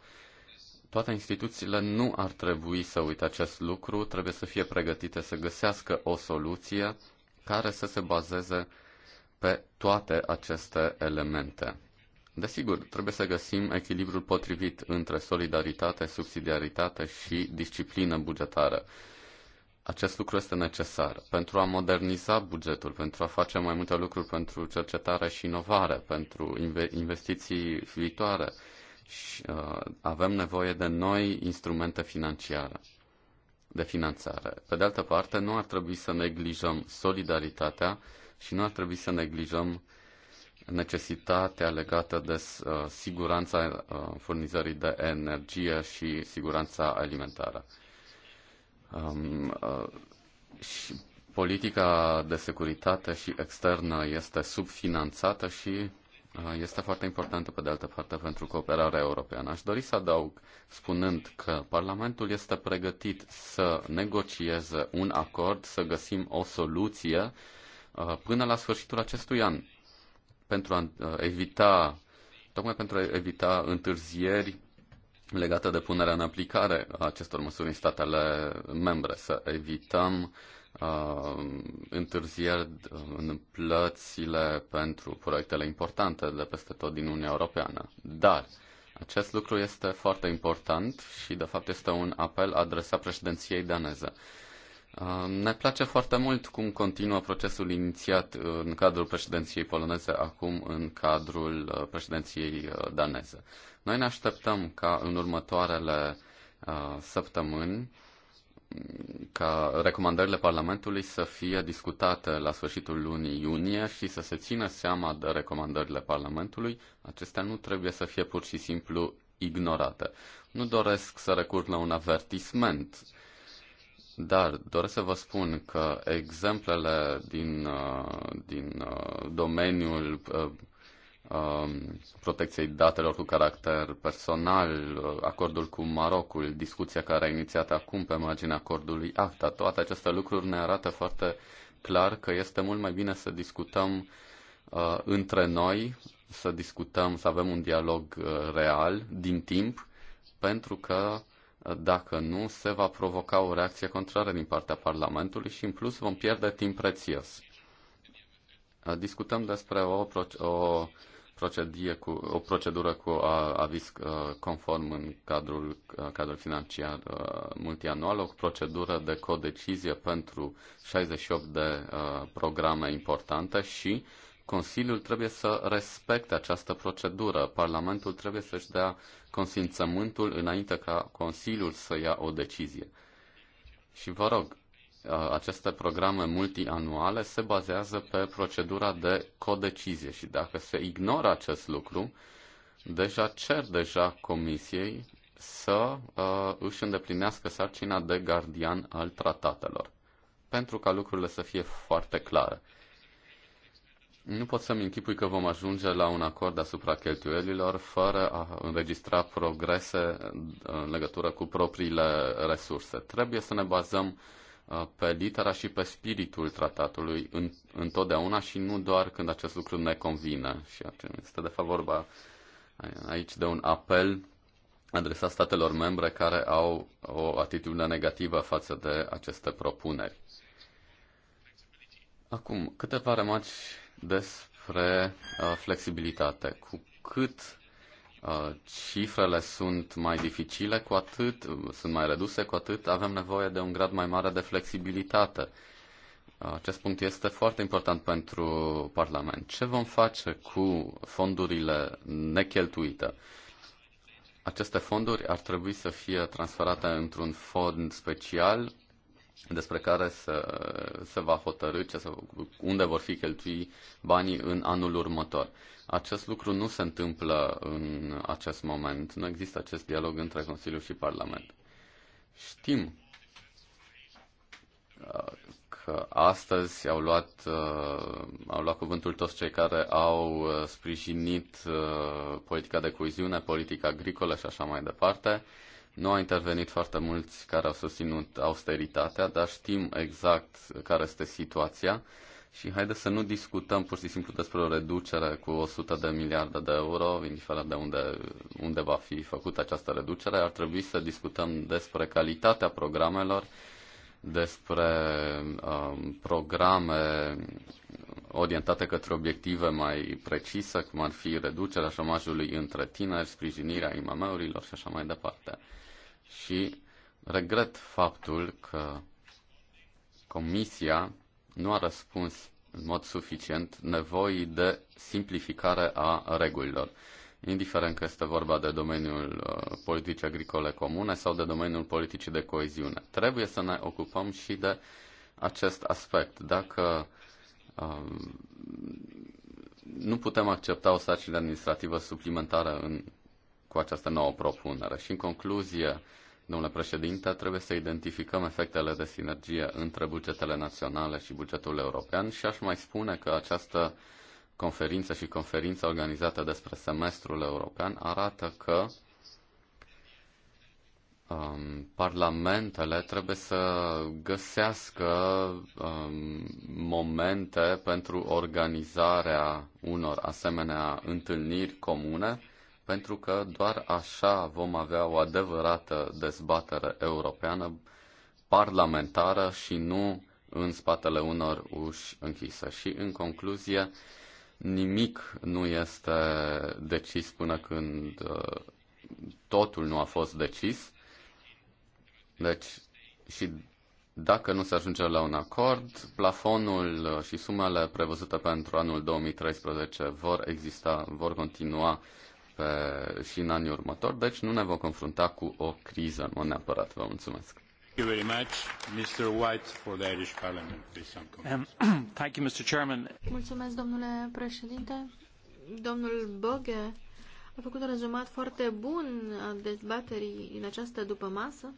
toate instituțiile nu ar trebui să uite acest lucru, trebuie să fie pregătite să găsească o soluție care să se bazeze pe toate aceste elemente. Desigur, trebuie să găsim echilibrul potrivit între solidaritate, subsidiaritate și disciplină bugetară. Acest lucru este necesar pentru a moderniza bugetul, pentru a face mai multe lucruri pentru cercetare și inovare, pentru investiții viitoare, și uh, avem nevoie de noi instrumente financiare de finanțare. Pe de altă parte, nu ar trebui să neglijăm solidaritatea și nu ar trebui să neglijăm necesitatea legată de uh, siguranța uh, furnizării de energie și siguranța alimentară. Um, uh, și politica de securitate și externă este subfinanțată și Uh, este foarte importantă, pe de altă parte, pentru cooperarea europeană. Aș dori să adaug spunând că Parlamentul este pregătit să negocieze un acord, să găsim o soluție uh, până la sfârșitul acestui an, pentru a uh, evita, tocmai pentru a evita întârzieri legate de punerea în aplicare a acestor măsuri în statele membre, să evităm uh, Uh, întârzieri uh, în plățile pentru proiectele importante de peste tot din Uniunea Europeană. Dar acest lucru este foarte important și, de fapt, este un apel adresat președinției daneze. Uh, ne place foarte mult cum continuă procesul inițiat în cadrul președinției poloneze, acum în cadrul președinției daneze. Noi ne așteptăm ca în următoarele săptămâni ca recomandările Parlamentului să fie discutate la sfârșitul lunii iunie și să se țină seama de recomandările Parlamentului, acestea nu trebuie să fie pur și simplu ignorate. Nu doresc să recurg la un avertisment, dar doresc să vă spun că exemplele din, uh, din uh, domeniul uh, Um, protecției datelor cu caracter personal, uh, acordul cu Marocul, discuția care a inițiat acum pe marginea acordului ACTA, toate aceste lucruri ne arată foarte clar că este mult mai bine să discutăm uh, între noi, să discutăm, să avem un dialog uh, real, din timp, pentru că uh, dacă nu, se va provoca o reacție contrară din partea Parlamentului și, în plus, vom pierde timp prețios. Uh, discutăm despre o, o procedie cu, o procedură cu uh, aviz uh, conform în cadrul, uh, cadrul financiar multianual, o procedură de codecizie pentru 68 de programe importante și Consiliul trebuie să respecte această procedură. Parlamentul trebuie să-și dea consimțământul înainte ca Consiliul să ia o decizie. Și vă rog, aceste programe multianuale se bazează pe procedura de codecizie și dacă se ignoră acest lucru, deja cer deja Comisiei să uh, își îndeplinească sarcina de gardian al tratatelor, pentru ca lucrurile să fie foarte clare. Nu pot să-mi închipui că vom ajunge la un acord asupra cheltuielilor fără a înregistra progrese în legătură cu propriile resurse. Trebuie să ne bazăm uh, Uh, pe litera și pe spiritul tratatului în, întotdeauna și nu doar când acest lucru ne convine. Și este de fapt vorba aici de un apel adresat statelor membre care au o atitudine negativă față de aceste propuneri. Acum, câteva remarci despre uh, flexibilitate. Cu cât Uh, cifrele sunt mai dificile, cu atât uh, sunt mai reduse, cu atât avem nevoie de un grad mai mare de flexibilitate. Uh, acest punct este foarte important pentru Parlament. Ce vom face cu fondurile necheltuite? Aceste fonduri ar trebui să fie transferate într-un fond special despre care se, se va hotărâ ce se, unde vor fi cheltui banii în anul următor. Acest lucru nu se întâmplă în acest moment. Nu există acest dialog între Consiliu și Parlament. Știm uh, că astăzi au luat, uh, au luat cuvântul toți cei care au uh, sprijinit politica de coeziune, politica agricolă și așa mai departe. Nu au intervenit foarte mulți care au susținut austeritatea, dar știm exact care este situația și haideți să nu discutăm pur și simplu despre o reducere cu 100 de miliarde de euro, indiferent de unde, unde va fi făcută această reducere, ar trebui să discutăm despre calitatea programelor, despre um, programe orientate către obiective mai precise, cum ar fi reducerea șomajului între tineri, sprijinirea IMM-urilor și așa mai departe și regret faptul că Comisia nu a răspuns în mod suficient nevoii de simplificare a regulilor, indiferent că este vorba de domeniul uh, politicii agricole comune sau de domeniul politicii de coeziune. Trebuie să ne ocupăm și de acest aspect. Dacă um, nu putem accepta o sarcină administrativă suplimentară în, cu această nouă propunere. Și în concluzie, domnule președinte, trebuie să identificăm efectele de sinergie între bugetele naționale și bugetul european și aș mai spune că această conferință și conferința organizată despre semestrul european arată că um, parlamentele trebuie să găsească um, momente pentru organizarea unor asemenea întâlniri comune pentru că doar așa vom avea o adevărată dezbatere europeană parlamentară și nu în spatele unor uși închise. Și în concluzie, nimic nu este decis până când uh, totul nu a fost decis. Deci, și dacă nu se ajunge la un acord, plafonul uh, și sumele prevăzute pentru anul 2013 vor exista, vor continua pe, și în anii următori, deci nu ne vom confrunta cu o criză, nu neapărat. Vă mulțumesc. Thank you very much. Mr. White for the Irish Parliament. Um, thank you, Mr. Chairman. Mulțumesc, domnule președinte. Domnul Boghe a făcut un rezumat foarte bun a dezbaterii în această după masă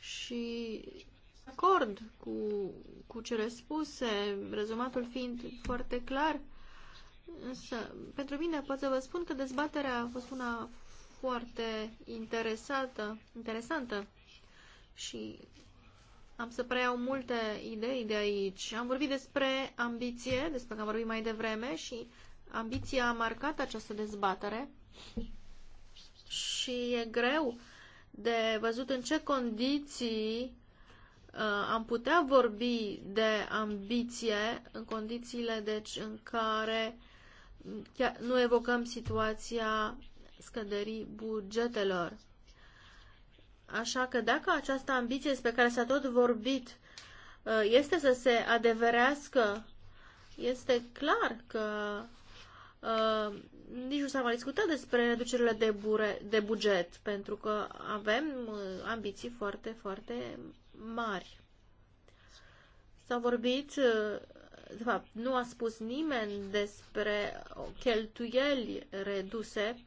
și acord cu, cu cele spuse, rezumatul fiind foarte clar. Însă, pentru mine pot să vă spun că dezbaterea a fost una foarte interesată, interesantă și am să preiau multe idei de aici. Am vorbit despre ambiție, despre care am vorbit mai devreme și ambiția a marcat această dezbatere și e greu de văzut în ce condiții uh, am putea vorbi de ambiție în condițiile deci în care chiar nu evocăm situația scăderii bugetelor. Așa că dacă această ambiție despre care s-a tot vorbit uh, este să se adeverească, este clar că uh, nici nu s-a mai discutat despre reducerile de, bure, de buget, pentru că avem uh, ambiții foarte, foarte mari. S-a vorbit uh, de fapt, nu a spus nimeni despre cheltuieli reduse.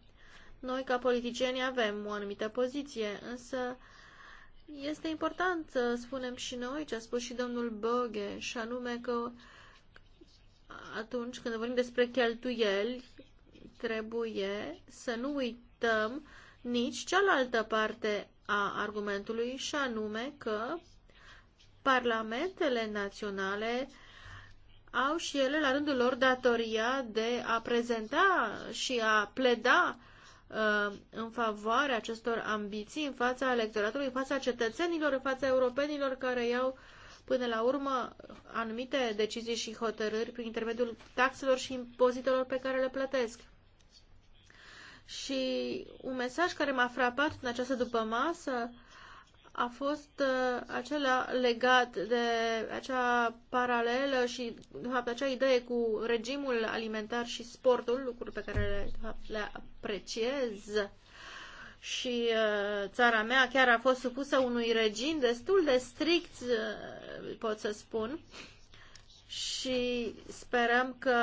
Noi, ca politicieni, avem o anumită poziție, însă este important să spunem și noi ce a spus și domnul Boghe, și anume că atunci când vorbim despre cheltuieli, trebuie să nu uităm nici cealaltă parte a argumentului, și anume că parlamentele naționale au și ele la rândul lor datoria de a prezenta și a pleda uh, în favoarea acestor ambiții în fața electoratului, în fața cetățenilor, în fața europenilor care iau până la urmă anumite decizii și hotărâri prin intermediul taxelor și impozitelor pe care le plătesc. Și un mesaj care m-a frapat în această dupămasă a fost uh, acela legat de acea paralelă și, de fapt, acea idee cu regimul alimentar și sportul, lucruri pe care le, de fapt, le apreciez. Și uh, țara mea chiar a fost supusă unui regim destul de strict, uh, pot să spun, și sperăm că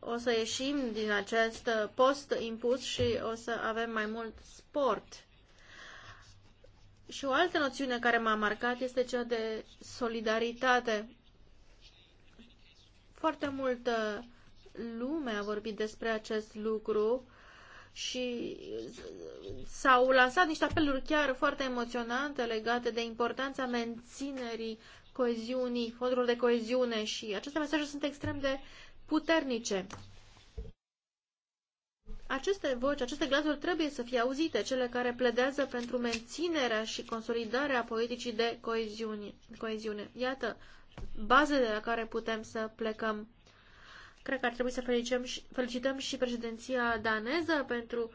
o să ieșim din acest post impus și o să avem mai mult sport și o altă noțiune care m-a marcat este cea de solidaritate. Foarte multă lume a vorbit despre acest lucru și s-au lansat niște apeluri chiar foarte emoționante legate de importanța menținerii coeziunii, fondurilor de coeziune și aceste mesaje sunt extrem de puternice. Aceste voci, aceste glasuri trebuie să fie auzite, cele care pledează pentru menținerea și consolidarea politicii de coeziune. Iată, bazele la care putem să plecăm. Cred că ar trebui să felicităm și, felicităm și președinția daneză pentru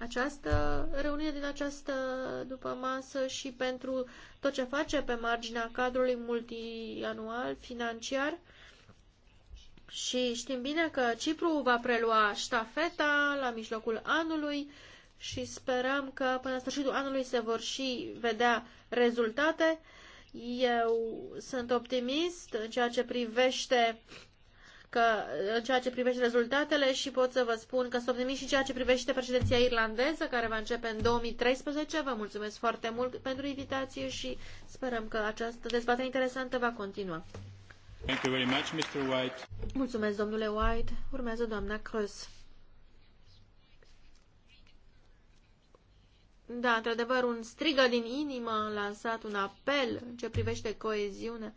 această reuniune din această după masă și pentru tot ce face pe marginea cadrului multianual financiar și știm bine că Cipru va prelua ștafeta la mijlocul anului și sperăm că până la sfârșitul anului se vor și vedea rezultate. Eu sunt optimist în ceea ce privește că, în ceea ce privește rezultatele și pot să vă spun că sunt optimist și în ceea ce privește președinția irlandeză care va începe în 2013. Vă mulțumesc foarte mult pentru invitație și sperăm că această dezbatere interesantă va continua. Thank you very much, Mr. White. Mulțumesc, domnule White. Urmează doamna Cruz. Da, într-adevăr, un strigă din inimă a lansat un apel în ce privește coeziune,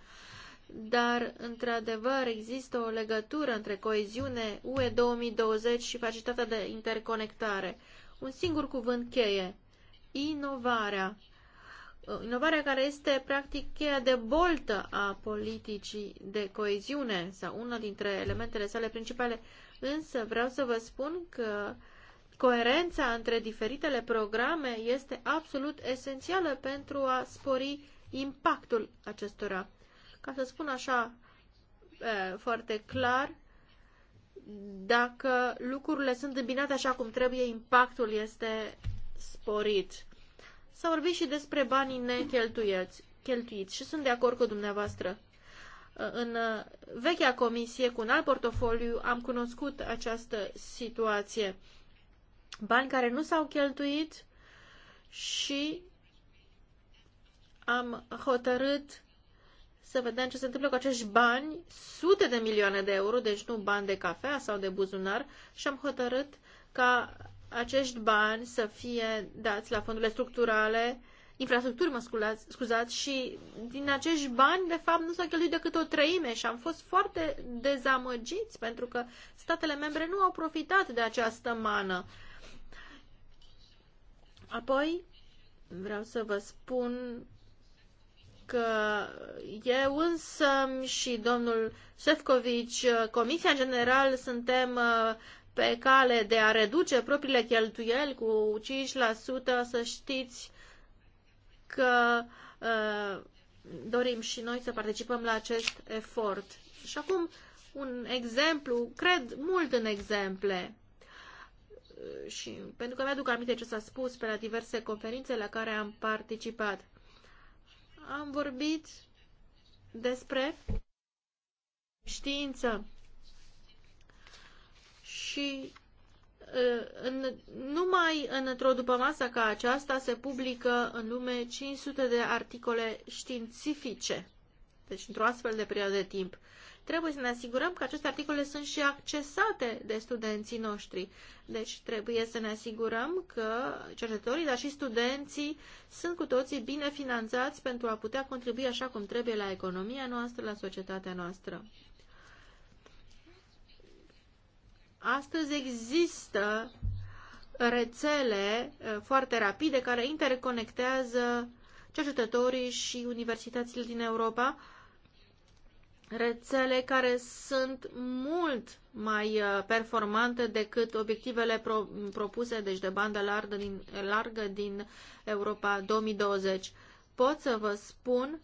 dar, într-adevăr, există o legătură între coeziune UE 2020 și facilitatea de interconectare. Un singur cuvânt cheie, inovarea. Uh, inovarea care este practic cheia de boltă a politicii de coeziune sau una dintre elementele sale principale. Însă vreau să vă spun că coerența între diferitele programe este absolut esențială pentru a spori impactul acestora. Ca să spun așa uh, foarte clar, dacă lucrurile sunt îmbinate așa cum trebuie, impactul este sporit. S-a vorbit și despre banii necheltuiți cheltuiți și sunt de acord cu dumneavoastră. În vechea comisie, cu un alt portofoliu, am cunoscut această situație. Bani care nu s-au cheltuit și am hotărât să vedem ce se întâmplă cu acești bani, sute de milioane de euro, deci nu bani de cafea sau de buzunar, și am hotărât ca acești bani să fie dați la fondurile structurale, infrastructuri, mă scuzați, scuzați, și din acești bani, de fapt, nu s-a cheltuit decât o treime și am fost foarte dezamăgiți pentru că statele membre nu au profitat de această mană. Apoi, vreau să vă spun că eu însă și domnul Șefcovici, Comisia în general, suntem pe cale de a reduce propriile cheltuieli cu 5%, să știți că uh, dorim și noi să participăm la acest efort. Și acum un exemplu, cred mult în exemple, și pentru că mi-aduc aminte ce s-a spus pe la diverse conferințe la care am participat. Am vorbit despre știință și ă, în, numai într-o masa ca aceasta se publică în lume 500 de articole științifice, deci într-o astfel de perioadă de timp. Trebuie să ne asigurăm că aceste articole sunt și accesate de studenții noștri. Deci trebuie să ne asigurăm că cercetătorii, dar și studenții sunt cu toții bine finanțați pentru a putea contribui așa cum trebuie la economia noastră, la societatea noastră. Astăzi există rețele eh, foarte rapide care interconectează cercetătorii și universitățile din Europa, rețele care sunt mult mai eh, performante decât obiectivele pro, propuse, deci de bandă largă din, largă din Europa 2020. Pot să vă spun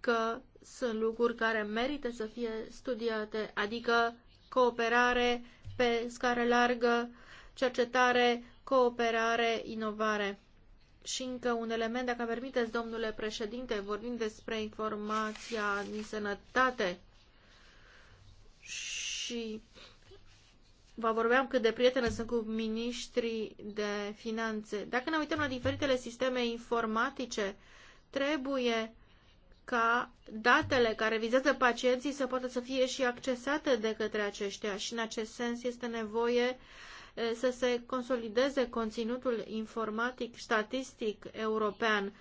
că sunt lucruri care merită să fie studiate, adică cooperare pe scară largă, cercetare, cooperare, inovare. Și încă un element, dacă permiteți, domnule președinte, vorbim despre informația din sănătate și vă vorbeam cât de prietene sunt cu ministrii de finanțe. Dacă ne uităm la diferitele sisteme informatice, trebuie ca datele care vizează pacienții să poată să fie și accesate de către aceștia și în acest sens este nevoie să se consolideze conținutul informatic statistic european.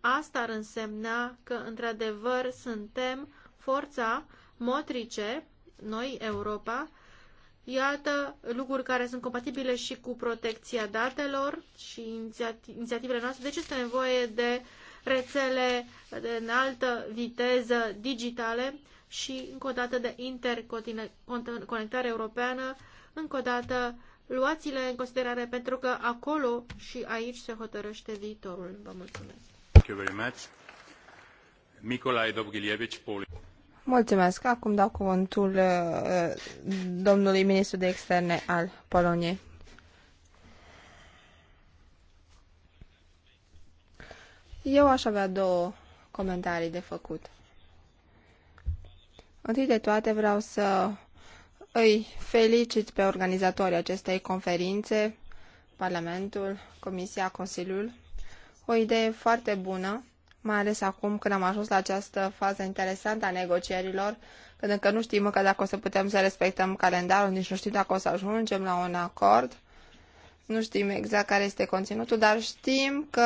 Asta ar însemna că, într-adevăr, suntem forța motrice, noi, Europa, Iată lucruri care sunt compatibile și cu protecția datelor și inițiativele noastre. Deci este nevoie de uh, rețele de înaltă viteză digitale și încă o dată de interconectare europeană, încă o dată luați-le în considerare pentru că acolo și aici se hotărăște viitorul. Vă mulțumesc. Thank you very much. Nicolae Mulțumesc. Acum dau cuvântul uh, domnului ministru de externe al Poloniei. Eu aș avea două comentarii de făcut. Întâi de toate vreau să îi felicit pe organizatorii acestei conferințe, Parlamentul, Comisia, Consiliul. O idee foarte bună, mai ales acum când am ajuns la această fază interesantă a negocierilor, când încă nu știm că dacă o să putem să respectăm calendarul, nici nu știm dacă o să ajungem la un acord nu știm exact care este conținutul, dar știm că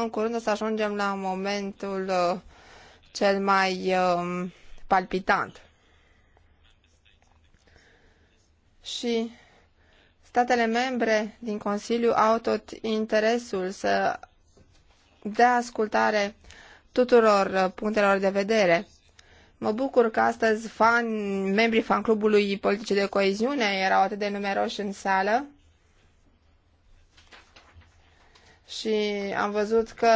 în curând o să ajungem la momentul uh, cel mai um, palpitant. Și statele membre din Consiliu au tot interesul să dea ascultare tuturor uh, punctelor de vedere. Mă bucur că astăzi fan, membrii fan clubului politice de coeziune erau atât de numeroși în sală și am văzut că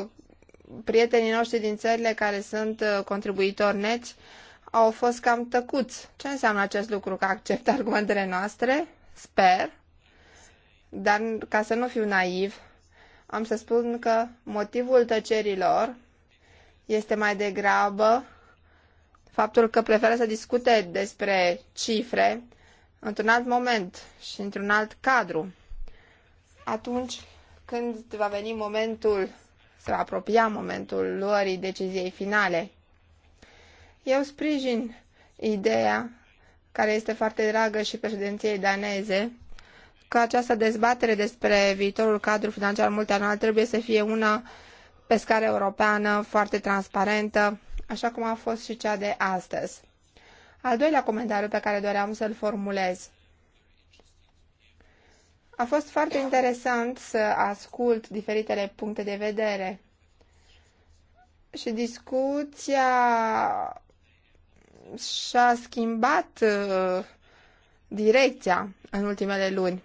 uh, prietenii noștri din țările care sunt uh, contribuitori neți au fost cam tăcuți. Ce înseamnă acest lucru? Că acceptă argumentele noastre? Sper. Dar ca să nu fiu naiv, am să spun că motivul tăcerilor este mai degrabă faptul că preferă să discute despre cifre într-un alt moment și într-un alt cadru. Atunci când va veni momentul, se va apropia momentul luării deciziei finale. Eu sprijin ideea, care este foarte dragă și președinției daneze, că această dezbatere despre viitorul cadru financiar multianual trebuie să fie una pe scară europeană, foarte transparentă, așa cum a fost și cea de astăzi. Al doilea comentariu pe care doream să-l formulez. A fost foarte interesant să ascult diferitele puncte de vedere și discuția și-a schimbat uh, direcția în ultimele luni.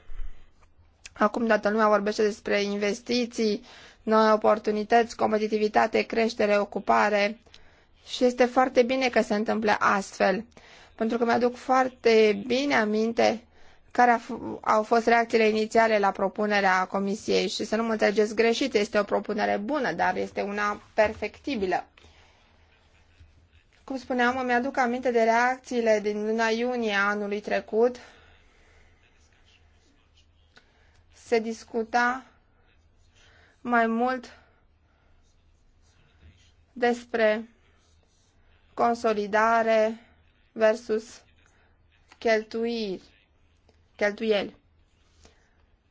Acum toată lumea vorbește despre investiții, noi oportunități, competitivitate, creștere, ocupare și este foarte bine că se întâmplă astfel, pentru că mi-aduc foarte bine aminte care au fost reacțiile inițiale la propunerea Comisiei și să nu mă înțelegeți greșit, este o propunere bună, dar este una perfectibilă. Cum spuneam, îmi aduc aminte de reacțiile din luna iunie anului trecut. Se discuta mai mult despre consolidare versus cheltuiri cheltuieli.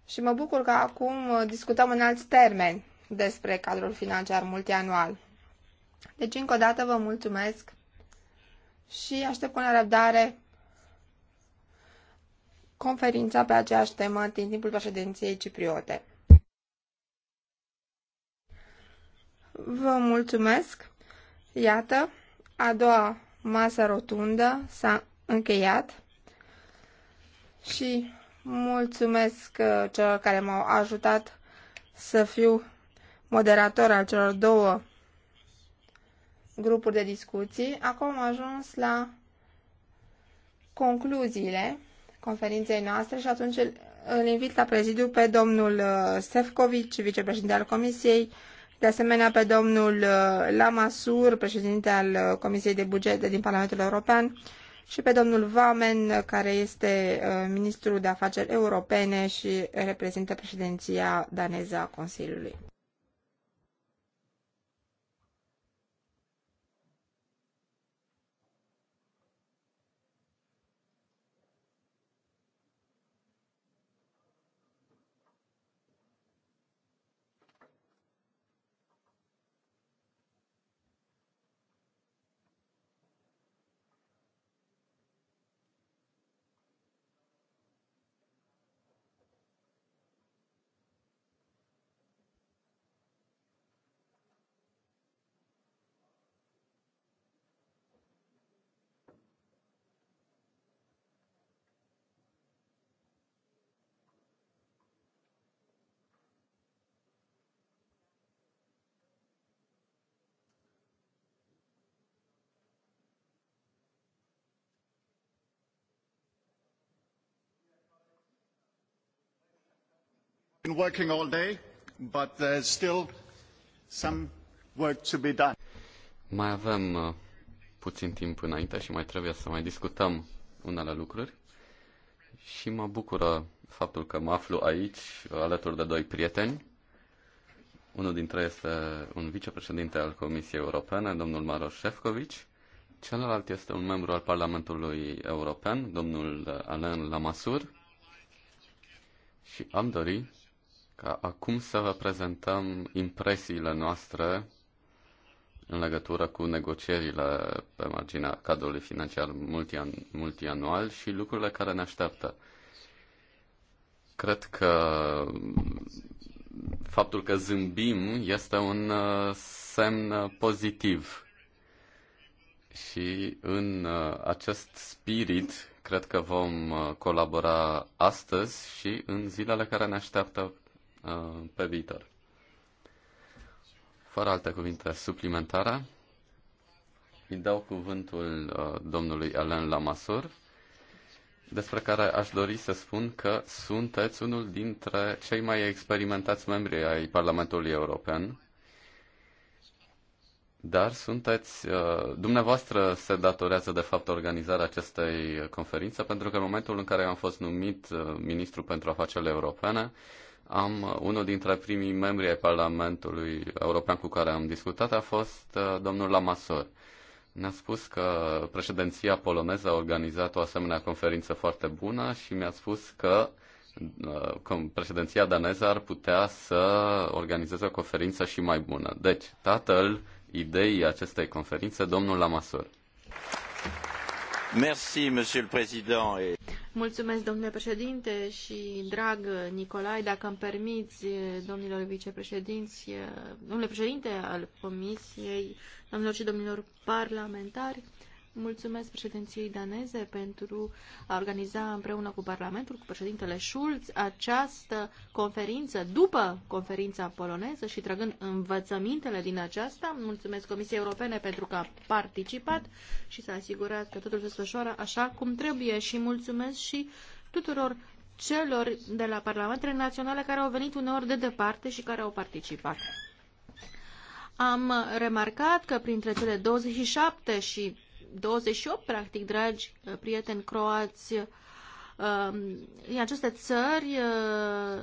Și mă bucur că acum discutăm în alți termeni despre cadrul financiar multianual. Deci, încă o dată, vă mulțumesc și aștept cu nerăbdare conferința pe aceeași temă din timpul președinției cipriote. Vă mulțumesc! Iată, a doua masă rotundă s-a încheiat și mulțumesc uh, celor care m-au ajutat să fiu moderator al celor două grupuri de discuții. Acum am ajuns la concluziile conferinței noastre și atunci îl invit la prezidiu pe domnul uh, Sefcovic, vicepreședinte al Comisiei, de asemenea pe domnul uh, Lamasur, președinte al Comisiei de Bugete din Parlamentul European, și pe domnul Vamen, care este uh, ministrul de afaceri europene și reprezintă președinția daneză a Consiliului. Been working all day, but there's still some work to be done. Mai avem uh, puțin timp înainte și mai trebuie să mai discutăm unele lucruri. Și mă bucură faptul că mă aflu aici, alături de doi prieteni. Unul dintre ei este un vicepreședinte al Comisiei Europene, domnul Maros Șefcovici. Celălalt este un membru al Parlamentului European, domnul uh, Alain Lamassur. Și am dori ca acum să vă prezentăm impresiile noastre în legătură cu negocierile pe marginea cadrului financiar multian, multianual și lucrurile care ne așteaptă. Cred că faptul că zâmbim este un uh, semn uh, pozitiv. Și în uh, acest spirit, cred că vom colabora astăzi și în zilele care ne așteaptă Uh, pe viitor. Fără alte cuvinte suplimentare, îi dau cuvântul uh, domnului Alain Lamassur, despre care aș dori să spun că sunteți unul dintre cei mai experimentați membri ai Parlamentului European, dar sunteți, uh, dumneavoastră se datorează de fapt organizarea acestei conferințe, pentru că în momentul în care am fost numit ministru pentru afacerile europene, am, uh, unul dintre primii membri ai Parlamentului European cu care am discutat a fost uh, domnul Lamassor. Ne-a spus că președinția poloneză a organizat o asemenea conferință foarte bună și mi-a spus că uh, președinția daneză ar putea să organizeze o conferință și mai bună. Deci, tatăl ideii acestei conferințe, domnul Lamassor. Merci, monsieur le président. Mulțumesc, domnule președinte și drag Nicolae, dacă îmi permiți, domnilor vicepreședinți, domnule președinte al Comisiei, domnilor și domnilor parlamentari, Mulțumesc președinției daneze pentru a organiza împreună cu Parlamentul, cu președintele Schulz, această conferință după conferința poloneză și trăgând învățămintele din aceasta. Mulțumesc Comisiei Europene pentru că a participat și s-a asigurat că totul se desfășoară așa cum trebuie și mulțumesc și tuturor celor de la Parlamentele Naționale care au venit uneori de departe și care au participat. Am remarcat că printre cele 27 și 28, practic, dragi uh, prieteni croați, um, în aceste țări, uh,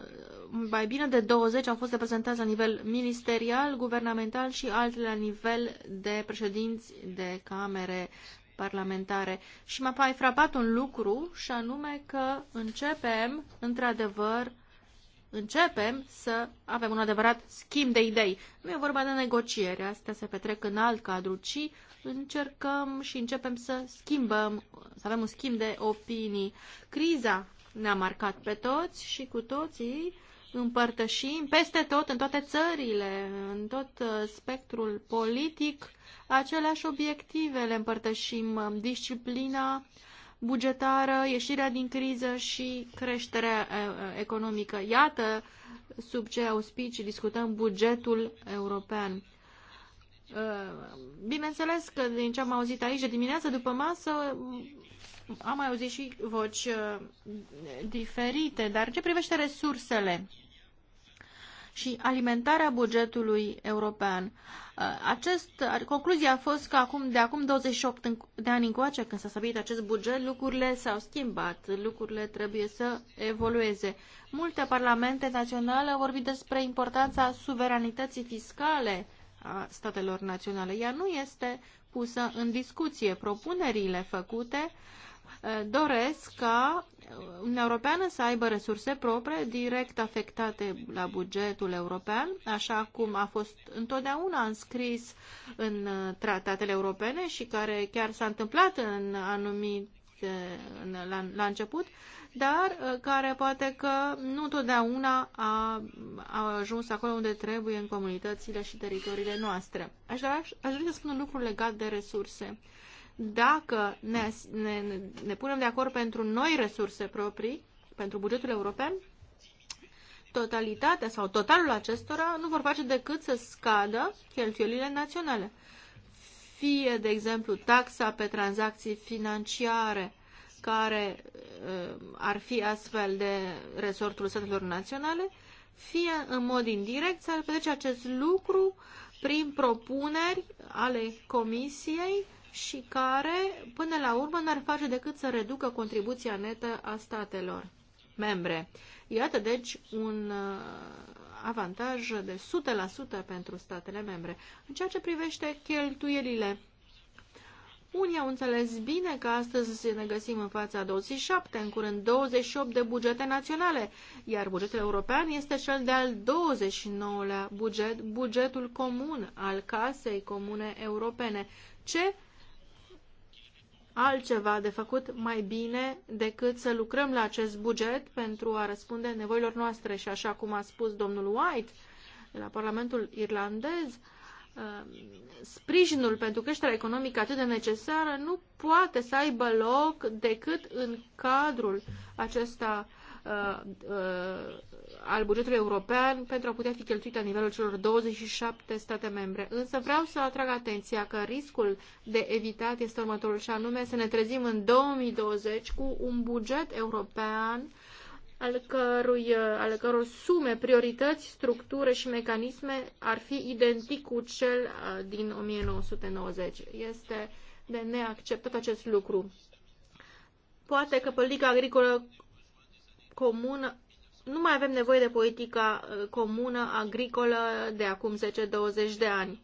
mai bine de 20 au fost reprezentați la nivel ministerial, guvernamental și altele la nivel de președinți de camere parlamentare. Și m-a mai frapat un lucru și anume că începem, într-adevăr, începem să avem un adevărat schimb de idei. Nu e vorba de negociere, astea se petrec în alt cadru, ci încercăm și începem să schimbăm, să avem un schimb de opinii. Criza ne-a marcat pe toți și cu toții împărtășim peste tot, în toate țările, în tot uh, spectrul politic, aceleași obiective le împărtășim, um, disciplina bugetară, ieșirea din criză și creșterea uh, uh, economică. Iată sub ce auspicii discutăm bugetul european. Bineînțeles că din ce am auzit aici de dimineață, după masă, am mai auzit și voci uh, diferite, dar ce privește resursele și alimentarea bugetului european. Uh, acest, concluzia a fost că acum, de acum 28 de ani încoace, când s-a stabilit acest buget, lucrurile s-au schimbat, lucrurile trebuie să evolueze. Multe parlamente naționale au vorbit despre importanța suveranității fiscale a statelor naționale. Ea nu este pusă în discuție. Propunerile făcute uh, doresc ca Uniunea Europeană să aibă resurse proprie direct afectate la bugetul european, așa cum a fost întotdeauna înscris în uh, tratatele europene și care chiar s-a întâmplat în anumite în, la, la început, dar uh, care poate că nu totdeauna a, a ajuns acolo unde trebuie în comunitățile și teritoriile noastre. Aș vrea, aș vrea să spun un lucru legat de resurse. Dacă ne, ne, ne punem de acord pentru noi resurse proprii, pentru bugetul european, totalitatea sau totalul acestora nu vor face decât să scadă cheltuielile naționale fie, de exemplu, taxa pe tranzacții financiare, care uh, ar fi astfel de resortul statelor naționale, fie în mod indirect s-ar petrece acest lucru prin propuneri ale Comisiei și care, până la urmă, n-ar face decât să reducă contribuția netă a statelor membre. Iată, deci, un uh, avantaj de 100% pentru statele membre. În ceea ce privește cheltuielile, unii au înțeles bine că astăzi ne găsim în fața 27, în curând 28 de bugete naționale, iar bugetul european este cel de-al 29-lea buget, bugetul comun al Casei Comune Europene. Ce altceva de făcut mai bine decât să lucrăm la acest buget pentru a răspunde nevoilor noastre. Și așa cum a spus domnul White de la Parlamentul Irlandez, uh, sprijinul pentru creșterea economică atât de necesară nu poate să aibă loc decât în cadrul acesta uh, uh, al bugetului european pentru a putea fi cheltuit la nivelul celor 27 state membre. Însă vreau să atrag atenția că riscul de evitat este următorul și anume să ne trezim în 2020 cu un buget european al, cărui, al căror sume, priorități, structură și mecanisme ar fi identic cu cel uh, din 1990. Este de neacceptat acest lucru. Poate că politica agricolă comună nu mai avem nevoie de politica uh, comună agricolă de acum 10-20 de ani.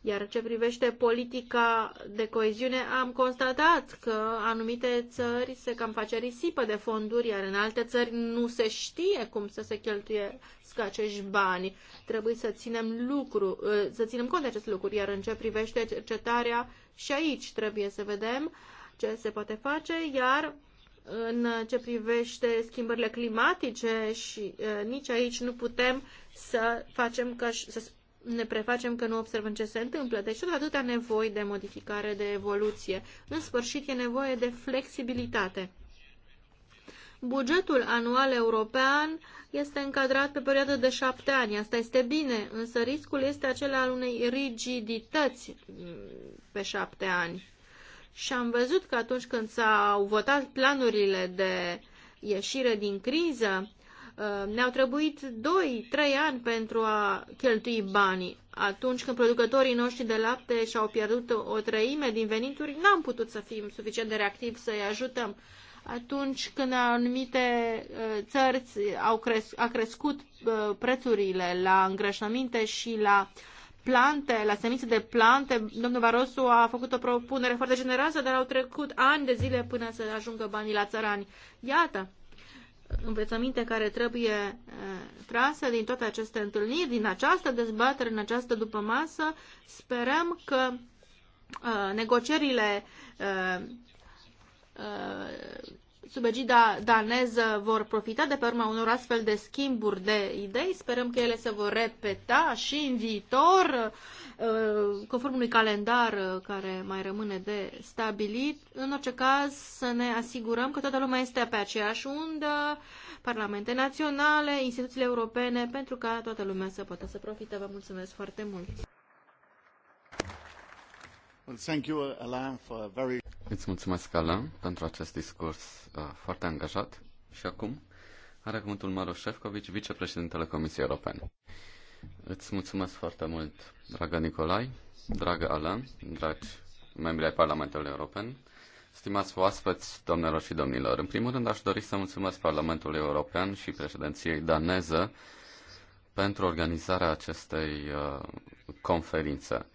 Iar ce privește politica de coeziune, am constatat că anumite țări se cam face risipă de fonduri, iar în alte țări nu se știe cum să se cheltuie acești bani. Trebuie să ținem lucru, uh, să ținem cont de acest lucru, iar în ce privește cercetarea și aici trebuie să vedem ce se poate face, iar în ce privește schimbările climatice și nici aici nu putem să facem că să ne prefacem că nu observăm ce se întâmplă. Deci tot atâtea nevoi de modificare, de evoluție. În sfârșit e nevoie de flexibilitate. Bugetul anual european este încadrat pe perioadă de șapte ani. Asta este bine, însă riscul este acela al unei rigidități mm, pe șapte ani și am văzut că atunci când s-au votat planurile de ieșire din criză, uh, ne-au trebuit 2-3 ani pentru a cheltui banii. Atunci când producătorii noștri de lapte și-au pierdut o treime din venituri, n-am putut să fim suficient de reactivi să-i ajutăm. Atunci când anumite uh, țări au cres- a crescut uh, prețurile la îngrășăminte și la uh, plante, la semințe de plante. Domnul Barosu a făcut o propunere foarte generoasă, dar au trecut ani de zile până să ajungă banii la țărani. Iată, învățăminte care trebuie eh, trasă din toate aceste întâlniri, din această dezbatere, în această dupămasă. Sperăm că eh, negocierile eh, sub egida daneză vor profita de pe urma unor astfel de schimburi de idei. Sperăm că ele se vor repeta și în viitor, uh, conform unui calendar uh, care mai rămâne de stabilit. În orice caz, să ne asigurăm că toată lumea este pe aceeași undă, parlamente naționale, instituțiile europene, pentru ca toată lumea să poată să profite. Vă mulțumesc foarte mult! Îți mulțumesc, Alain, pentru acest discurs uh, foarte angajat. Și acum are cuvântul Maroș, Șefcovici, vicepreședintele Comisiei Europene. Îți mulțumesc foarte mult, dragă Nicolai, dragă Alain, dragi membri ai Parlamentului European, stimați oaspeți, domnilor și domnilor. În primul rând, aș dori să mulțumesc Parlamentului European și președinției daneză pentru organizarea acestei uh, conferințe.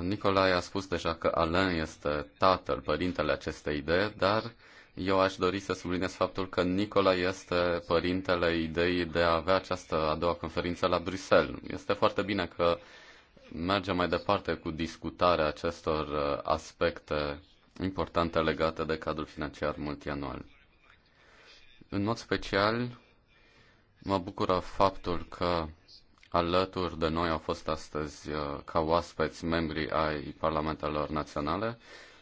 Nicolae a spus deja că Alain este tatăl, părintele acestei idei, dar eu aș dori să subliniez faptul că Nicolae este părintele ideii de a avea această a doua conferință la Bruxelles. Este foarte bine că mergem mai departe cu discutarea acestor uh, aspecte importante legate de cadrul financiar multianual. În mod special, mă bucură faptul că Alături de noi au fost astăzi uh, ca oaspeți membrii ai Parlamentelor Naționale.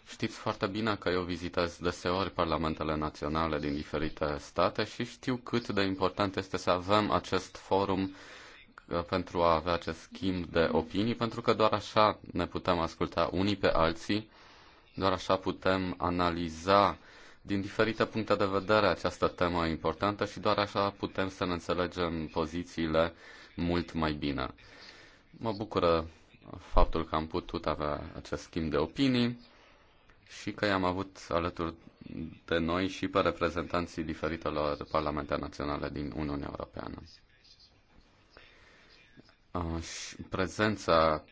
Știți foarte bine că eu vizitez deseori Parlamentele Naționale din diferite state și știu cât de important este să avem acest forum uh, pentru a avea acest schimb de opinii, pentru că doar așa ne putem asculta unii pe alții, doar așa putem analiza din diferite puncte de vedere această temă importantă și doar așa putem să ne înțelegem pozițiile uh, mult mai bine. Mă bucură faptul că am putut avea acest schimb de opinii și că i-am avut alături de noi și pe reprezentanții diferitelor parlamente naționale din Uniunea Europeană. Prezența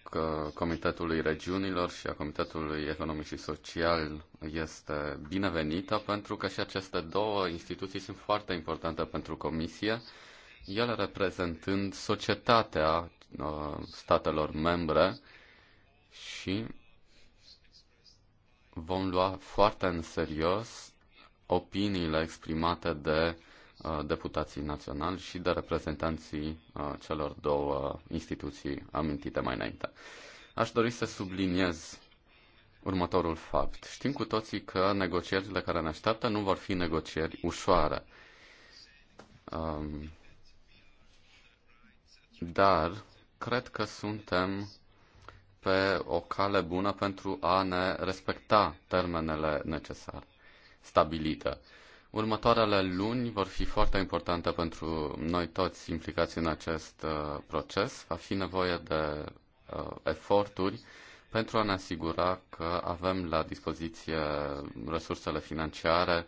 Comitetului Regiunilor și a Comitetului Economic și Social este binevenită pentru că și aceste două instituții sunt foarte importante pentru Comisie el reprezentând societatea uh, statelor membre și vom lua foarte în serios opiniile exprimate de uh, deputații naționali și de reprezentanții uh, celor două instituții amintite mai înainte. Aș dori să subliniez următorul fapt. Știm cu toții că negocierile care ne așteaptă nu vor fi negocieri ușoare. Um, dar cred că suntem pe o cale bună pentru a ne respecta termenele necesare, stabilite. Următoarele luni vor fi foarte importante pentru noi toți implicați în acest uh, proces. Va fi nevoie de uh, eforturi pentru a ne asigura că avem la dispoziție resursele financiare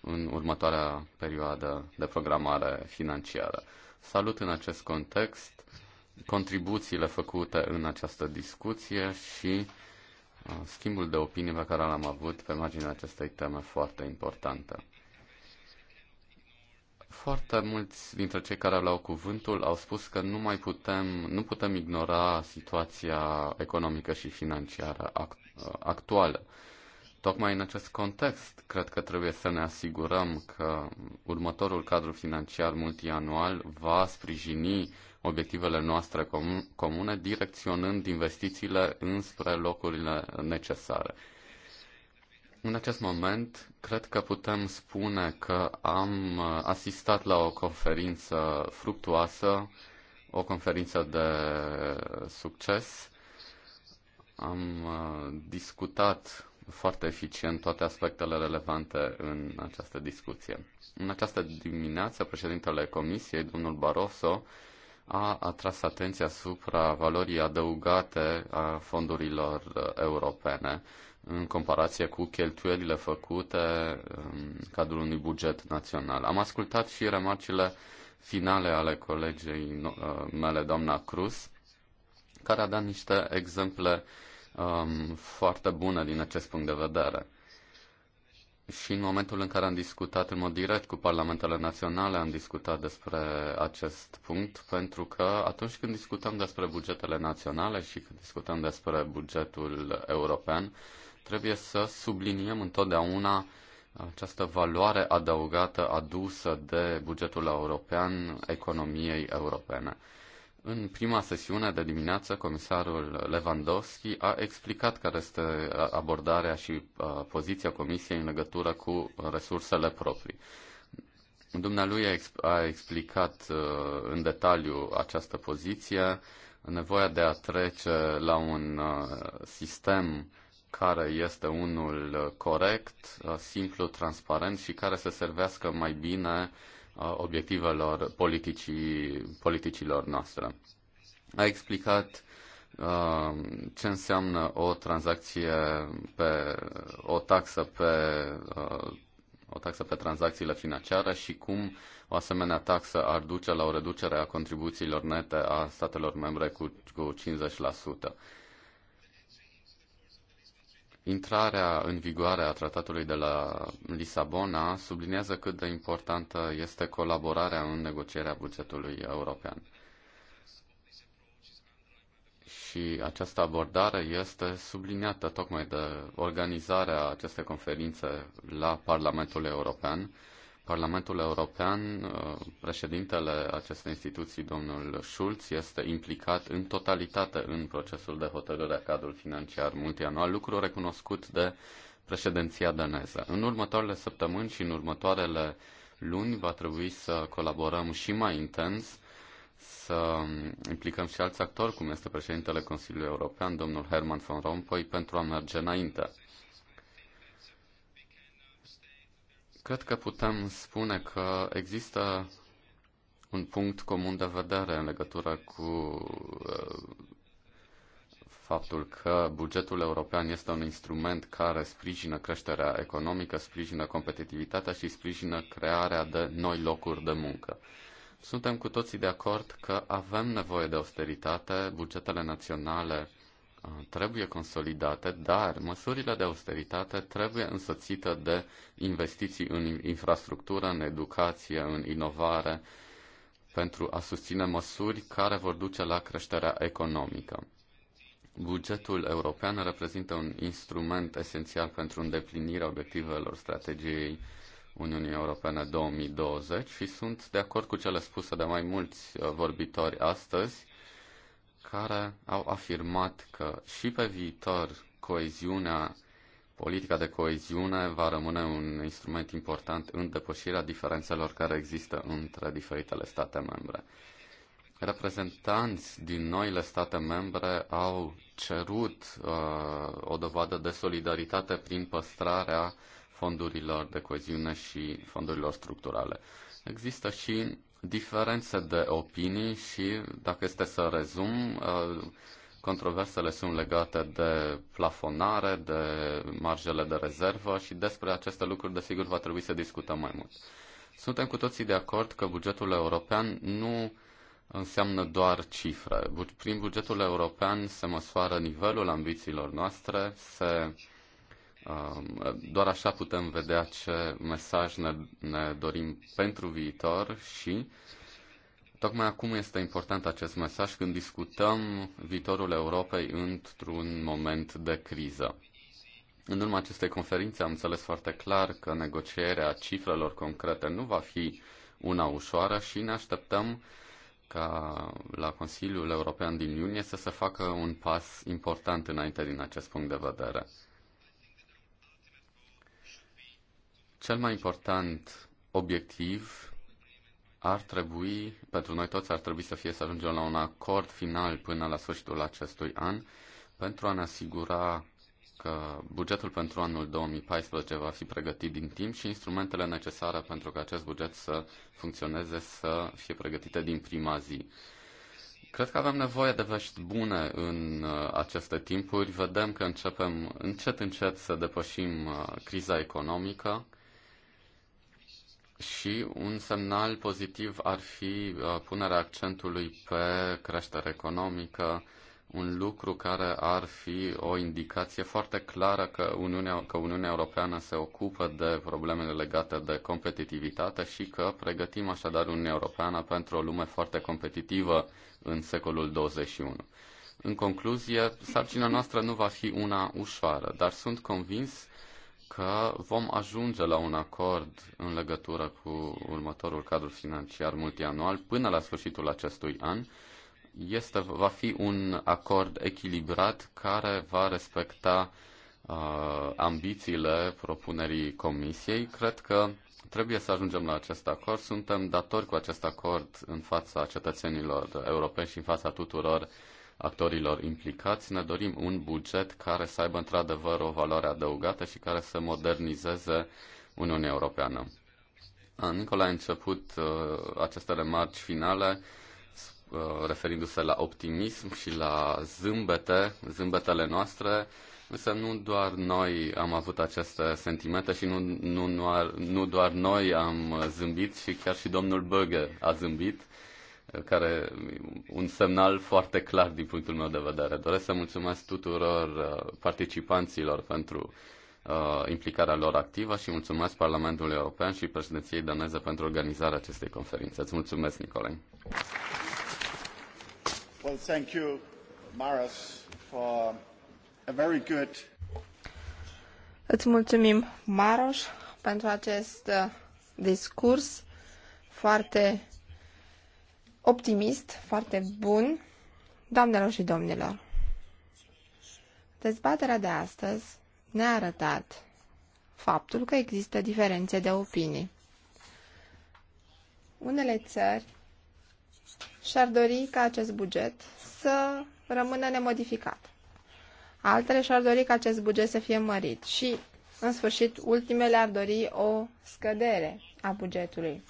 în următoarea perioadă de programare financiară. Salut în acest context contribuțiile făcute în această discuție și uh, schimbul de opinii pe care l-am avut pe marginea acestei teme foarte importante. Foarte mulți dintre cei care au cuvântul au spus că nu mai putem, nu putem ignora situația economică și financiară uh, actuală. Tocmai în acest context, cred că trebuie să ne asigurăm că următorul cadru financiar multianual va sprijini obiectivele noastre comune, direcționând investițiile înspre locurile necesare. În acest moment, cred că putem spune că am asistat la o conferință fructuoasă, o conferință de succes. Am uh, discutat foarte eficient toate aspectele relevante în această discuție. În această dimineață, președintele Comisiei, domnul Barroso, a atras atenția asupra valorii adăugate a fondurilor europene în comparație cu cheltuielile făcute în cadrul unui buget național. Am ascultat și remarcile finale ale colegei uh, mele, doamna Cruz, care a dat niște exemple uh, um, foarte bună din acest punct de vedere. Și în momentul în care am discutat în mod direct cu parlamentele naționale, am discutat despre acest punct, pentru că atunci când discutăm despre bugetele naționale și când discutăm despre bugetul european, trebuie să subliniem întotdeauna această valoare adăugată adusă de bugetul european economiei europene. În prima sesiune de dimineață, comisarul Lewandowski a explicat care este abordarea și poziția Comisiei în legătură cu resursele proprii. Dumnealui a explicat în detaliu această poziție, nevoia de a trece la un sistem care este unul corect, simplu, transparent și care să servească mai bine uh, obiectivelor politicii, politicilor noastre. A explicat uh, ce înseamnă o tranzacție pe o taxă pe uh, o taxă pe tranzacțiile financiare și cum o asemenea taxă ar duce la o reducere a contribuțiilor nete a statelor membre cu, cu 50%. Intrarea în vigoare a tratatului de la Lisabona subliniază cât de importantă este colaborarea în negocierea bugetului european. Și această abordare este subliniată tocmai de organizarea acestei conferințe la Parlamentul European, Parlamentul European, uh, președintele acestei instituții, domnul Schulz, este implicat în totalitate în procesul de hotărâre a cadrului financiar multianual, lucru recunoscut de președinția daneză. În următoarele săptămâni și în următoarele luni va trebui să colaborăm și mai intens, să implicăm și alți actori, cum este președintele Consiliului European, domnul Herman von Rompuy, pentru a merge înainte. Cred că putem spune că există un punct comun de vedere în legătură cu uh, faptul că bugetul european este un instrument care sprijină creșterea economică, sprijină competitivitatea și sprijină crearea de noi locuri de muncă. Suntem cu toții de acord că avem nevoie de austeritate, bugetele naționale uh, trebuie consolidate, dar măsurile de austeritate trebuie însoțite de investiții în infrastructură, în educație, în inovare, pentru a susține măsuri care vor duce la creșterea economică. Bugetul european reprezintă un instrument esențial pentru îndeplinirea obiectivelor strategiei Uniunii Europene 2020 și sunt de acord cu cele spuse de mai mulți uh, vorbitori astăzi care au afirmat că și pe viitor coeziunea, politica de coeziune va rămâne un instrument important în depășirea diferențelor care există între diferitele state membre. Reprezentanți din noile state membre au cerut uh, o dovadă de solidaritate prin păstrarea fondurilor de coeziune și fondurilor structurale. Există și diferențe de opinii și, dacă este să rezum, uh, controversele sunt legate de plafonare, de marjele de rezervă și despre aceste lucruri, desigur, va trebui să discutăm mai mult. Suntem cu toții de acord că bugetul european nu înseamnă doar cifre. Prin bugetul european se măsoară nivelul ambițiilor noastre, se Um, doar așa putem vedea ce mesaj ne, ne dorim pentru viitor și tocmai acum este important acest mesaj când discutăm viitorul Europei într-un moment de criză. În urma acestei conferințe am înțeles foarte clar că negocierea cifrelor concrete nu va fi una ușoară și ne așteptăm ca la Consiliul European din iunie să se facă un pas important înainte din acest punct de vedere. Cel mai important obiectiv ar trebui, pentru noi toți ar trebui să fie să ajungem la un acord final până la sfârșitul acestui an pentru a ne asigura că bugetul pentru anul 2014 va fi pregătit din timp și instrumentele necesare pentru ca acest buget să funcționeze să fie pregătite din prima zi. Cred că avem nevoie de vești bune în uh, aceste timpuri. Vedem că începem încet încet să depășim uh, criza economică și un semnal pozitiv ar fi uh, punerea accentului pe creștere economică, un lucru care ar fi o indicație foarte clară că Uniunea, că Uniunea Europeană se ocupă de problemele legate de competitivitate și că pregătim așadar Uniunea Europeană pentru o lume foarte competitivă în secolul 21. În concluzie, sarcina noastră nu va fi una ușoară, dar sunt convins că vom ajunge la un acord în legătură cu următorul cadru financiar multianual până la sfârșitul acestui an. Este, va fi un acord echilibrat care va respecta uh, ambițiile propunerii Comisiei. Cred că trebuie să ajungem la acest acord. Suntem datori cu acest acord în fața cetățenilor europeni și în fața tuturor uh, actorilor implicați. Ne dorim un buget care să aibă într-adevăr o valoare adăugată și care să modernizeze Uniunea Europeană. Ah, Nicola a început uh, aceste remarci finale uh, referindu-se la optimism și la zâmbete, zâmbetele noastre, însă nu doar noi am avut aceste sentimente și nu, nu, nu, nu doar noi am zâmbit și chiar și domnul Böge a zâmbit care un semnal foarte clar din punctul meu de vedere. Doresc să mulțumesc tuturor uh, participanților pentru uh, implicarea lor activă și mulțumesc Parlamentului European și președinției daneze pentru organizarea acestei conferințe. Îți mulțumesc, Nicole. Well, thank you, Maras, for a very good... Îți mulțumim, Maros, pentru acest uh, discurs foarte optimist, foarte bun. Doamnelor și domnilor, dezbaterea de astăzi ne-a arătat faptul că există diferențe de opinii. Unele țări și-ar dori ca acest buget să rămână nemodificat. Altele și-ar dori ca acest buget să fie mărit și, în sfârșit, ultimele ar dori o scădere a bugetului.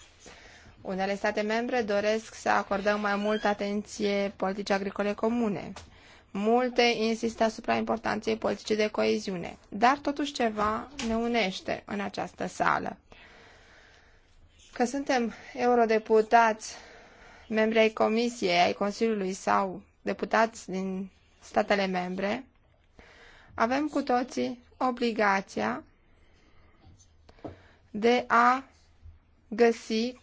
Unele state membre doresc să acordăm mai multă atenție politicii agricole comune. Multe insistă asupra importanței politicii de coeziune, dar totuși ceva ne unește în această sală. Că suntem eurodeputați, membri ai Comisiei, ai Consiliului sau deputați din statele membre, avem cu toții obligația de a găsi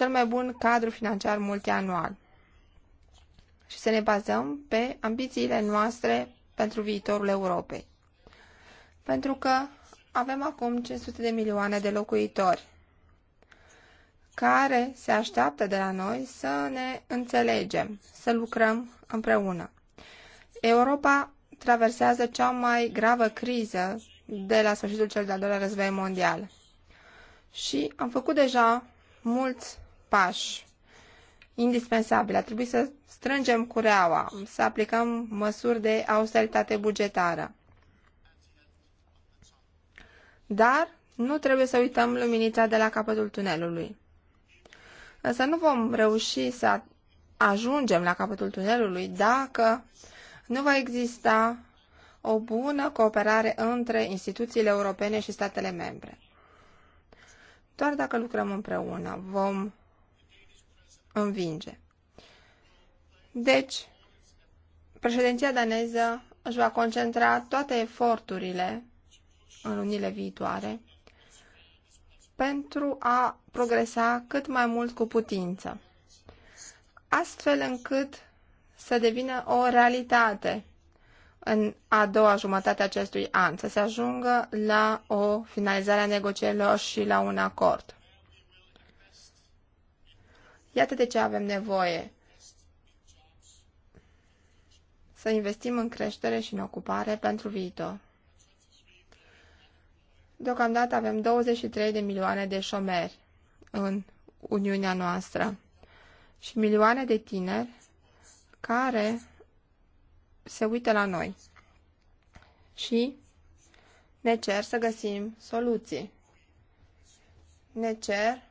cel mai bun cadru financiar multianual și să ne bazăm pe ambițiile noastre pentru viitorul Europei. Pentru că avem acum 500 de milioane de locuitori care se așteaptă de la noi să ne înțelegem, să lucrăm împreună. Europa traversează cea mai gravă criză de la sfârșitul cel de-al doilea război mondial. Și am făcut deja mulți pași indispensabili. A trebuit să strângem cureaua, să aplicăm măsuri de austeritate bugetară. Dar nu trebuie să uităm luminița de la capătul tunelului. Însă nu vom reuși să ajungem la capătul tunelului dacă nu va exista o bună cooperare între instituțiile europene și statele membre. Doar dacă lucrăm împreună vom învinge. Deci, președinția daneză își va concentra toate eforturile în lunile viitoare pentru a progresa cât mai mult cu putință, astfel încât să devină o realitate în a doua jumătate a acestui an, să se ajungă la o finalizare a negocierilor și la un acord. Iată de ce avem nevoie. Să investim în creștere și în ocupare pentru viitor. Deocamdată avem 23 de milioane de șomeri în Uniunea noastră și milioane de tineri care se uită la noi și ne cer să găsim soluții. Ne cer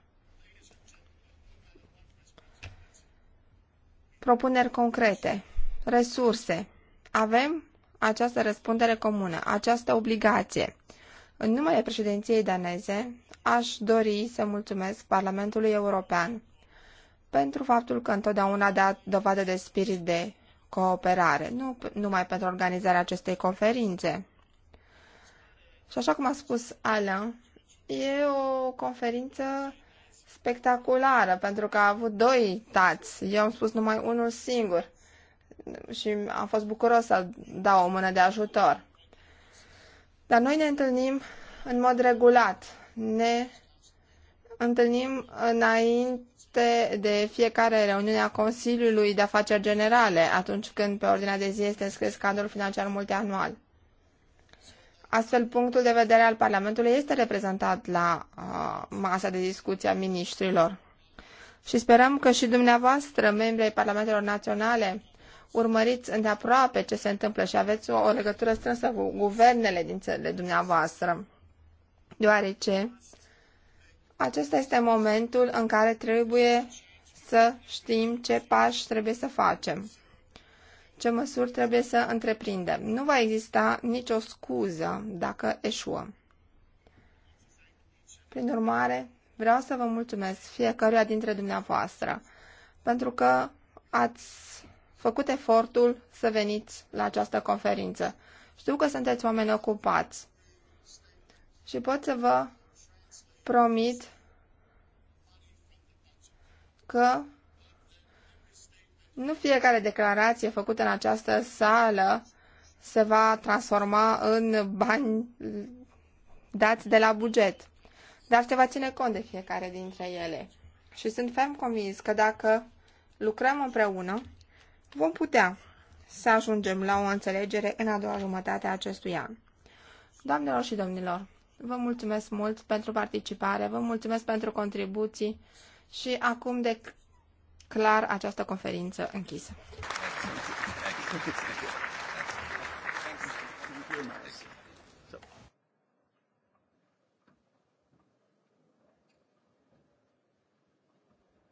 propuneri concrete, resurse. Avem această răspundere comună, această obligație. În numele președinției daneze, aș dori să mulțumesc Parlamentului European pentru faptul că întotdeauna a dat dovadă de spirit de cooperare, nu numai pentru organizarea acestei conferințe. Și așa cum a spus Alain, e o conferință spectaculară, pentru că a avut doi tați. Eu am spus numai unul singur și am fost bucuros să dau o mână de ajutor. Dar noi ne întâlnim în mod regulat. Ne întâlnim înainte de fiecare reuniune a Consiliului de Afaceri Generale, atunci când pe ordinea de zi este înscris cadrul financiar multianual. Astfel, punctul de vedere al Parlamentului este reprezentat la uh, masa de discuție a miniștrilor. Și sperăm că și dumneavoastră, membrii ai Parlamentelor Naționale, urmăriți îndeaproape ce se întâmplă și aveți o, o legătură strânsă cu guvernele din țările dumneavoastră. Deoarece acesta este momentul în care trebuie să știm ce pași trebuie să facem ce măsuri trebuie să întreprindem. Nu va exista nicio scuză dacă eșuăm. Prin urmare, vreau să vă mulțumesc fiecăruia dintre dumneavoastră, pentru că ați făcut efortul să veniți la această conferință. Știu că sunteți oameni ocupați și pot să vă promit că nu fiecare declarație făcută în această sală se va transforma în bani dați de la buget, dar se va ține cont de fiecare dintre ele. Și sunt ferm convins că dacă lucrăm împreună, vom putea să ajungem la o înțelegere în a doua jumătate a acestui an. Doamnelor și domnilor, vă mulțumesc mult pentru participare, vă mulțumesc pentru contribuții și acum de clar această conferință închisă.